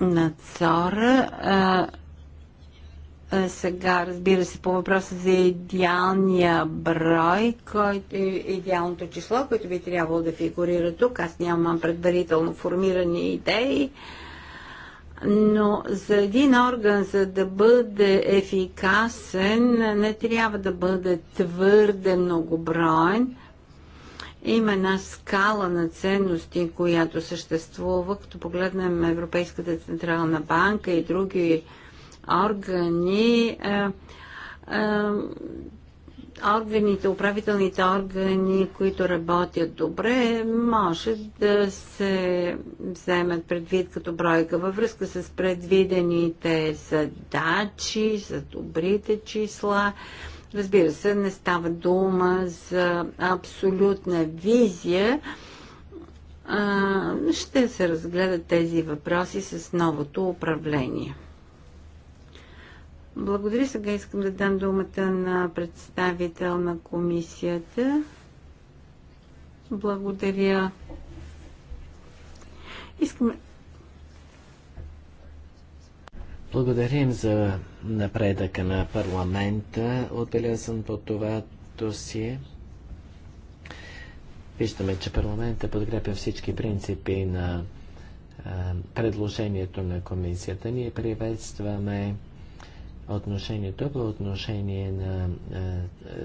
надзора. А, сега, разбира се, по въпроса за идеалния брой, който, идеалното число, което би трябвало да фигурира тук. Аз нямам предварително формирани идеи. А, но за един орган, за да бъде ефикасен, не трябва да бъде твърде многоброен. Има една скала на ценности, която съществува, като погледнем Европейската централна банка и други органи. Е, е, органите, управителните органи, които работят добре, може да се вземат предвид като бройка във връзка с предвидените задачи, за добрите числа. Разбира се, не става дума за абсолютна визия. Ще се разгледат тези въпроси с новото управление. Благодаря. Сега искам да дам думата на представител на комисията. Благодаря. Искам. Благодарим за напредъка на парламента, отбелязан по това досие. Виждаме, че парламента подкрепя всички принципи на а, предложението на комисията. Ние приветстваме отношение, по отношение на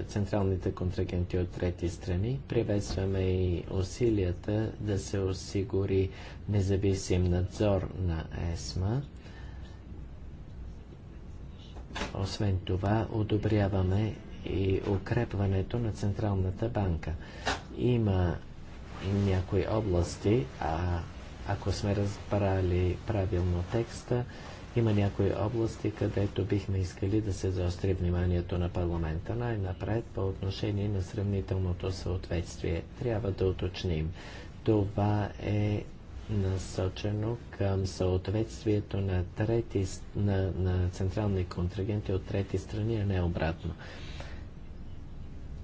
централните контрагенти от трети страни. Приветстваме и усилията да се осигури независим надзор на ЕСМА. Освен това, одобряваме и укрепването на Централната банка. Има някои области, а ако сме разбрали правилно текста, има някои области, където бихме искали да се заостри вниманието на парламента. Най-напред по отношение на сравнителното съответствие. Трябва да уточним. Това е насочено към съответствието на, трети, на, на централни контрагенти от трети страни, а не обратно.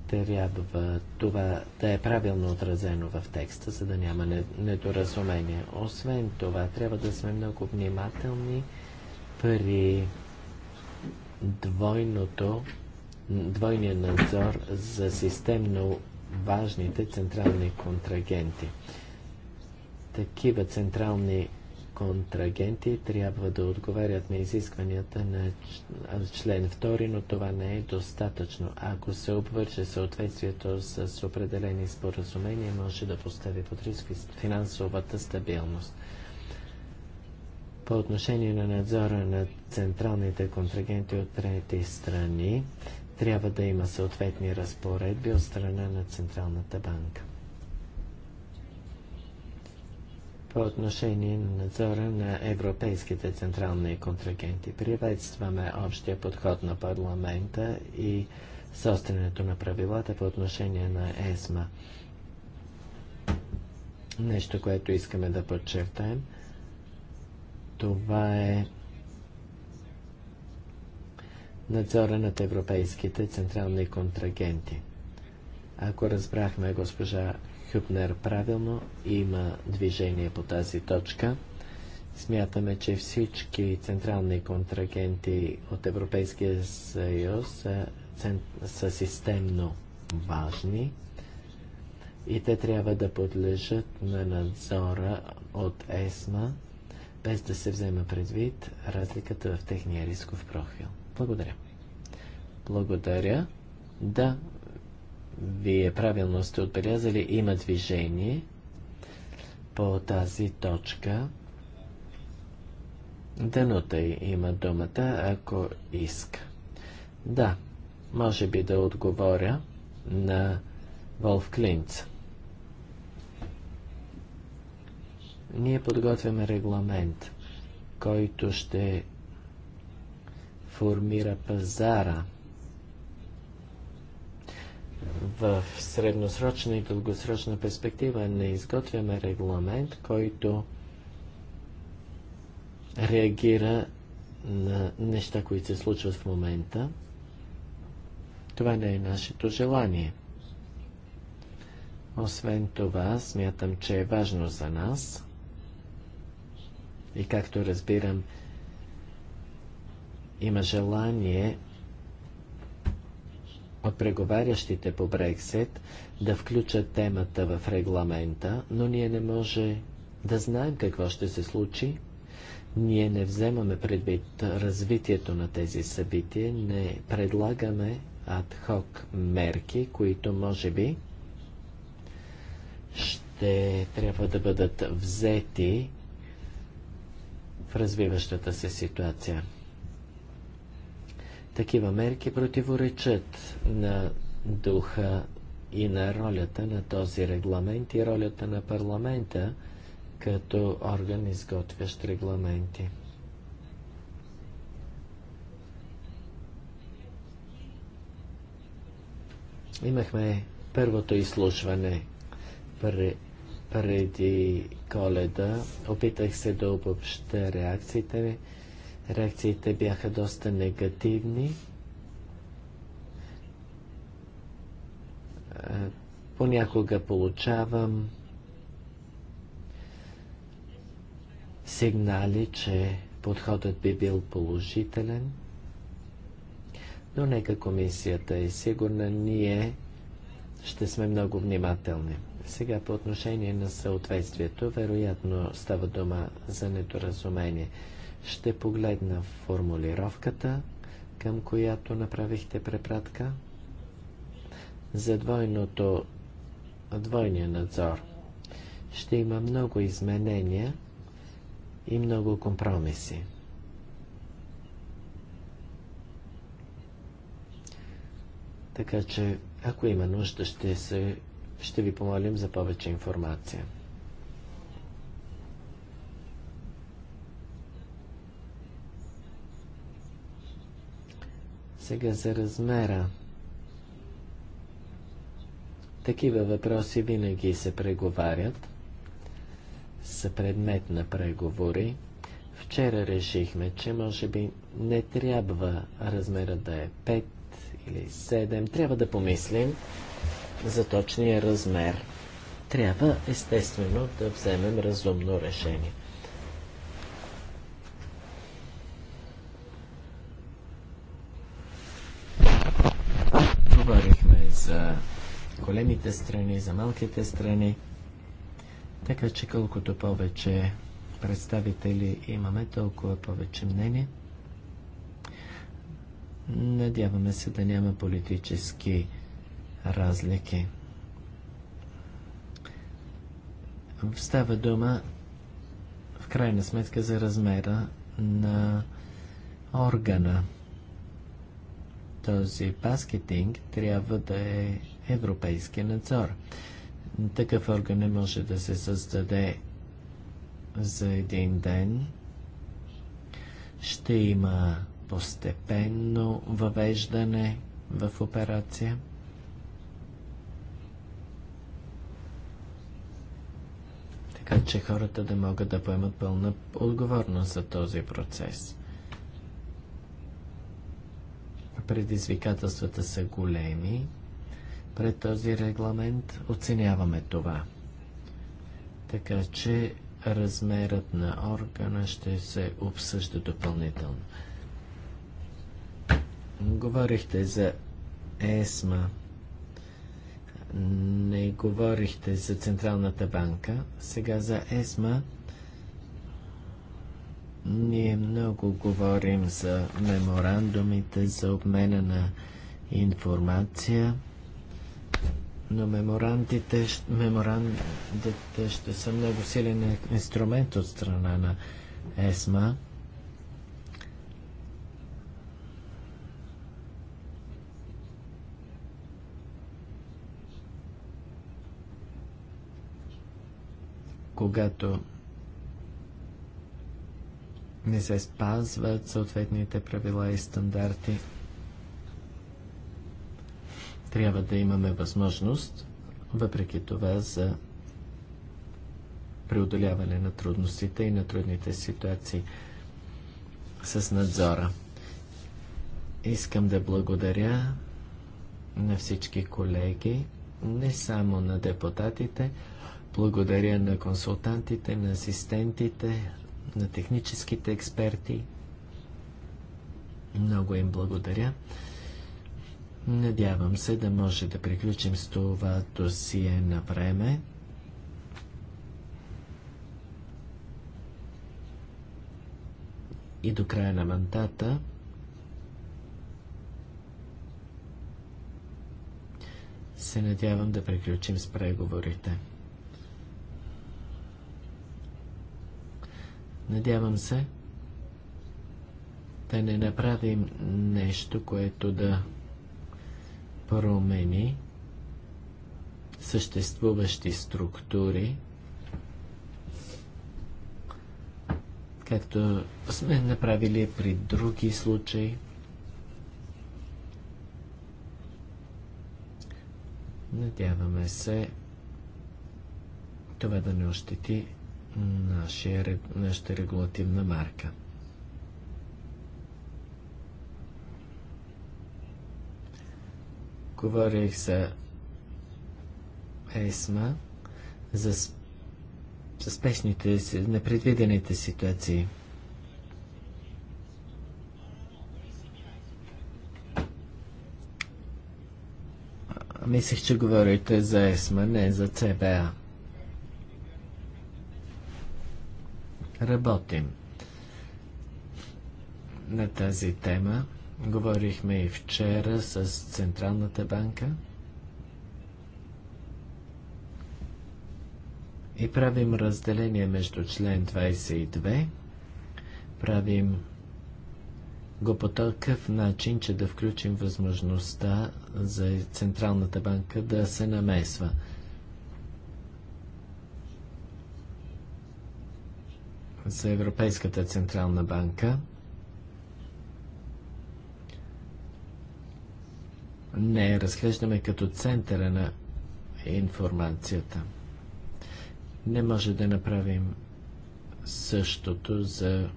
Трябва това да е правилно отразено в текста, за да няма недоразумение. Освен това, трябва да сме много внимателни при двойното, двойния надзор за системно важните централни контрагенти. Такива централни контрагенти трябва да отговарят на изискванията на член 2, но това не е достатъчно. Ако се обвърже съответствието с определени споразумения, може да постави под риск финансовата стабилност по отношение на надзора на централните контрагенти от трети страни трябва да има съответни разпоредби от страна на Централната банка. По отношение на надзора на европейските централни контрагенти приветстваме общия подход на парламента и заострянето на правилата по отношение на ЕСМА. Нещо, което искаме да подчертаем – това е надзора над европейските централни контрагенти. Ако разбрахме госпожа Хюпнер правилно, има движение по тази точка. Смятаме, че всички централни контрагенти от Европейския съюз са, са системно важни и те трябва да подлежат на надзора от ЕСМА без да се взема предвид разликата в техния рисков профил. Благодаря. Благодаря. Да, вие правилно сте отбелязали, има движение по тази точка. Данута има думата, ако иска. Да, може би да отговоря на Волф Клинца. Ние подготвяме регламент, който ще формира пазара в средносрочна и дългосрочна перспектива. Не изготвяме регламент, който реагира на неща, които се случват в момента. Това не е нашето желание. Освен това, смятам, че е важно за нас и както разбирам, има желание от преговарящите по Брексит да включат темата в регламента, но ние не може да знаем какво ще се случи. Ние не вземаме предвид развитието на тези събития, не предлагаме адхок мерки, които може би ще трябва да бъдат взети в развиващата се ситуация. Такива мерки противоречат на духа и на ролята на този регламент и ролята на парламента като орган изготвящ регламенти. Имахме първото изслушване преди коледа. Опитах се да обобща реакциите. Реакциите бяха доста негативни. Понякога получавам сигнали, че подходът би бил положителен, но нека комисията е сигурна, ние ще сме много внимателни. Сега по отношение на съответствието, вероятно става дума за недоразумение. Ще погледна формулировката, към която направихте препратка за двойното, двойния надзор. Ще има много изменения и много компромиси. Така че ако има нужда, ще, се, ще ви помолим за повече информация. Сега за размера. Такива въпроси винаги се преговарят, са предмет на преговори. Вчера решихме, че може би не трябва размера да е 5 или 7, трябва да помислим за точния размер. Трябва, естествено, да вземем разумно решение. Говорихме за големите страни, за малките страни, така че колкото повече представители имаме, толкова повече мнение – Надяваме се да няма политически разлики. Става дума в крайна сметка за размера на органа. Този баскетинг трябва да е европейски надзор. Такъв орган не може да се създаде за един ден. Ще има постепенно въвеждане в операция. Така че хората да могат да поемат пълна отговорност за този процес. Предизвикателствата са големи. Пред този регламент оценяваме това. Така че размерът на органа ще се обсъжда допълнително. Говорихте за ЕСМА. Не говорихте за Централната банка. Сега за ЕСМА. Ние много говорим за меморандумите, за обмена на информация, но меморандите, меморандите ще са много силен инструмент от страна на ЕСМА. когато не се спазват съответните правила и стандарти. Трябва да имаме възможност, въпреки това, за преодоляване на трудностите и на трудните ситуации с надзора. Искам да благодаря на всички колеги, не само на депутатите, благодаря на консултантите, на асистентите, на техническите експерти. Много им благодаря. Надявам се да може да приключим с това досие на време. И до края на мандата се надявам да приключим с преговорите. Надявам се да не направим нещо, което да промени съществуващи структури, както сме направили при други случаи. Надяваме се това да не ощети нашия, нашата регулативна марка. Говорих за ЕСМА, за, спешните, непредвидените ситуации. Мислех, че говорите за ЕСМА, не за ЦБА. работим на тази тема. Говорихме и вчера с Централната банка. И правим разделение между член 22. Правим го по такъв начин, че да включим възможността за Централната банка да се намесва. за Европейската централна банка. Не разглеждаме като центъра на информацията. Не може да направим същото за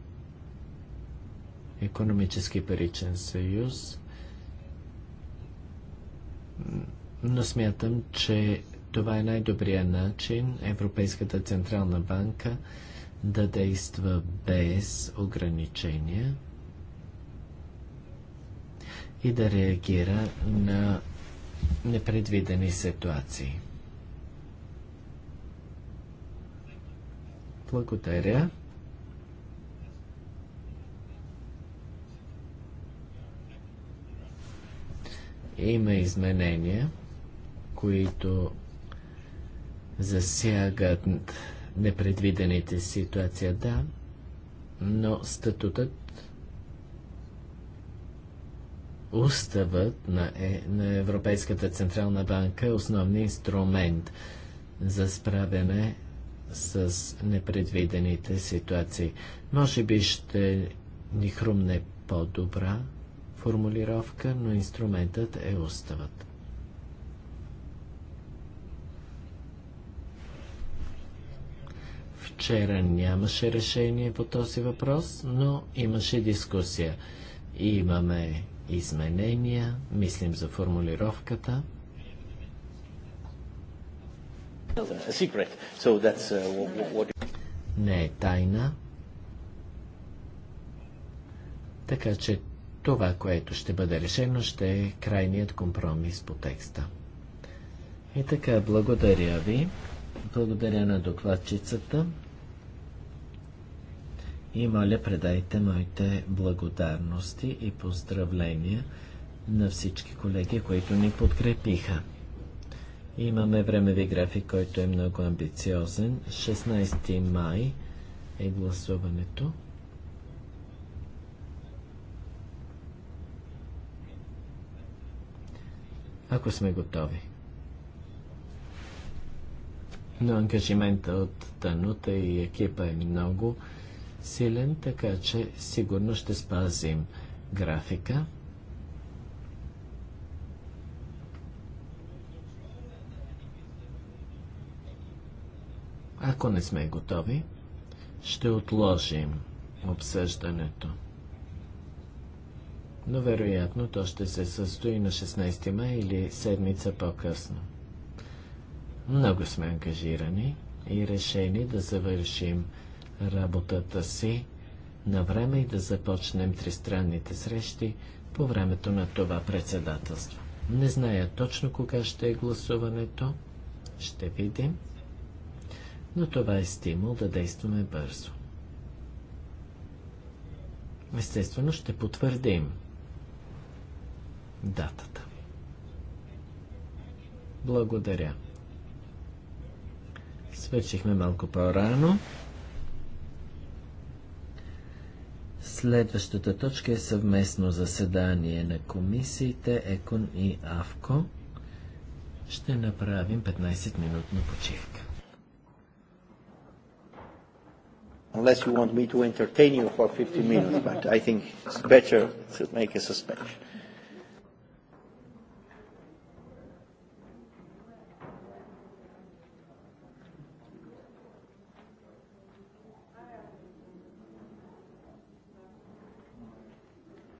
економически паричен съюз, но смятам, че това е най-добрият начин Европейската централна банка да действа без ограничения и да реагира на непредвидени ситуации. Благодаря. Има изменения, които засягат непредвидените ситуация, да, но статутът Уставът на, е, на Европейската Централна банка е основният инструмент за справяне с непредвидените ситуации. Може би ще ни хрумне по-добра формулировка, но инструментът е уставът. Вчера нямаше решение по този въпрос, но имаше дискусия. И имаме изменения, мислим за формулировката. Uh, Не е тайна. Така че това, което ще бъде решено, ще е крайният компромис по текста. И така, благодаря ви. Благодаря на докладчицата и моля предайте моите благодарности и поздравления на всички колеги, които ни подкрепиха. Имаме времеви график, който е много амбициозен. 16 май е гласуването. Ако сме готови. Но ангажимента от Танута и екипа е много силен, така че сигурно ще спазим графика. Ако не сме готови, ще отложим обсъждането. Но вероятно то ще се състои на 16 май или седмица по-късно. Много сме ангажирани и решени да завършим работата си на време и да започнем тристранните срещи по времето на това председателство. Не зная точно кога ще е гласуването, ще видим, но това е стимул да действаме бързо. Естествено ще потвърдим датата. Благодаря. Свършихме малко по-рано. Следващата точка е съвместно заседание на комисиите ЕКОН и АВКО. Ще направим 15-минутна почивка. Unless you want me to entertain you for 15 minutes, but I think it's better to make a suspension.